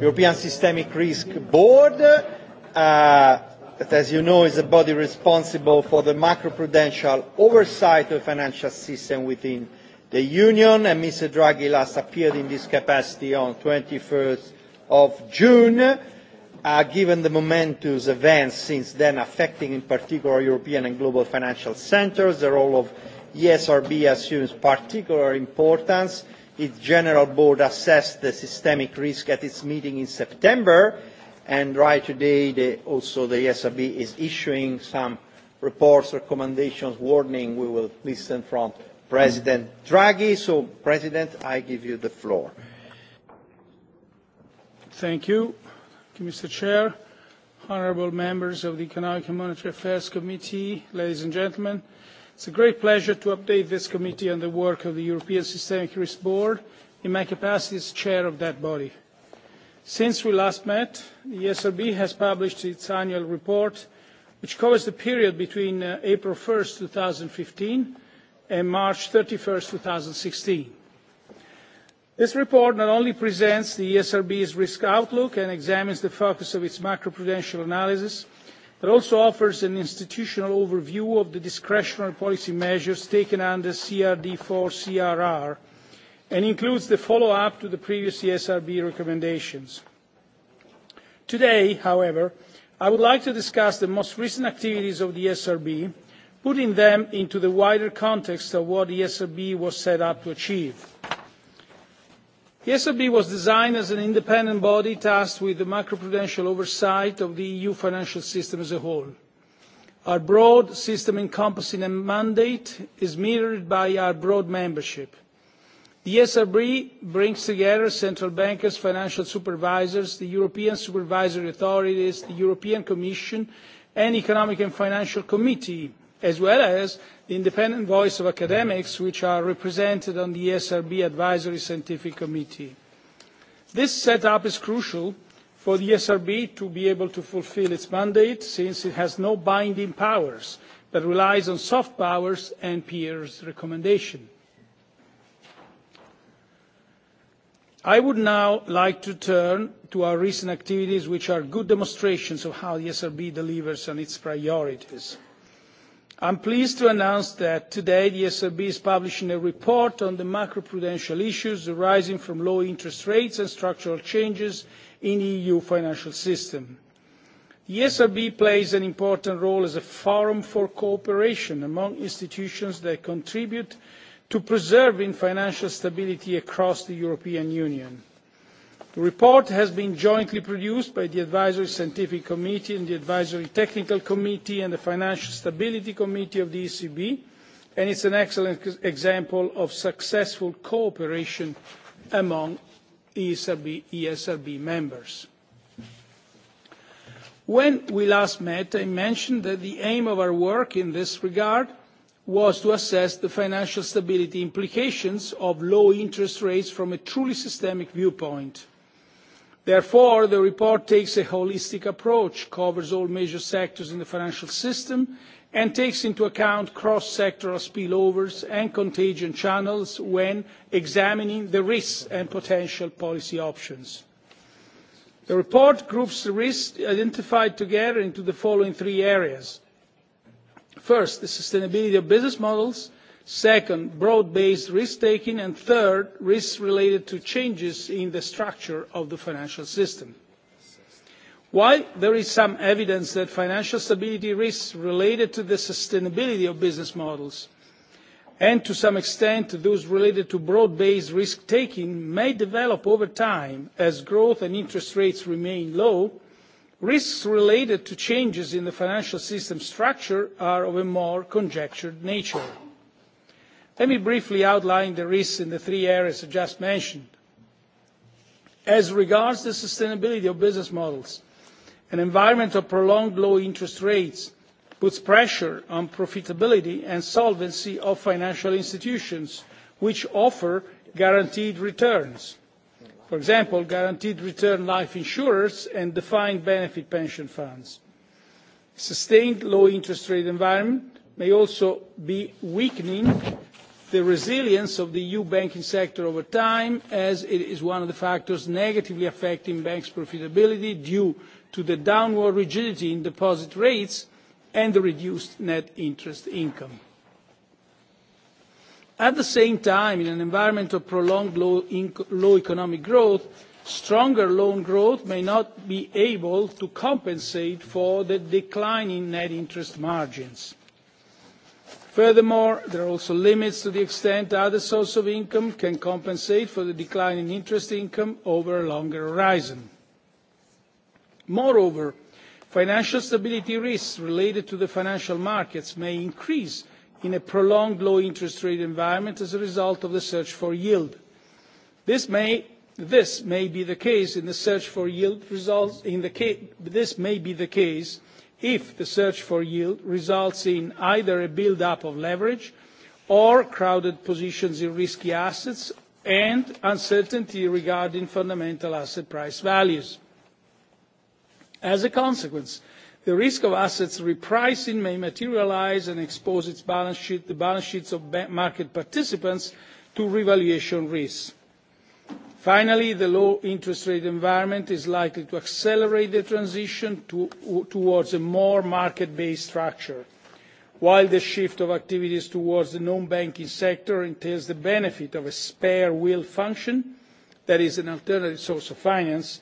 European Systemic Risk Board. Uh, that, as you know, is a body responsible for the macroprudential oversight of the financial system within the Union. And Mr. Draghi last appeared in this capacity on 21st of June uh, given the momentous events since then affecting in particular European and global financial centres, the role of ESRB assumes particular importance. Its general board assessed the systemic risk at its meeting in September, and right today the, also the ESRB is issuing some reports, recommendations, warning. We will listen from President Draghi. So, President, I give you the floor. Thank you. Mr. Chair, honourable members of the Economic and Monetary Affairs Committee, ladies and gentlemen. It's a great pleasure to update this committee on the work of the European Systemic Risk Board in my capacity as chair of that body. Since we last met, the ESRB has published its annual report, which covers the period between April 1, 2015 and March 31, 2016. This report not only presents the ESRB's risk outlook and examines the focus of its macroprudential analysis, but also offers an institutional overview of the discretionary policy measures taken under CRD4 CRR and includes the follow-up to the previous ESRB recommendations. Today, however, I would like to discuss the most recent activities of the ESRB, putting them into the wider context of what the ESRB was set up to achieve. The SRB was designed as an independent body tasked with the macroprudential oversight of the EU financial system as a whole. Our broad system encompassing a mandate is mirrored by our broad membership. The SRB brings together central bankers, financial supervisors, the European supervisory authorities, the European Commission and Economic and Financial Committee, as well as The independent voice of academics which are represented on the ESRB Advisory Scientific Committee. This setup is crucial for the ESRB to be able to fulfil its mandate since it has no binding powers but relies on soft powers and peers' recommendation. I would now like to turn to our recent activities, which are good demonstrations of how the SRB delivers on its priorities. I am pleased to announce that today the SRB is publishing a report on the macroprudential issues arising from low interest rates and structural changes in the EU financial system. The SRB plays an important role as a forum for cooperation among institutions that contribute to preserving financial stability across the European Union The report has been jointly produced by the Advisory Scientific Committee and the Advisory Technical Committee and the Financial Stability Committee of the ECB, and it is an excellent example of successful cooperation among ESRB members. When we last met, I mentioned that the aim of our work in this regard was to assess the financial stability implications of low interest rates from a truly systemic viewpoint Therefore, the report takes a holistic approach, covers all major sectors in the financial system, and takes into account cross-sectoral spillovers and contagion channels when examining the risks and potential policy options. The report groups the risks identified together into the following three areas. First, the sustainability of business models second, broad-based risk-taking, and third, risks related to changes in the structure of the financial system. While there is some evidence that financial stability risks related to the sustainability of business models and to some extent those related to broad-based risk-taking may develop over time as growth and interest rates remain low, risks related to changes in the financial system structure are of a more conjectured nature. Let me briefly outline the risks in the three areas I just mentioned. As regards the sustainability of business models, an environment of prolonged low interest rates puts pressure on profitability and solvency of financial institutions which offer guaranteed returns. For example, guaranteed return life insurers and defined benefit pension funds. Sustained low interest rate environment may also be weakening the resilience of the EU banking sector over time, as it is one of the factors negatively affecting banks' profitability due to the downward rigidity in deposit rates and the reduced net interest income. At the same time, in an environment of prolonged low economic growth, stronger loan growth may not be able to compensate for the decline in net interest margins Furthermore, there are also limits to the extent other sources of income can compensate for the decline in interest income over a longer horizon. Moreover, financial stability risks related to the financial markets may increase in a prolonged low interest rate environment as a result of the search for yield. This may this may be the case in the search for yield results in the this may be the case if the search for yield results in either a build-up of leverage or crowded positions in risky assets and uncertainty regarding fundamental asset price values. As a consequence, the risk of assets repricing may materialise and expose its balance the balance sheets of market participants to revaluation risks. Finally, the low interest rate environment is likely to accelerate the transition towards a more market-based structure. While the shift of activities towards the non-banking sector entails the benefit of a spare wheel function, that is an alternative source of finance,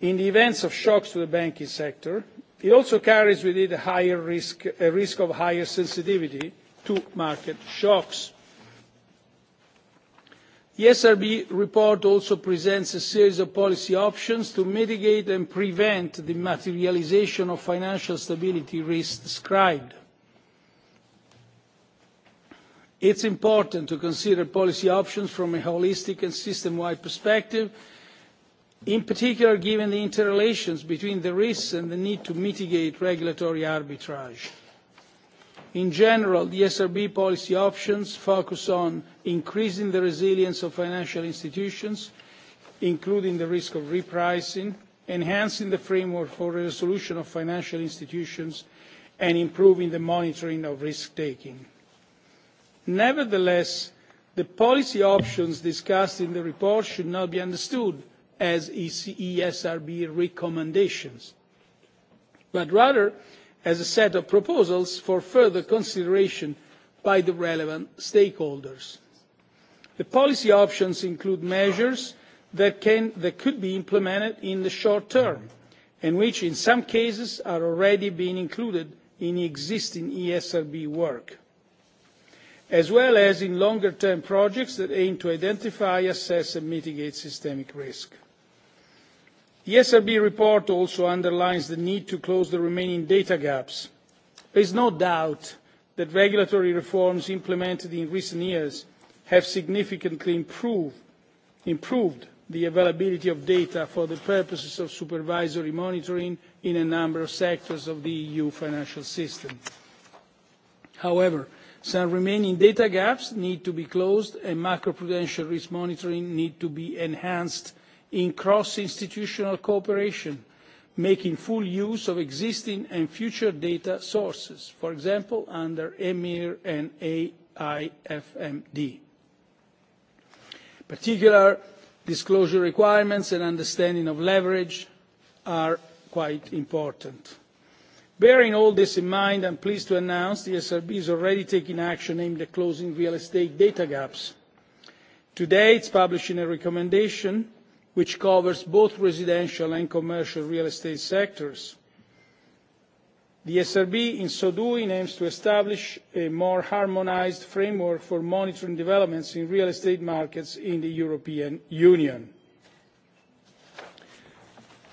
in the event of shocks to the banking sector, it also carries with it a risk of higher sensitivity to market shocks. The SRB report also presents a series of policy options to mitigate and prevent the materialisation of financial stability risks described. It is important to consider policy options from a holistic and system-wide perspective, in particular given the interrelations between the risks and the need to mitigate regulatory arbitrage. In general, the SRB policy options focus on increasing the resilience of financial institutions, including the risk of repricing, enhancing the framework for resolution of financial institutions, and improving the monitoring of risk-taking. Nevertheless, the policy options discussed in the report should not be understood as ESRB recommendations, but rather as a set of proposals for further consideration by the relevant stakeholders. The policy options include measures that, could be implemented in the short term and which in some cases are already being included in existing ESRB work, as well as in longer term projects that aim to identify, assess and mitigate systemic risk The SRB report also underlines the need to close the remaining data gaps. There is no doubt that regulatory reforms implemented in recent years have significantly improved the availability of data for the purposes of supervisory monitoring in a number of sectors of the EU financial system. However, some remaining data gaps need to be closed and macroprudential risk monitoring needs to be enhanced in cross-institutional cooperation, making full use of existing and future data sources, for example, under EMIR and AIFMD. Particular disclosure requirements and understanding of leverage are quite important. Bearing all this in mind, I am pleased to announce the SRB is already taking action aimed at closing real estate data gaps. Today, it is publishing a recommendation which covers both residential and commercial real estate sectors. The SRB, in so doing, aims to establish a more harmonised framework for monitoring developments in real estate markets in the European Union.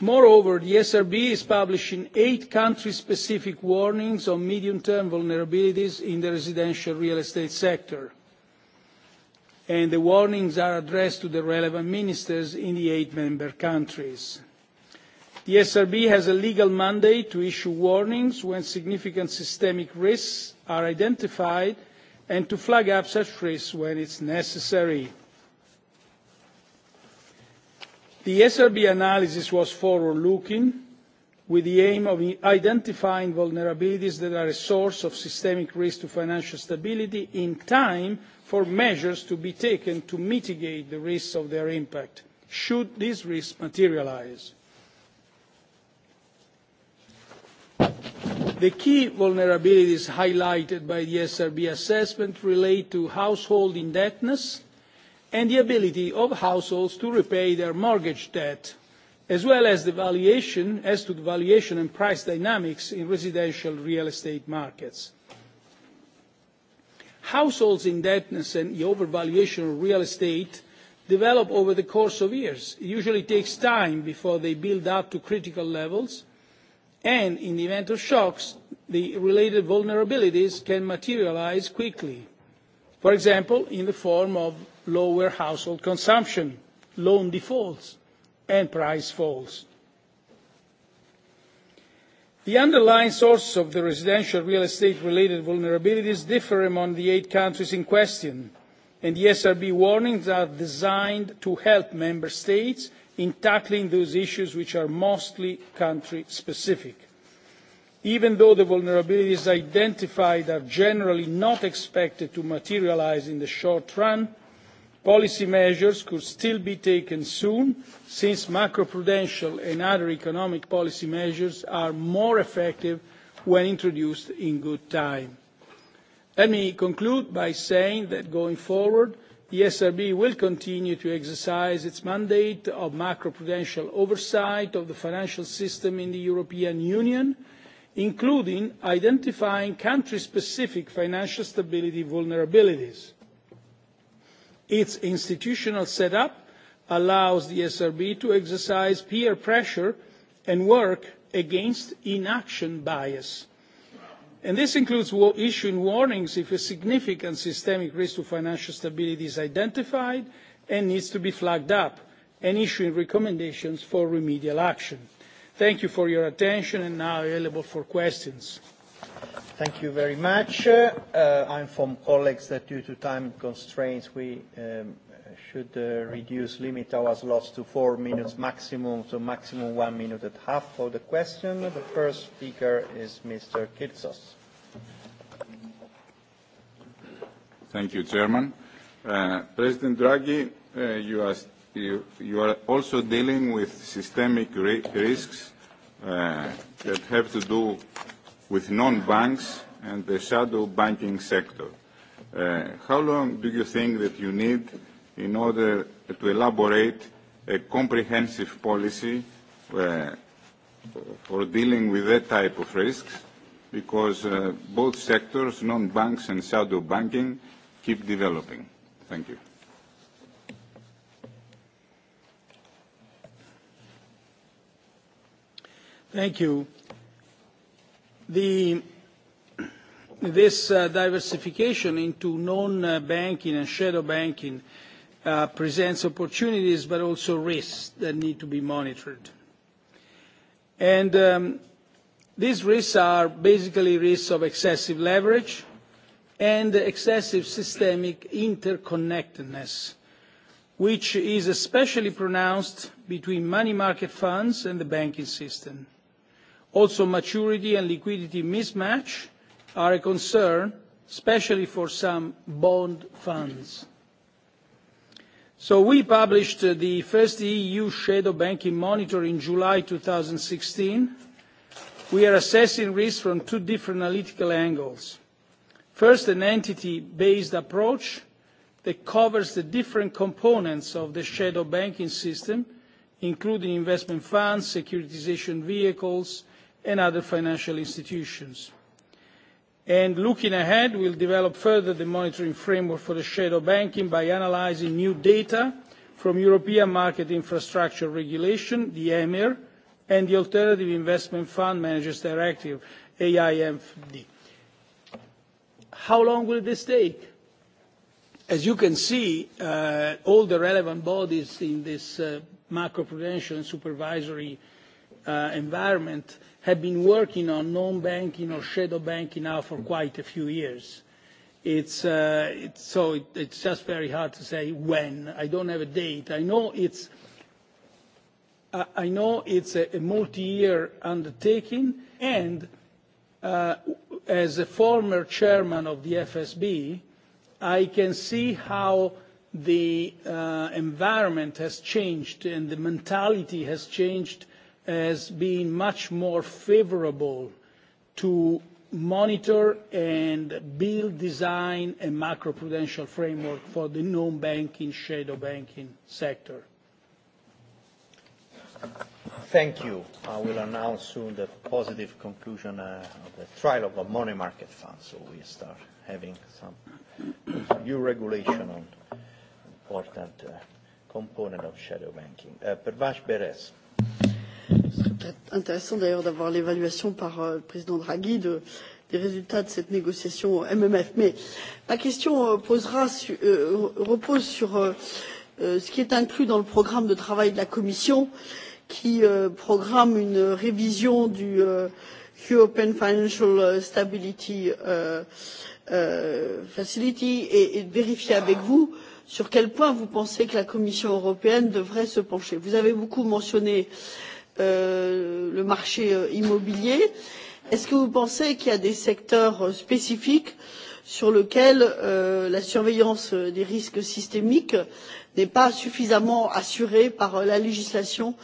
Moreover, the SRB is publishing eight country-specific warnings on medium-term vulnerabilities in the residential real estate sector and the warnings are addressed to the relevant ministers in the eight member countries. The SRB has a legal mandate to issue warnings when significant systemic risks are identified and to flag up such risks when it is necessary. The SRB analysis was forward-looking, with the aim of identifying vulnerabilities that are a source of systemic risk to financial stability in time for measures to be taken to mitigate the risks of their impact, should these risks materialise. The key vulnerabilities highlighted by the SRB assessment relate to household indebtedness and the ability of households to repay their mortgage debt, as well as the valuation as to the valuation and price dynamics in residential real estate markets. Households' indebtedness and the overvaluation of real estate develop over the course of years. It usually takes time before they build up to critical levels, and in the event of shocks, the related vulnerabilities can materialise quickly. For example, in the form of lower household consumption, loan defaults, and price falls. The underlying sources of the residential real estate-related vulnerabilities differ among the eight countries in question, and the SRB warnings are designed to help Member States in tackling those issues which are mostly country-specific. Even though the vulnerabilities identified are generally not expected to materialise in the short run, Policy measures could still be taken soon, since macroprudential and other economic policy measures are more effective when introduced in good time. Let me conclude by saying that going forward, the SRB will continue to exercise its mandate of macroprudential oversight of the financial system in the European Union, including identifying country-specific financial stability vulnerabilities Its institutional setup allows the SRB to exercise peer pressure and work against inaction bias. And this includes issuing warnings if a significant systemic risk to financial stability is identified and needs to be flagged up, and issuing recommendations for remedial action. Thank you for your attention, and now available for questions. Thank you very much. Uh, I inform colleagues that due to time constraints, we um, should uh, reduce, limit our slots to four minutes maximum, so maximum one minute and a half for the question. The first speaker is Mr. Kirtsos. Thank you, Chairman. Uh, President Draghi, uh, you, are, you, you are also dealing with systemic risks uh, that have to do with non-banks and the shadow banking sector. How long do you think that you need in order to elaborate a comprehensive policy for dealing with that type of risks? Because both sectors, non-banks and shadow banking, keep developing. Thank you. Thank you. This diversification into non-banking and shadow banking presents opportunities, but also risks that need to be monitored. And These risks are basically risks of excessive leverage and excessive systemic interconnectedness, which is especially pronounced between money market funds and the banking system. Also, maturity and liquidity mismatch are a concern, especially for some bond funds. So we published the first EU Shadow Banking Monitor in July sixteen. We are assessing risk from two different analytical angles. First, an entity-based approach that covers the different components of the shadow banking system, including investment funds, securitisation vehicles, and other financial institutions. And Looking ahead, we'll develop further the monitoring framework for the shadow banking by analyzing new data from European Market Infrastructure Regulation, the EMIR, and the Alternative Investment Fund Managers Directive, AIFD. How long will this take? As you can see, all the relevant bodies in this macroprudential and supervisory environment have been working on non-banking or shadow banking now for quite a few years. It's so it's just very hard to say when. I don't have a date. I know it's I know it's a multi-year undertaking, and as a former chairman of the FSB, I can see how the environment has changed and the mentality has changed as being much more favorable to monitor and build, design a macroprudential framework for the non-banking, shadow banking sector. Thank you. I will announce soon the positive conclusion uh, of the trial of money market fund, so we start having some new regulation on important uh, component of shadow banking. Uh, Pervash Beres. Ce serait intéressant d'ailleurs d'avoir l'évaluation par le président Draghi de, des résultats de cette négociation MMF. Mais ma question posera, repose sur ce qui est inclus dans le programme de travail de la Commission qui programme une révision du European Financial Stability Facility et vérifier avec vous sur quel point vous pensez que la Commission européenne devrait se pencher. Vous avez beaucoup mentionné euh, le marché immobilier est ce que vous pensez qu'il y a des secteurs spécifiques sur lesquels la surveillance des risques systémiques n'est pas suffisamment assurée par la législation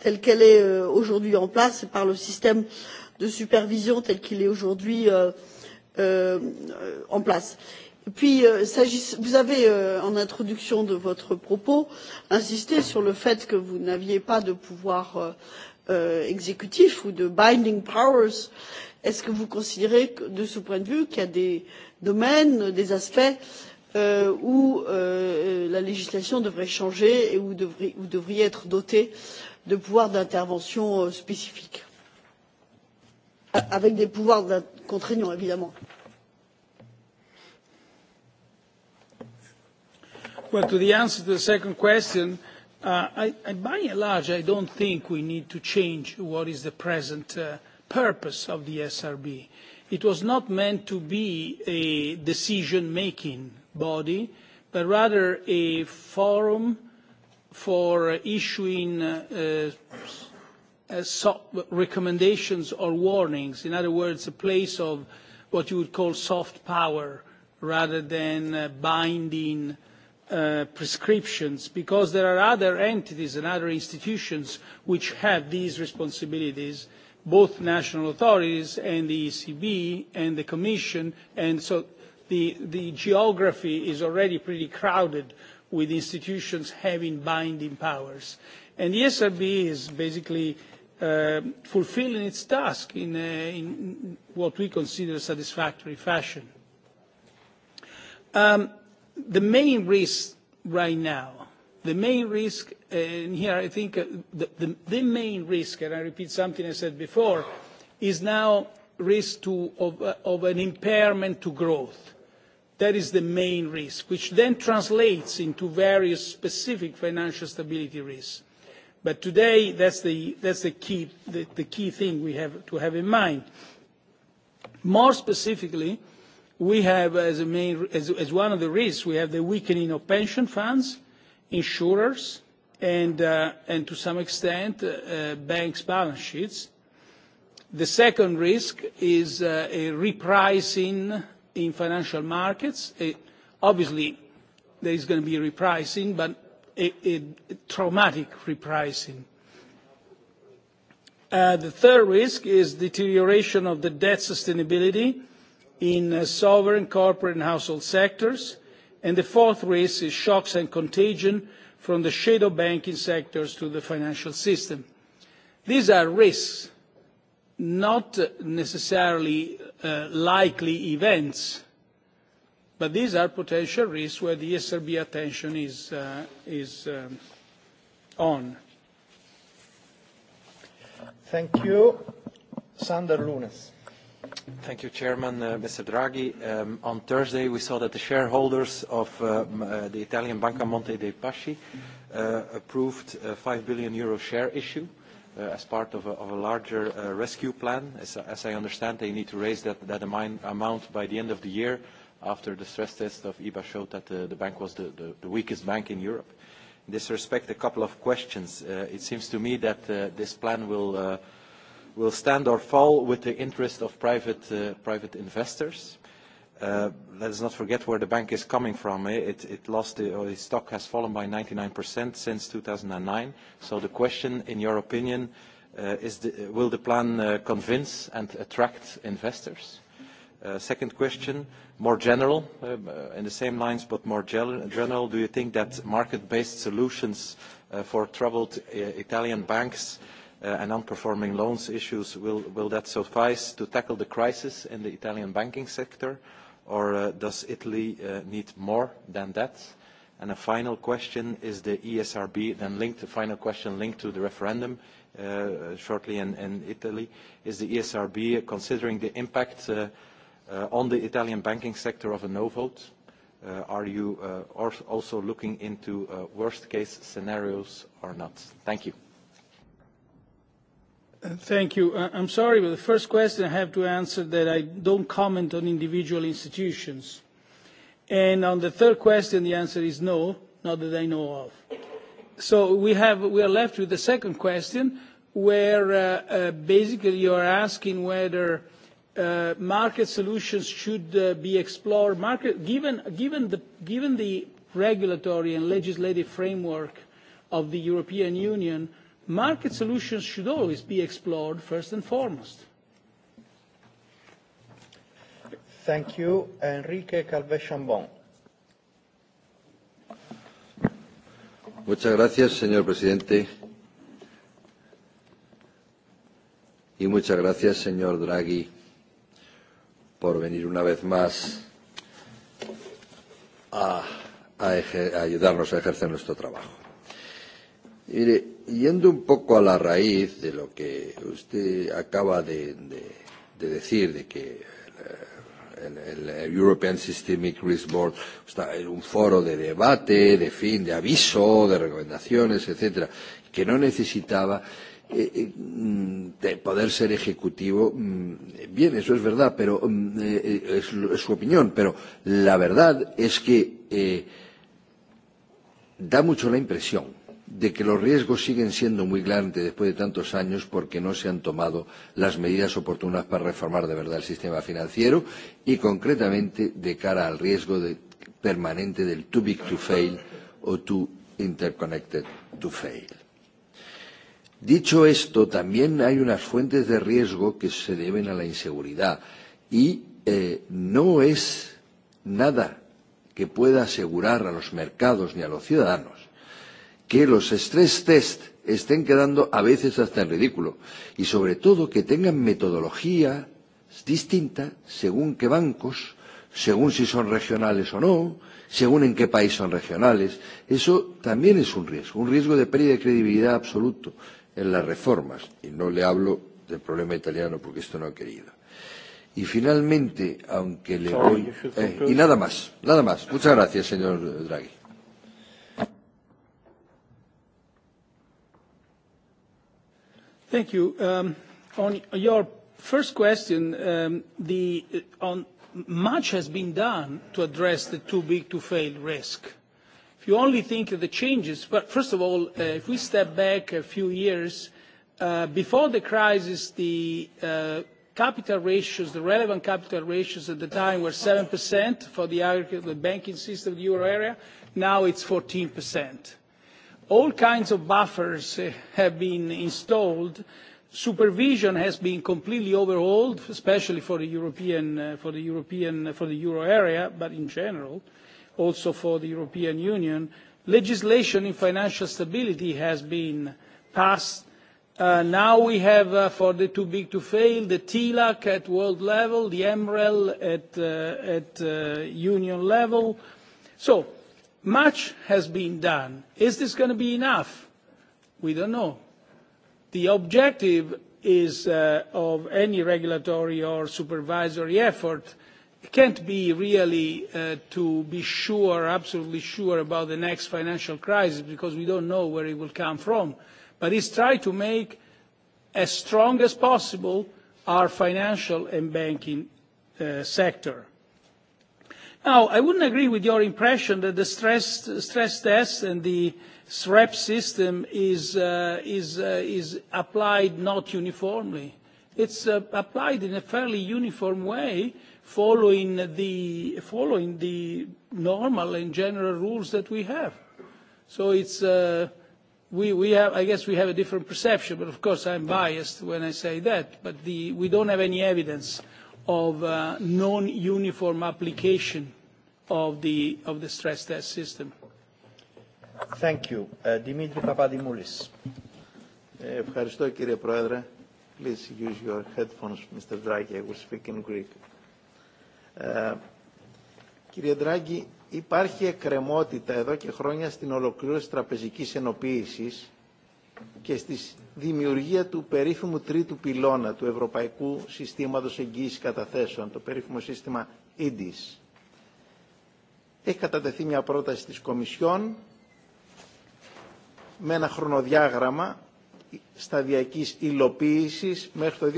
telle qu'elle est aujourd'hui en place et par le système de supervision tel qu'il est aujourd'hui en place? puis vous avez en introduction de votre propos insisté sur le fait que vous n'aviez pas de pouvoir exécutif ou de binding powers. est ce que vous considérez de ce point de vue qu'il y a des domaines des aspects où la législation devrait changer et où vous devriez être doté de pouvoirs d'intervention spécifiques avec des pouvoirs contraignants évidemment? Well, to the answer to the second question, uh, I, I, by and large, I don't think we need to change what is the present uh, purpose of the SRB. It was not meant to be a decision-making body, but rather a forum for issuing uh, uh, recommendations or warnings. In other words, a place of what you would call soft power rather than uh, binding uh, prescriptions because there are other entities and other institutions which have these responsibilities both national authorities and the ECB and the Commission and so the, the geography is already pretty crowded with institutions having binding powers. And the SRB is basically fulfilling its task in, in what we consider a satisfactory fashion. Um, The main risk right now, the main risk, and here I think the, the, the main risk, and I repeat something I said before, is now risk to, of, of an impairment to growth. That is the main risk, which then translates into various specific financial stability risks. But today, that's the, that's the, key, the, the key thing we have to have in mind. More specifically, we have as, a main, as, as one of the risks, we have the weakening of pension funds, insurers, and, uh, and to some extent, uh, banks' balance sheets. The second risk is uh, a repricing in financial markets. It, obviously, there is going to be repricing, but a, a traumatic repricing. Uh, the third risk is deterioration of the debt sustainability in sovereign corporate and household sectors. and The fourth risk is shocks and contagion from the shadow banking sectors to the financial system. These are risks, not necessarily likely events, but these are potential risks where the ESRB attention is on. Thank you. Sander Lunes. Thank you, Chairman. Mr. Draghi, on Thursday, we saw that the shareholders of the Italian Banca Monte dei Paschi approved a 5 billion euro share issue as part of a larger rescue plan. As I understand, they need to raise that amount by the end of the year after the stress test of EBA showed that the bank was the weakest bank in Europe. In this respect, a couple of questions. It seems to me that this plan will will stand or fall with the interest of private investors. Let us not forget where the bank is coming from. It lost or its stock has fallen by 99% since 2009. So the question, in your opinion, is will the plan convince and attract investors? Second question, more general, in the same lines, but more general, do you think that market-based solutions for troubled Italian banks and non-performing loans issues, will that suffice to tackle the crisis in the Italian banking sector, or does Italy need more than that? And a final question, is the ESRB then linked, the final question linked to the referendum shortly in Italy, is the ESRB considering the impact on the Italian banking sector of a no vote? Are you also looking into worst-case scenarios or not? Thank you. Thank you. I'm sorry, but the first question I have to answer that I don't comment on individual institutions. And on the third question, the answer is no, not that I know of. So we have we are left with the second question, where basically you are asking whether market solutions should be explored. Market Given the regulatory and legislative framework of the European Union, market solutions should always be explored first and foremost. Thank you. Enrique Calvé-Chambon. Muchas gracias, señor presidente. Y muchas gracias, señor Draghi, por venir una vez más a, a, eje, a ayudarnos a ejercer nuestro trabajo. Mire, yendo un poco a la raíz de lo que usted acaba de, de, de decir, de que el, el European Systemic Risk Board está en un foro de debate, de fin, de aviso, de recomendaciones, etcétera, que no necesitaba eh, de poder ser ejecutivo, bien, eso es verdad, pero eh, es, es su opinión, pero la verdad es que eh, da mucho la impresión de que los riesgos siguen siendo muy grandes después de tantos años porque no se han tomado las medidas oportunas para reformar de verdad el sistema financiero y concretamente de cara al riesgo de, permanente del too big to fail o too interconnected to fail. Dicho esto, también hay unas fuentes de riesgo que se deben a la inseguridad y eh, no es nada que pueda asegurar a los mercados ni a los ciudadanos que los stress test estén quedando a veces hasta en ridículo y sobre todo que tengan metodología distinta según qué bancos, según si son regionales o no, según en qué país son regionales. Eso también es un riesgo, un riesgo de pérdida de credibilidad absoluto en las reformas. Y no le hablo del problema italiano porque esto no ha querido. Y finalmente, aunque le voy... Eh, y nada más, nada más. Muchas gracias, señor Draghi. Thank you. On your first question, much has been done to address the too big to fail risk. If you only think of the changes, first of all, if we step back a few years, before the crisis, the capital ratios, the relevant capital ratios at the time were 7% for the aggregate banking system of the euro area. Now it's 14% all kinds of buffers have been installed. Supervision has been completely overhauled, especially for the European, for the European, for the euro area, but in general, also for the European Union. Legislation in financial stability has been passed. now we have for the too big to fail, the TLAC at world level, the MREL at, union level. So Much has been done. Is this going to be enough? We don't know. The objective is of any regulatory or supervisory effort can't be really to be sure, absolutely sure about the next financial crisis because we don't know where it will come from. But it's try to make as strong as possible our financial and banking sector Now, I wouldn't agree with your impression that the stress, stress test and the SREP system is, uh, is, uh, is applied not uniformly. It's uh, applied in a fairly uniform way following the, following the normal and general rules that we have. So it's, uh, we, we have, I guess we have a different perception, but of course I'm biased when I say that, but the, we don't have any evidence of uh, non-uniform application of the, of the stress test system. Thank you. Uh, Dimitri Papadimoulis. Ευχαριστώ κύριε Πρόεδρε. Please use your headphones, Mr. Draghi. I will speak in Greek. Uh, κύριε Draghi, υπάρχει εκκρεμότητα εδώ και χρόνια στην ολοκλήρωση τραπεζικής ενοποίησης και στις δημιουργία του περίφημου τρίτου πυλώνα του Ευρωπαϊκού Συστήματος Εγγύησης Καταθέσεων, το περίφημο σύστημα EDIS. Έχει κατατεθεί μια πρόταση της Κομισιόν με ένα χρονοδιάγραμμα σταδιακής υλοποίησης μέχρι το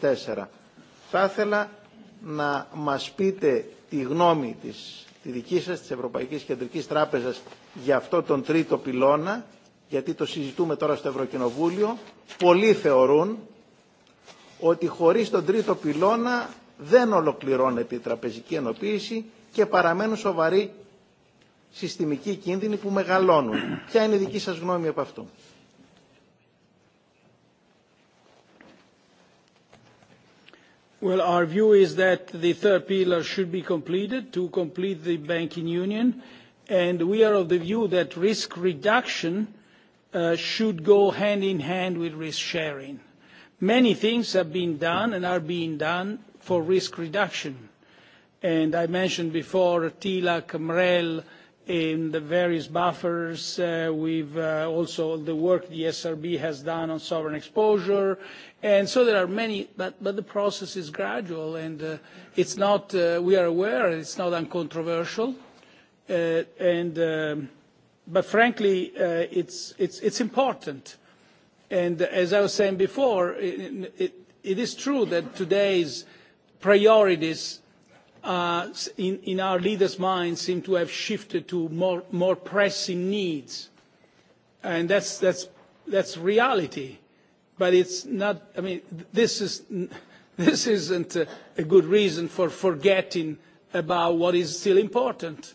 2024. Θα ήθελα να μας πείτε τη γνώμη της, τη δική σας, της Ευρωπαϊκής Κεντρικής Τράπεζας για αυτό τον τρίτο πυλώνα γιατί το συζητούμε τώρα στο Ευρωκοινοβούλιο, πολλοί θεωρούν ότι χωρίς τον τρίτο πυλώνα δεν ολοκληρώνεται η τραπεζική ενοποίηση και παραμένουν σοβαροί συστημικοί κίνδυνοι που μεγαλώνουν. Ποια είναι η δική σας γνώμη από αυτό. Well, our view is that the third pillar should be completed to complete the banking union, and we are of the view that risk reduction uh, should go hand in hand with risk sharing. Many things have been done and are being done for risk reduction. And I mentioned before TLAC, MREL, and the various buffers. We've also the work the SRB has done on sovereign exposure. And so there are many, but the process is gradual, and it's not, we are aware, it's not uncontroversial. And but frankly, uh, it's, it's, it's important. And as I was saying before, it, it, it is true that today's priorities uh, in, in our leaders' minds seem to have shifted to more, more pressing needs. And that's, that's, that's reality. But it's not, I mean, this, is, this isn't a, a good reason for forgetting about what is still important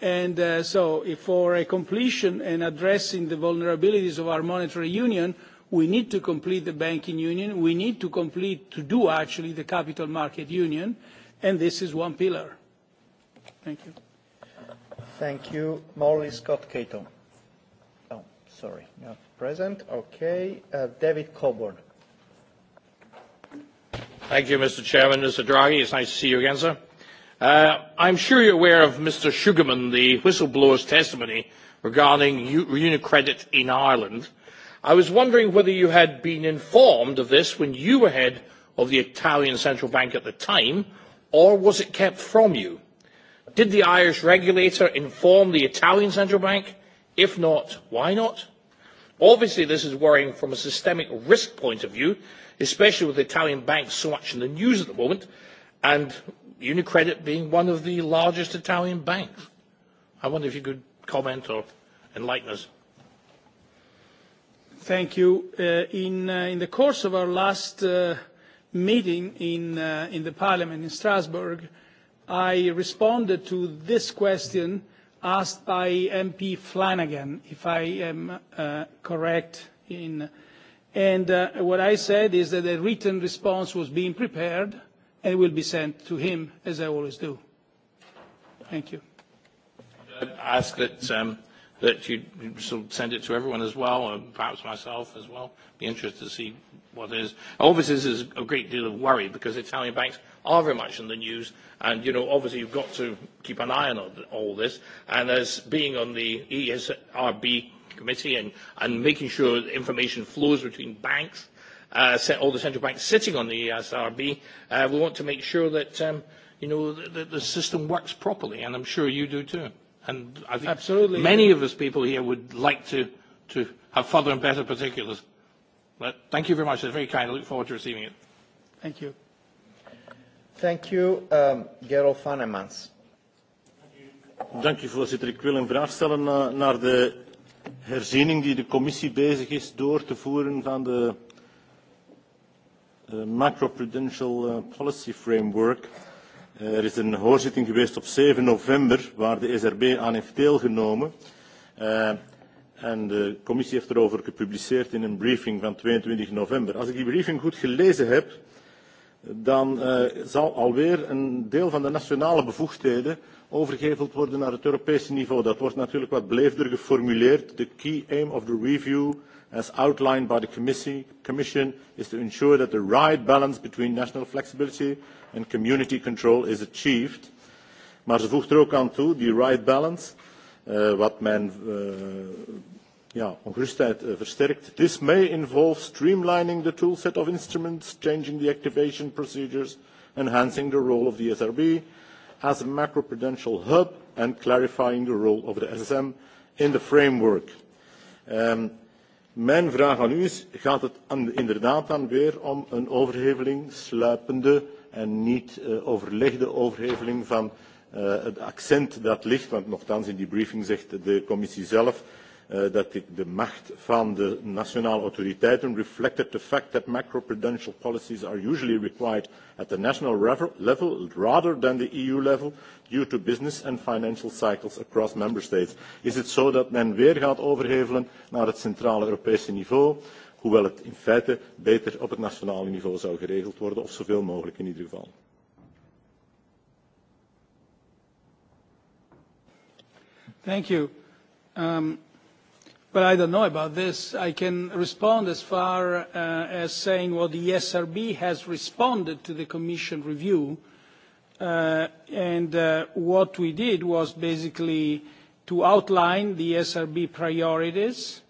And so for a completion and addressing the vulnerabilities of our monetary union, we need to complete the banking union, we need to complete, to do actually, the capital market union, and this is one pillar. Thank you. Thank you. Molly Scott Cato. Oh, sorry, not present. Okay. David Coburn. Thank you, Mr. Chairman. Mr. Draghi, it's nice to see you again, sir. I am sure you are aware of Mr Sugarman, the whistleblower's testimony regarding Unicredit in Ireland. I was wondering whether you had been informed of this when you were head of the Italian Central Bank at the time, or was it kept from you? Did the Irish regulator inform the Italian Central Bank? If not, why not? Obviously, this is worrying from a systemic risk point of view, especially with Italian banks so much in the news at the moment, and Unicredit being one of the largest Italian banks. I wonder if you could comment or enlighten us. Thank you. In the course of our last meeting in the parliament in Strasbourg, I responded to this question asked by MP Flanagan, if I am correct in. and What I said is that a written response was being prepared, and will be sent to him, as I always do. Thank you. I ask that, um, that you send it to everyone as well, or perhaps myself as well. Be interested to see what it is. Obviously, this is a great deal of worry because Italian banks are very much in the news, and you know, obviously, you've got to keep an eye on all this. And as being on the ESRB committee and, and making sure that information flows between banks uh, all the central banks sitting on the ESRB, uh, we want to make sure that um, you know the, the system works properly, and I'm sure you do too. And I think Absolutely. many of us people here would like to, to have further and better particulars. But thank you very much. It's very kind. I look forward to receiving it. Thank you. Thank you, um, Gerald Vanemans. Dank u, voorzitter. Ik wil een vraag stellen naar de herziening die de commissie bezig is door te voeren van de macroprudential policy framework. Er is een hoorzitting geweest op 7 november waar de SRB aan heeft deelgenomen. en de commissie heeft erover gepubliceerd in een briefing van 22 november. Als ik die briefing goed gelezen heb, dan zal alweer een deel van de nationale bevoegdheden overgeheveld worden naar het Europese niveau. Dat wordt natuurlijk wat beleefder geformuleerd. de key aim of the review as outlined by the Commission, is to ensure that the right balance between national flexibility and community control is achieved. Maar ze voegt er ook aan toe, die right balance, wat mijn ongerustheid versterkt. This may involve streamlining the toolset of instruments, changing the activation procedures, enhancing the role of the SRB as a macroprudential hub, and clarifying the role of the SSM in the framework. Um, Mijn vraag aan u is, gaat het inderdaad dan weer om een overheveling, sluipende en niet overlegde overheveling van het accent dat ligt, want nogthans in die briefing zegt de commissie zelf dat de macht van de nationale autoriteiten reflected the fact that macroprudential policies are usually required at the national level rather than the EU level due to business and financial cycles across member states. Is het zo dat men weer gaat overhevelen naar het centrale Europese niveau, hoewel het in feite beter op het nationale niveau zou geregeld worden, of zoveel mogelijk in ieder geval? Thank you. Um, Well, I don't know about this. I can respond as far as saying what the SRB has responded to the Commission review. and what we did was basically to outline the SRB priorities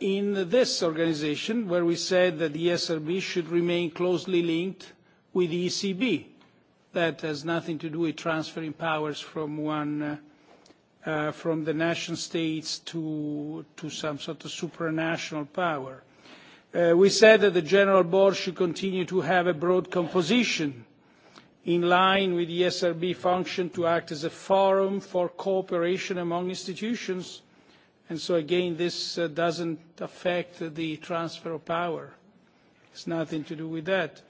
in this organisation, where we said that the SRB should remain closely linked with the ECB. That has nothing to do with transferring powers from one from the nation states to, to some sort of supranational power. we said that the General Board should continue to have a broad composition in line with the SRB function to act as a forum for cooperation among institutions. And so again, this uh, doesn't affect the transfer of power. It's nothing to do with that.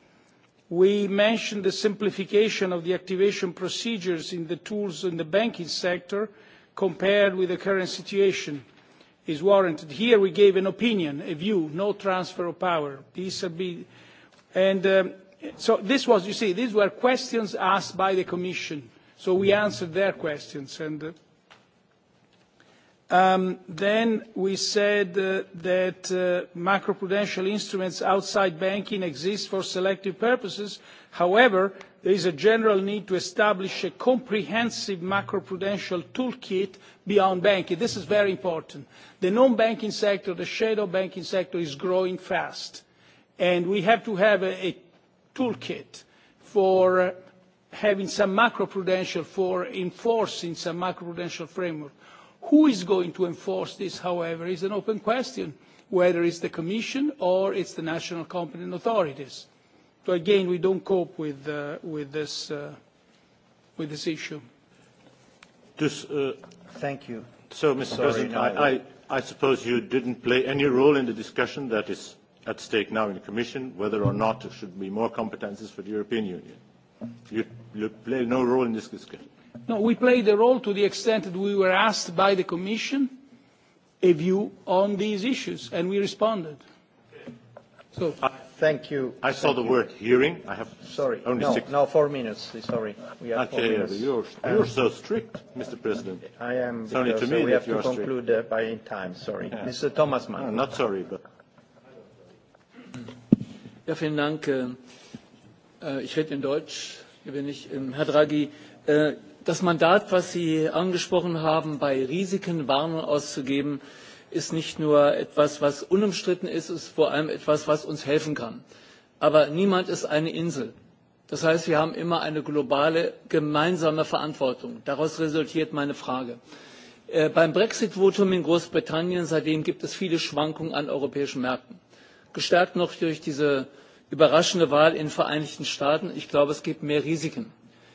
We mentioned the simplification of the activation procedures in the tools in the banking sector compared with the current situation is warranted. Here we gave an opinion, a view, no transfer of power. and so this was, you see, these were questions asked by the Commission. So we answered their questions. And um, then we said uh, that uh, macroprudential instruments outside banking exist for selective purposes. However, there is a general need to establish a comprehensive macroprudential toolkit beyond banking. This is very important. The non-banking sector, the shadow banking sector, is growing fast. And we have to have a, toolkit for having some macroprudential, for enforcing some macroprudential framework. Who is going to enforce this, however, is an open question, whether it is the Commission or it is the national competent authorities So again, we don't cope with this issue. Thank you. So, Mr. President, I suppose you didn't play any role in the discussion that is at stake now in the Commission, whether or not there should be more competences for the European Union. You, you play no role in this discussion. No, we played a role to the extent that we were asked by the Commission a view on these issues, and we responded. So. I, Thank you. I saw the word hearing. I have sorry. Only no, six. No, four minutes. Sorry, we have okay, four minutes. You're, you're um, so strict, Mr. President. I am. It's only to me we have to conclude uh, by time. Sorry, yeah. Mr. Thomas Mann. No, not sorry, but. Ja, vielen Dank. Ich rede in Deutsch, wenn ich, Herr Draghi. Das Mandat, was Sie angesprochen haben, bei Risiken Warnung auszugeben, ist nicht nur etwas, was unumstritten ist, es ist vor allem etwas, was uns helfen kann. Aber niemand ist eine Insel. Das heißt, wir haben immer eine globale gemeinsame Verantwortung. Daraus resultiert meine Frage. Beim Brexit-Votum in Großbritannien, seitdem gibt es viele Schwankungen an europäischen Märkten. Gestärkt noch durch diese überraschende Wahl in den Vereinigten Staaten. Ich glaube, es gibt mehr Risiken.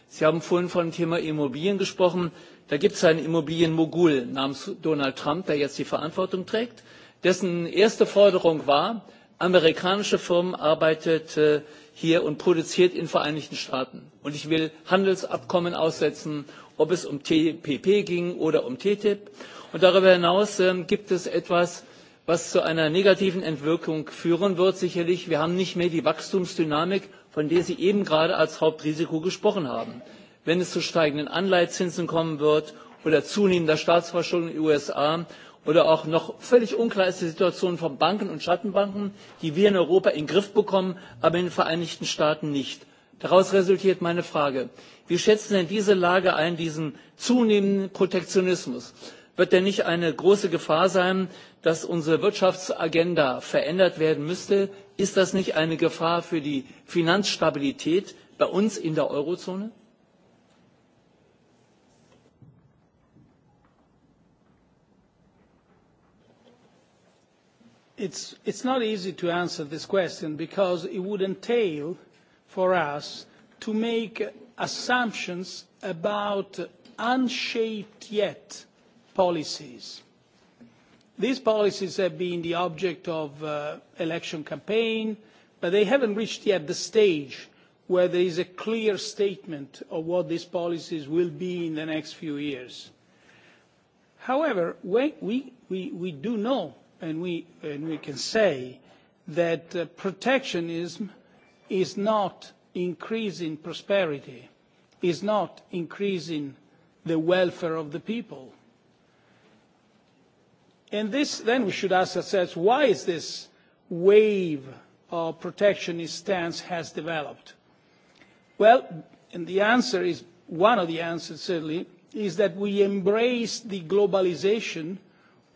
Sie haben vorhin vom Thema Immobilien gesprochen. Da gibt es einen Immobilienmogul namens Donald Trump, der jetzt die Verantwortung trägt, dessen erste Forderung war, amerikanische Firmen arbeiten hier und produzieren in den Vereinigten Staaten. Und ich will Handelsabkommen aussetzen, ob es um TPP ging oder um TTIP. Und darüber hinaus gibt es etwas, was zu einer negativen Entwirkung führen wird, sicherlich. Wir haben nicht mehr die Wachstumsdynamik, von der Sie eben gerade als Hauptrisiko gesprochen haben wenn es zu steigenden anleihezinsen kommen wird oder zunehmender Staatsverschuldung in den USA oder auch noch völlig unklar ist die Situation von Banken und Schattenbanken, die wir in Europa in den Griff bekommen, aber in den Vereinigten Staaten nicht. Daraus resultiert meine Frage. Wie schätzen denn diese Lage ein, diesen zunehmenden Protektionismus? Wird denn nicht eine große Gefahr sein, dass unsere Wirtschaftsagenda verändert werden müsste? Ist das nicht eine Gefahr für die Finanzstabilität bei uns in der Eurozone? It's not easy to answer this question because it would entail for us to make assumptions about unshaped yet policies. These policies have been the object of an election campaign, but they haven't reached yet the stage where there is a clear statement of what these policies will be in the next few years. However, we do know and we, and we can say that uh, protectionism is not increasing prosperity, is not increasing the welfare of the people. And this, then we should ask ourselves, why is this wave of protectionist stance has developed? Well, and the answer is, one of the answers certainly, is that we embrace the globalization –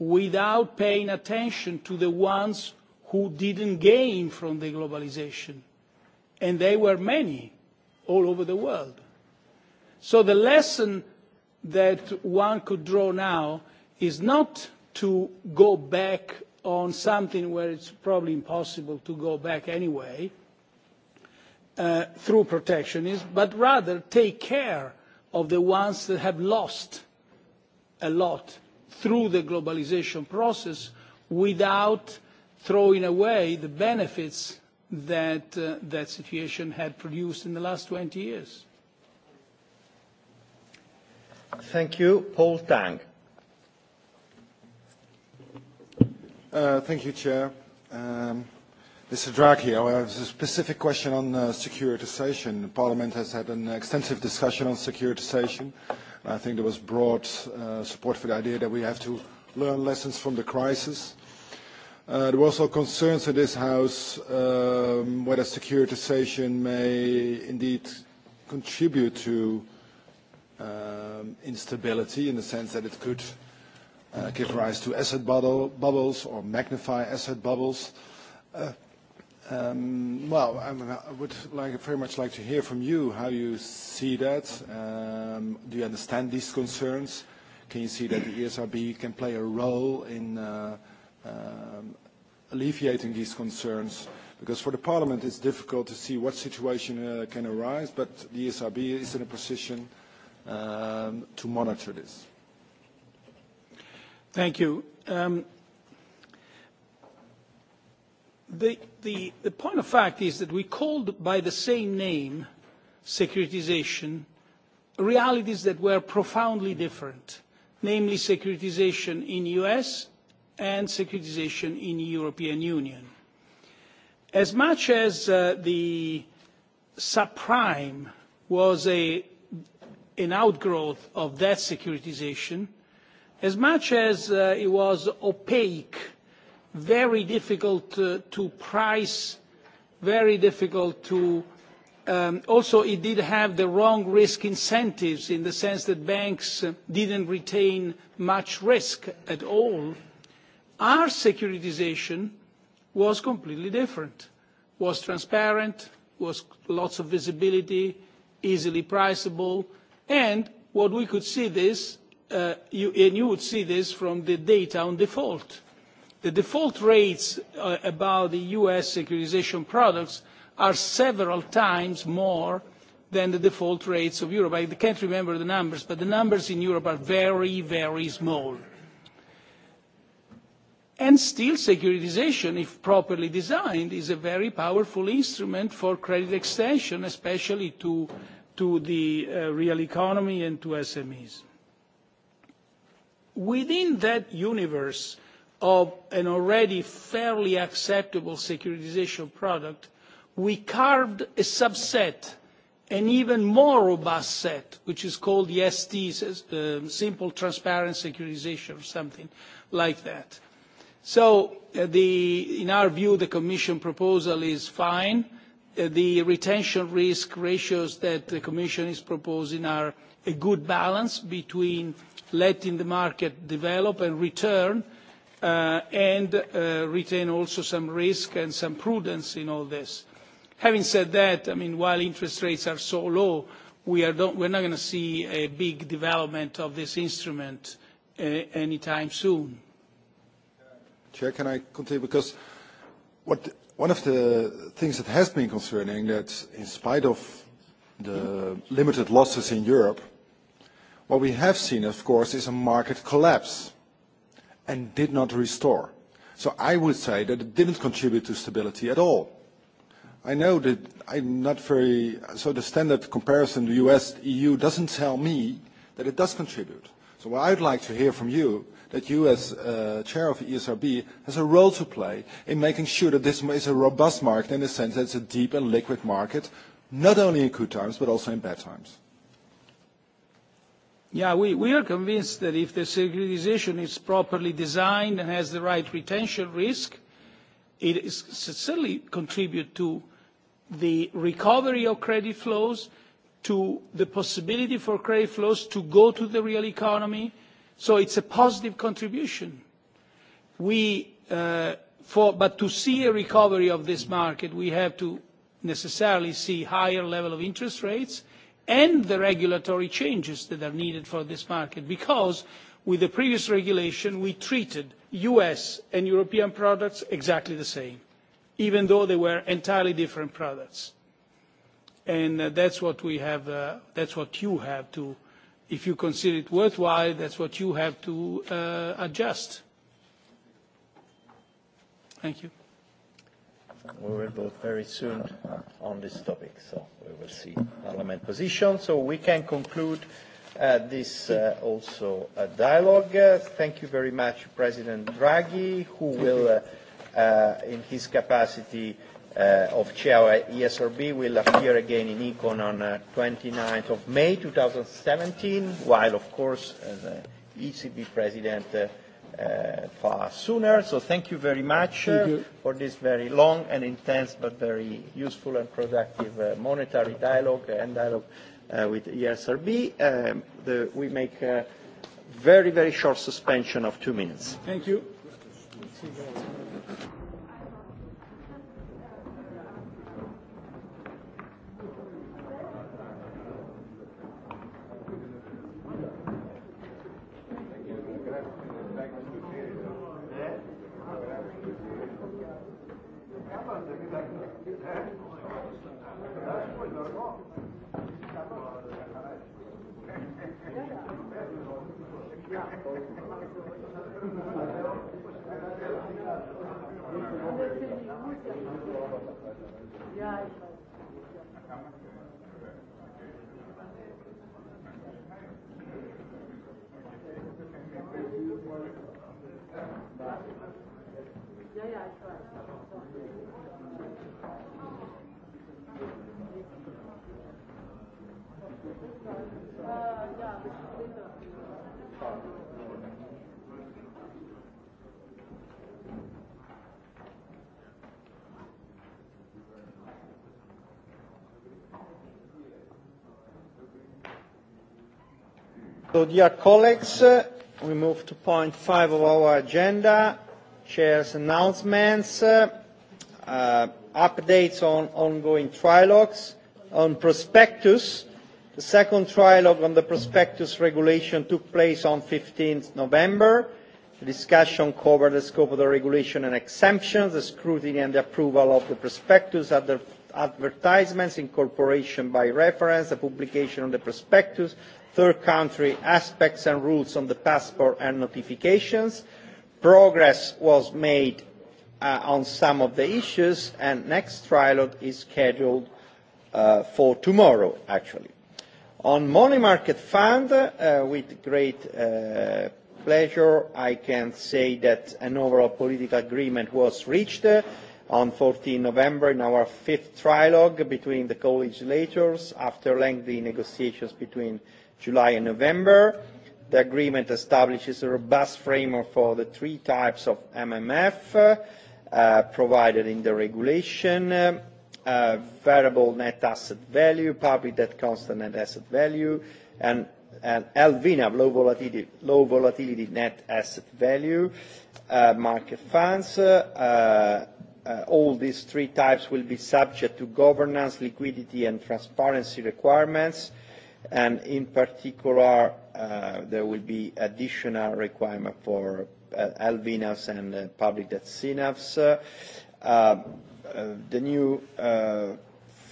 without paying attention to the ones who didn't gain from the globalization. And they were many all over the world. So the lesson that one could draw now is not to go back on something where it's probably impossible to go back anyway uh, through protectionism, but rather take care of the ones that have lost a lot through the globalisation process without throwing away the benefits that that situation had produced in the last 20 years. Thank you. Paul Tang. Thank you, Chair. Mr. Draghi, I have a specific question on securitization. Parliament has had an extensive discussion on securitization. Uh I think there was broad support for the idea that we have to learn lessons from the crisis. There were also concerns in this House whether securitization may indeed contribute to instability in the sense that it could give rise to asset bubbles or magnify asset bubbles. Uh Um, well, I, mean, I would like, very much like to hear from you how you see that. Um, do you understand these concerns? Can you see that the ESRB can play a role in uh, um, alleviating these concerns? Because for the Parliament it's difficult to see what situation uh, can arise, but the ESRB is in a position um, to monitor this. Thank you. Um, The, the, the point of fact is that we called by the same name, securitization, realities that were profoundly different, namely securitization in US and securitization in European Union. As much as uh, the subprime was a, an outgrowth of that securitization, as much as uh, it was opaque very difficult to price, very difficult to. Also, it did have the wrong risk incentives in the sense that banks didn't retain much risk at all. Our securitization was completely different, was transparent, was lots of visibility, easily priceable, and what we could see this, and you would see this from the data on default The default rates about the U.S. securitization products are several times more than the default rates of Europe. I can't remember the numbers, but the numbers in Europe are very, very small. And Still, securitization, if properly designed, is a very powerful instrument for credit extension, especially to the real economy and to SMEs. Within that universe, of an already fairly acceptable securitisation product, we carved a subset, an even more robust set, which is called the ST, Simple Transparent Securitisation, or something like that. So in our view, the Commission proposal is fine. The retention risk ratios that the Commission is proposing are a good balance between letting the market develop and return and retain also some risk and some prudence in all this. Having said that, I mean, while interest rates are so low, we are not going to see a big development of this instrument anytime soon. Chair, can I continue? Because one of the things that has been concerning that in spite of the limited losses in Europe, what we have seen, of course, is a market collapse and did not restore. So I would say that it didn't contribute to stability at all. I know that I'm not very, so the standard comparison, the US, EU, doesn't tell me that it does contribute. So what I'd like to hear from you, that you as uh, chair of the ESRB has a role to play in making sure that this is a robust market in the sense that it's a deep and liquid market, not only in good times, but also in bad times. Yeah, we are convinced that if the securitization is properly designed and has the right retention risk, it certainly contribute to the recovery of credit flows, to the possibility for credit flows to go to the real economy. So it's a positive contribution. But to see a recovery of this market, we have to necessarily see higher level of interest rates, and the regulatory changes that are needed for this market because with the previous regulation we treated us and european products exactly the same even though they were entirely different products and that's what we have that's what you have to if you consider it worthwhile that's what you have to adjust thank you We will vote very soon on this topic, so we will see Parliament position. So we can conclude uh, this uh, also uh, dialogue. Uh, thank you very much, President Draghi, who will, uh, uh, in his capacity uh, of chair ESRB, will appear again in Econ on uh, 29th of May 2017, while, of course, as uh, ECB President, uh, uh, far sooner. So thank you very much uh, for this very long and intense but very useful and productive uh, monetary dialogue and dialogue uh, with ESRB. Um, the, we make a very, very short suspension of two minutes. Thank you. Yeah, yeah, ich weiß. Uh yeah, das So, dear colleagues, we move to point five of our agenda, chair's announcements, uh, updates on ongoing trilogues, on prospectus. The second trilogue on the prospectus regulation took place on 15th November. The discussion covered the scope of the regulation and exemptions, the scrutiny and the approval of the prospectus, advertisements, incorporation by reference, the publication of the prospectus, third country aspects and rules on the passport and notifications. Progress was made uh, on some of the issues and next trilogue is scheduled uh, for tomorrow actually. On money market fund, uh, with great uh, pleasure I can say that an overall political agreement was reached uh, on 14 November in our fifth trilogue between the co-legislators after lengthy negotiations between uh, July and November. The agreement establishes a robust framework for the three types of MMF uh, provided in the regulation, uh, variable net asset value, public debt constant net asset value, and and LVNAV, low volatility, low volatility net asset value, uh, market funds. Uh, uh, all these three types will be subject to governance, liquidity, and transparency requirements. Uh, and in particular, uh, there will be additional requirement for uh, LVNAVs and uh, public debt CNAVs. Uh, uh, the new uh,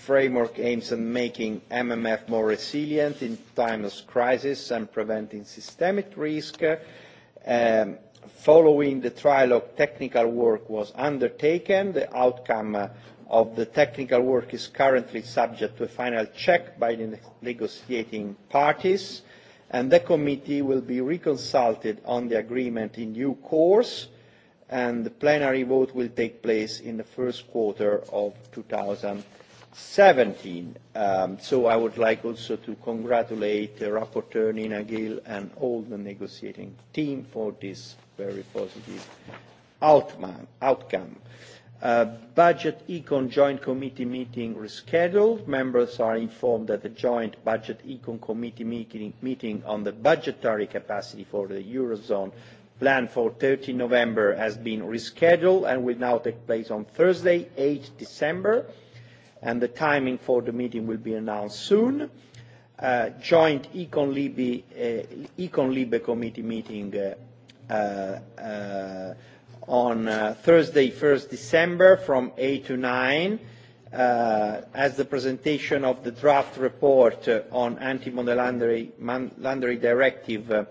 framework aims at making MMF more resilient in times of crisis and preventing systemic risk. Um, Following the trilogue, technical work was undertaken. The outcome uh, of the technical work is currently subject to a final check by the negotiating parties, and the committee will be reconsulted on the agreement in due course, and the plenary vote will take place in the first quarter of 2015 17. Um, so I would like also to congratulate the rapporteur Nina Gill and all the negotiating team for this very positive outman, outcome. Uh, budget Econ Joint Committee meeting rescheduled. Members are informed that the joint Budget Econ Committee meeting, meeting on the budgetary capacity for the Eurozone planned for 13 November has been rescheduled and will now take place on Thursday, 8 December and the timing for the meeting will be announced soon. Uh, joint Econ Libe, uh, Econ committee meeting uh, uh, on uh, Thursday, 1st December from 8 to 9 uh, as the presentation of the draft report uh, on anti-money laundering directive uh,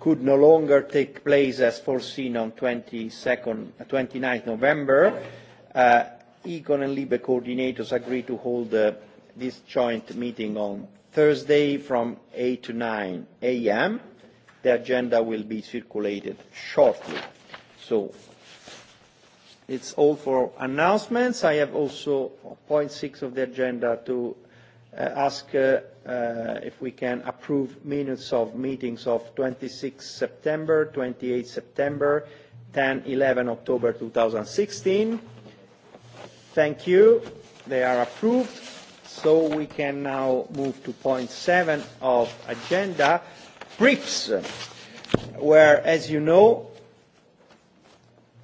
could no longer take place as foreseen on 22nd, 29th November. Econ and Libe coordinators agreed to hold uh, this joint meeting on Thursday from 8 to 9 a.m. The agenda will be circulated shortly. So it's all for announcements. I have also point six of the agenda to uh, ask uh, uh, if we can approve minutes of meetings of 26 September, 28 September, 10, 11 October 2016 Thank you. They are approved. So we can now move to point seven of agenda, briefs, where, as you know,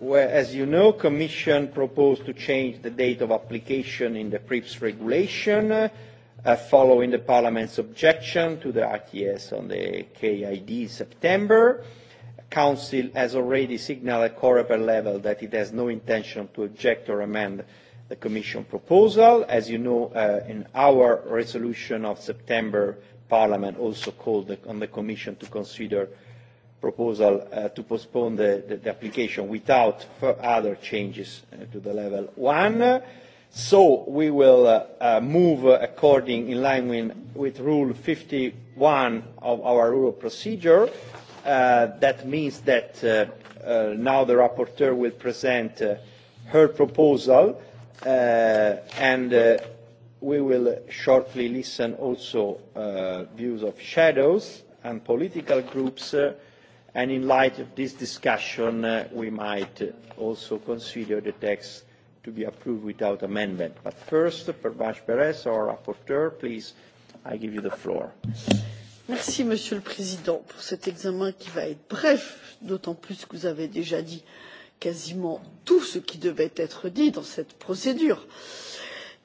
where, as you know, Commission proposed to change the date of application in the PRIPS regulation uh, following the Parliament's objection to the RTS on the KID in September. Council has already signalled at Coreper level that it has no intention to object or amend uh, the Commission proposal. As you know, uh, in our resolution of September, Parliament also called the, on the Commission to consider proposal uh, to postpone the, the, the application without other changes uh, to the level one. So we will uh, uh, move according in line with, with Rule 51 of our rule of procedure. Uh, that means that uh, uh, now the rapporteur will present uh, her proposal Uh, and uh, we will shortly listen also uh, views of shadows and political groups. Uh, and in light of this discussion, uh, we might also consider the text to be approved without amendment. But first, Pervash Perez, our rapporteur, please, I give you the floor. Merci, Monsieur le Président, pour cet examen qui va être bref, d'autant plus que vous avez déjà dit euh, quasiment tout ce qui devait être dit dans cette procédure.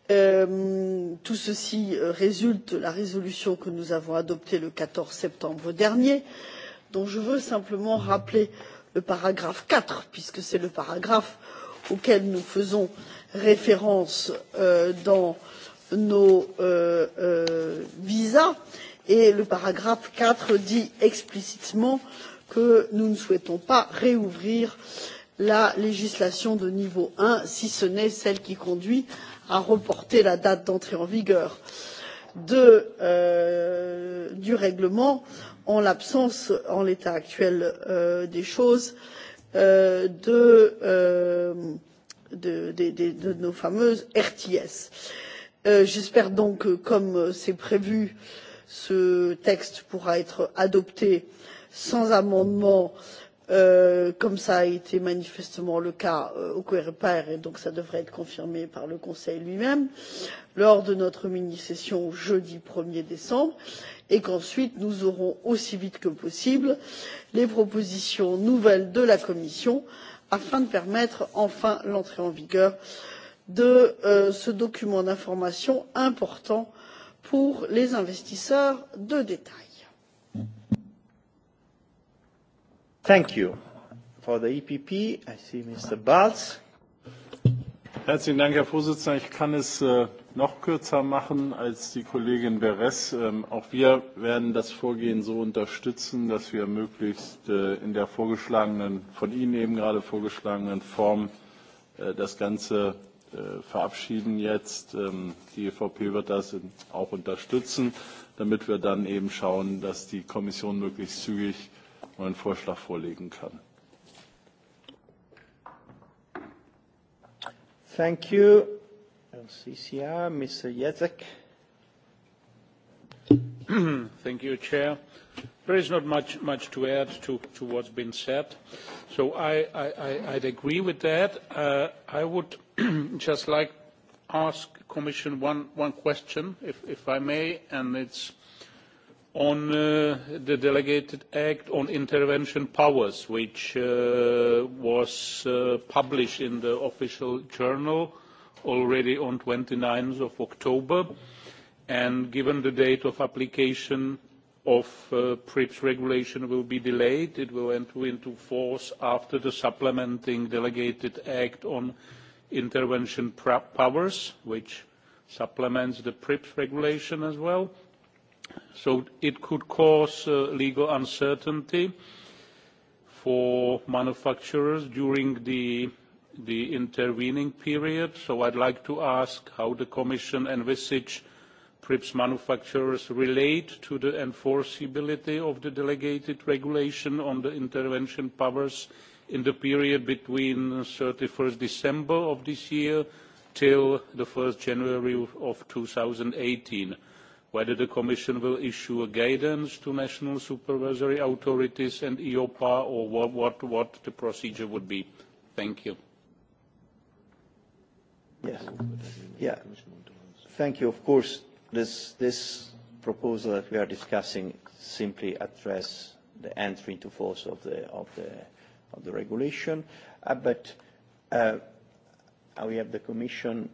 tout ceci résulte de la résolution que nous avons adoptée le quatorze septembre dernier dont je veux simplement rappeler le paragraphe quatre puisque c'est le paragraphe auquel nous faisons référence dans nos visas et le paragraphe quatre dit explicitement que nous ne souhaitons pas rouvrir la législation de niveau un si ce n'est celle qui conduit à reporter la date d'entrée en vigueur du règlement en l'absence en l'état actuel des choses de nos fameuses rts. j'espère donc que comme c'est prévu ce texte pourra être adopté sans amendement comme cela a été manifestement le cas au coreper et donc cela devrait être confirmé par le conseil lui même lors de notre mini session jeudi un er décembre et qu'ensuite nous aurons aussi vite que possible les propositions nouvelles de la commission afin de permettre enfin l'entrée en vigueur de ce document d'information important pour les investisseurs de détail. Thank you. For the EPP, I see Mr. Balz. Herzlichen Dank, Herr Vorsitzender. Ich kann es noch kürzer machen als die Kollegin Beres. Auch wir werden das Vorgehen so unterstützen, dass wir möglichst in der vorgeschlagenen, von Ihnen eben gerade vorgeschlagenen Form das Ganze verabschieden jetzt. Die EVP wird das auch unterstützen, damit wir dann eben schauen, dass die Kommission möglichst zügig und einen Vorschlag vorlegen kann. Thank you. LCCR, Mr. Jezek. Thank you, Chair. There is not much, much to add to, to what's been said. So I, I, I, I'd agree with that. Uh, I would just like ask Commission one, one question, if, if I may, and it's on the delegated act on intervention powers, which was published in the official journal already on 29th of October. And given the date of application of PRIPS regulation will be delayed, it will enter into force after the supplementing delegated act on intervention powers, which supplements the PRIPS regulation as well So it could cause legal uncertainty for manufacturers during the intervening period. So I'd like to ask how the Commission envisage PRIPS manufacturers relate to the enforceability of the delegated regulation on the intervention powers in the period between 31st December of this year till the 1st January of 2018 whether the Commission will issue a guidance to national supervisory authorities and EOPA, or what, what, what the procedure would be. Thank you. Yes. Yeah. Thank you. Of course, this, this proposal that we are discussing simply address the entry into force of the, of the, of the regulation. Uh, but uh, we have the Commission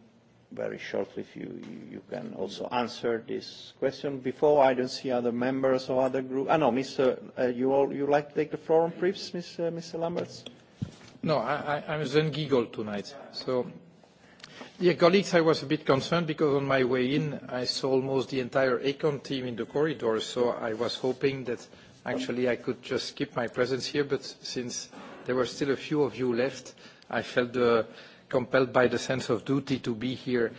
very shortly if you, you can also answer this question. Before, I don't see other members or other group. Ah, no, Mr. Uh, you all, you like to take the floor on briefs, Ms., uh, Mr. Lamberts? No, I, I, I'm Zen Giggle tonight. So, dear colleagues, I was a bit concerned because on my way in, I saw almost the entire ACON team in the corridor, so I was hoping that actually I could just skip my presence here, but since there were still a few of you left, I felt the... Uh, compelled by the sense of duty to be here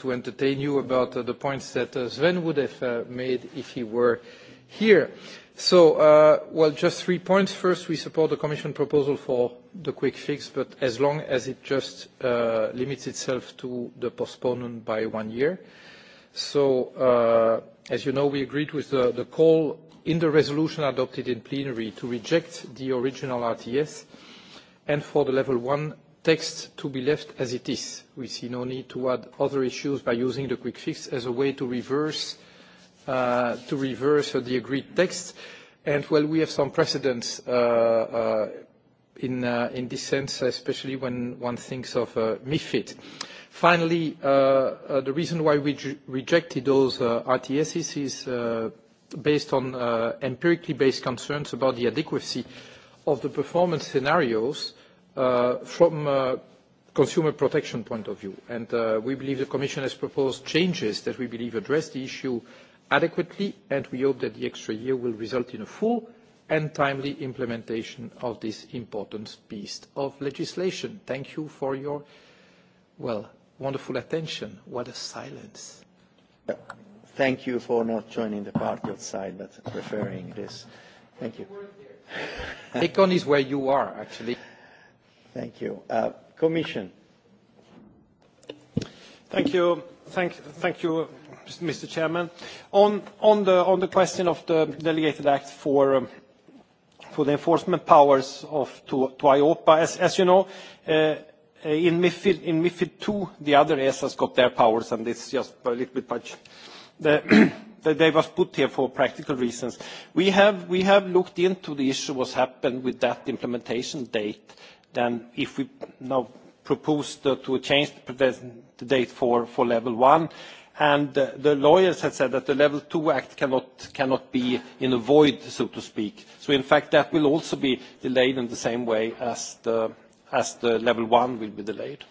to entertain you about the points that Sven would have made if he were here. So, well, just three points. First, we support the Commission proposal for the quick fix, but as long as it just limits itself to the postponement by one year. So, as you know, we agreed with the call in the resolution adopted in plenary to reject the original RTS and for the level one text to be left as it is. We see no need to add other issues by using the quick fix as a way to reverse the agreed text. And Well, we have some precedents in this sense, especially when one thinks of MiFID. Finally, the reason why we rejected those RTSs is based on empirically based concerns about the adequacy of the performance scenarios from a consumer protection point of view. And we believe the Commission has proposed changes that we believe address the issue adequately, and we hope that the extra year will result in a full and timely implementation of this important piece of legislation. Thank you for your, well, wonderful attention. What a silence. Thank you for not joining the party outside, but preferring this. Thank you. Econ is where you are, actually. Thank you. Uh, Commission. Thank you. Thank, thank you, Mr. Chairman. On, on, the, on the question of the delegated act for um, for the enforcement powers of to Iopa, As as you know, in MiFID II, the other ESAs got their powers, and it's just a little bit much. They was put here for practical reasons. We have looked into the issue, what's happened with that implementation date, then if we now propose to change the date for level one, and the lawyers have said that the level two act cannot be in a void, so to speak. So in fact, that will also be delayed in the same way as the level one will be delayed.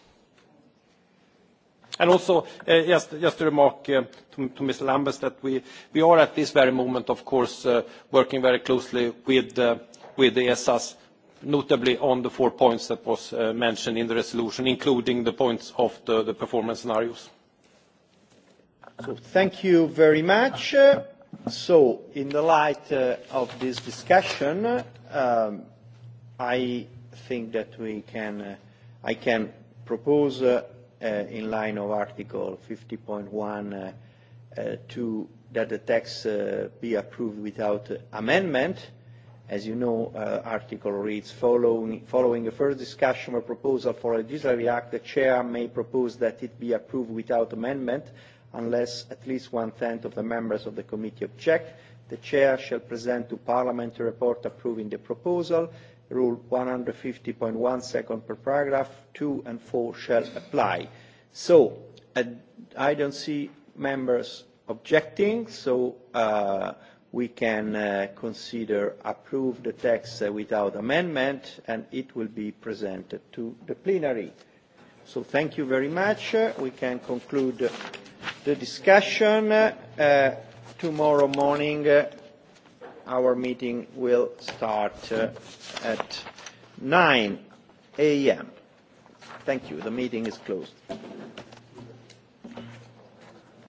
And Also, just a remark to Mr. Lambers that we are at this very moment, of course, working very closely with the ESAs notably on the four points that was mentioned in the resolution, including the points of the performance scenarios. Thank you very much. So in the light of this discussion, I think that we can, I can propose, in line of Article 50.1, that the text be approved without amendment As you know, uh, article reads, following, following a first discussion or proposal for a legislative act, the chair may propose that it be approved without amendment unless at least one-tenth of the members of the committee object. The chair shall present to parliament a report approving the proposal. Rule 150.1, second per paragraph, two and four shall apply. So uh, I don't see members objecting, so uh, we can consider approve the text without amendment and it will be presented to the plenary. So thank you very much. we can conclude the discussion. tomorrow morning our meeting will start at 9:00 a.m. Thank you. The meeting is closed.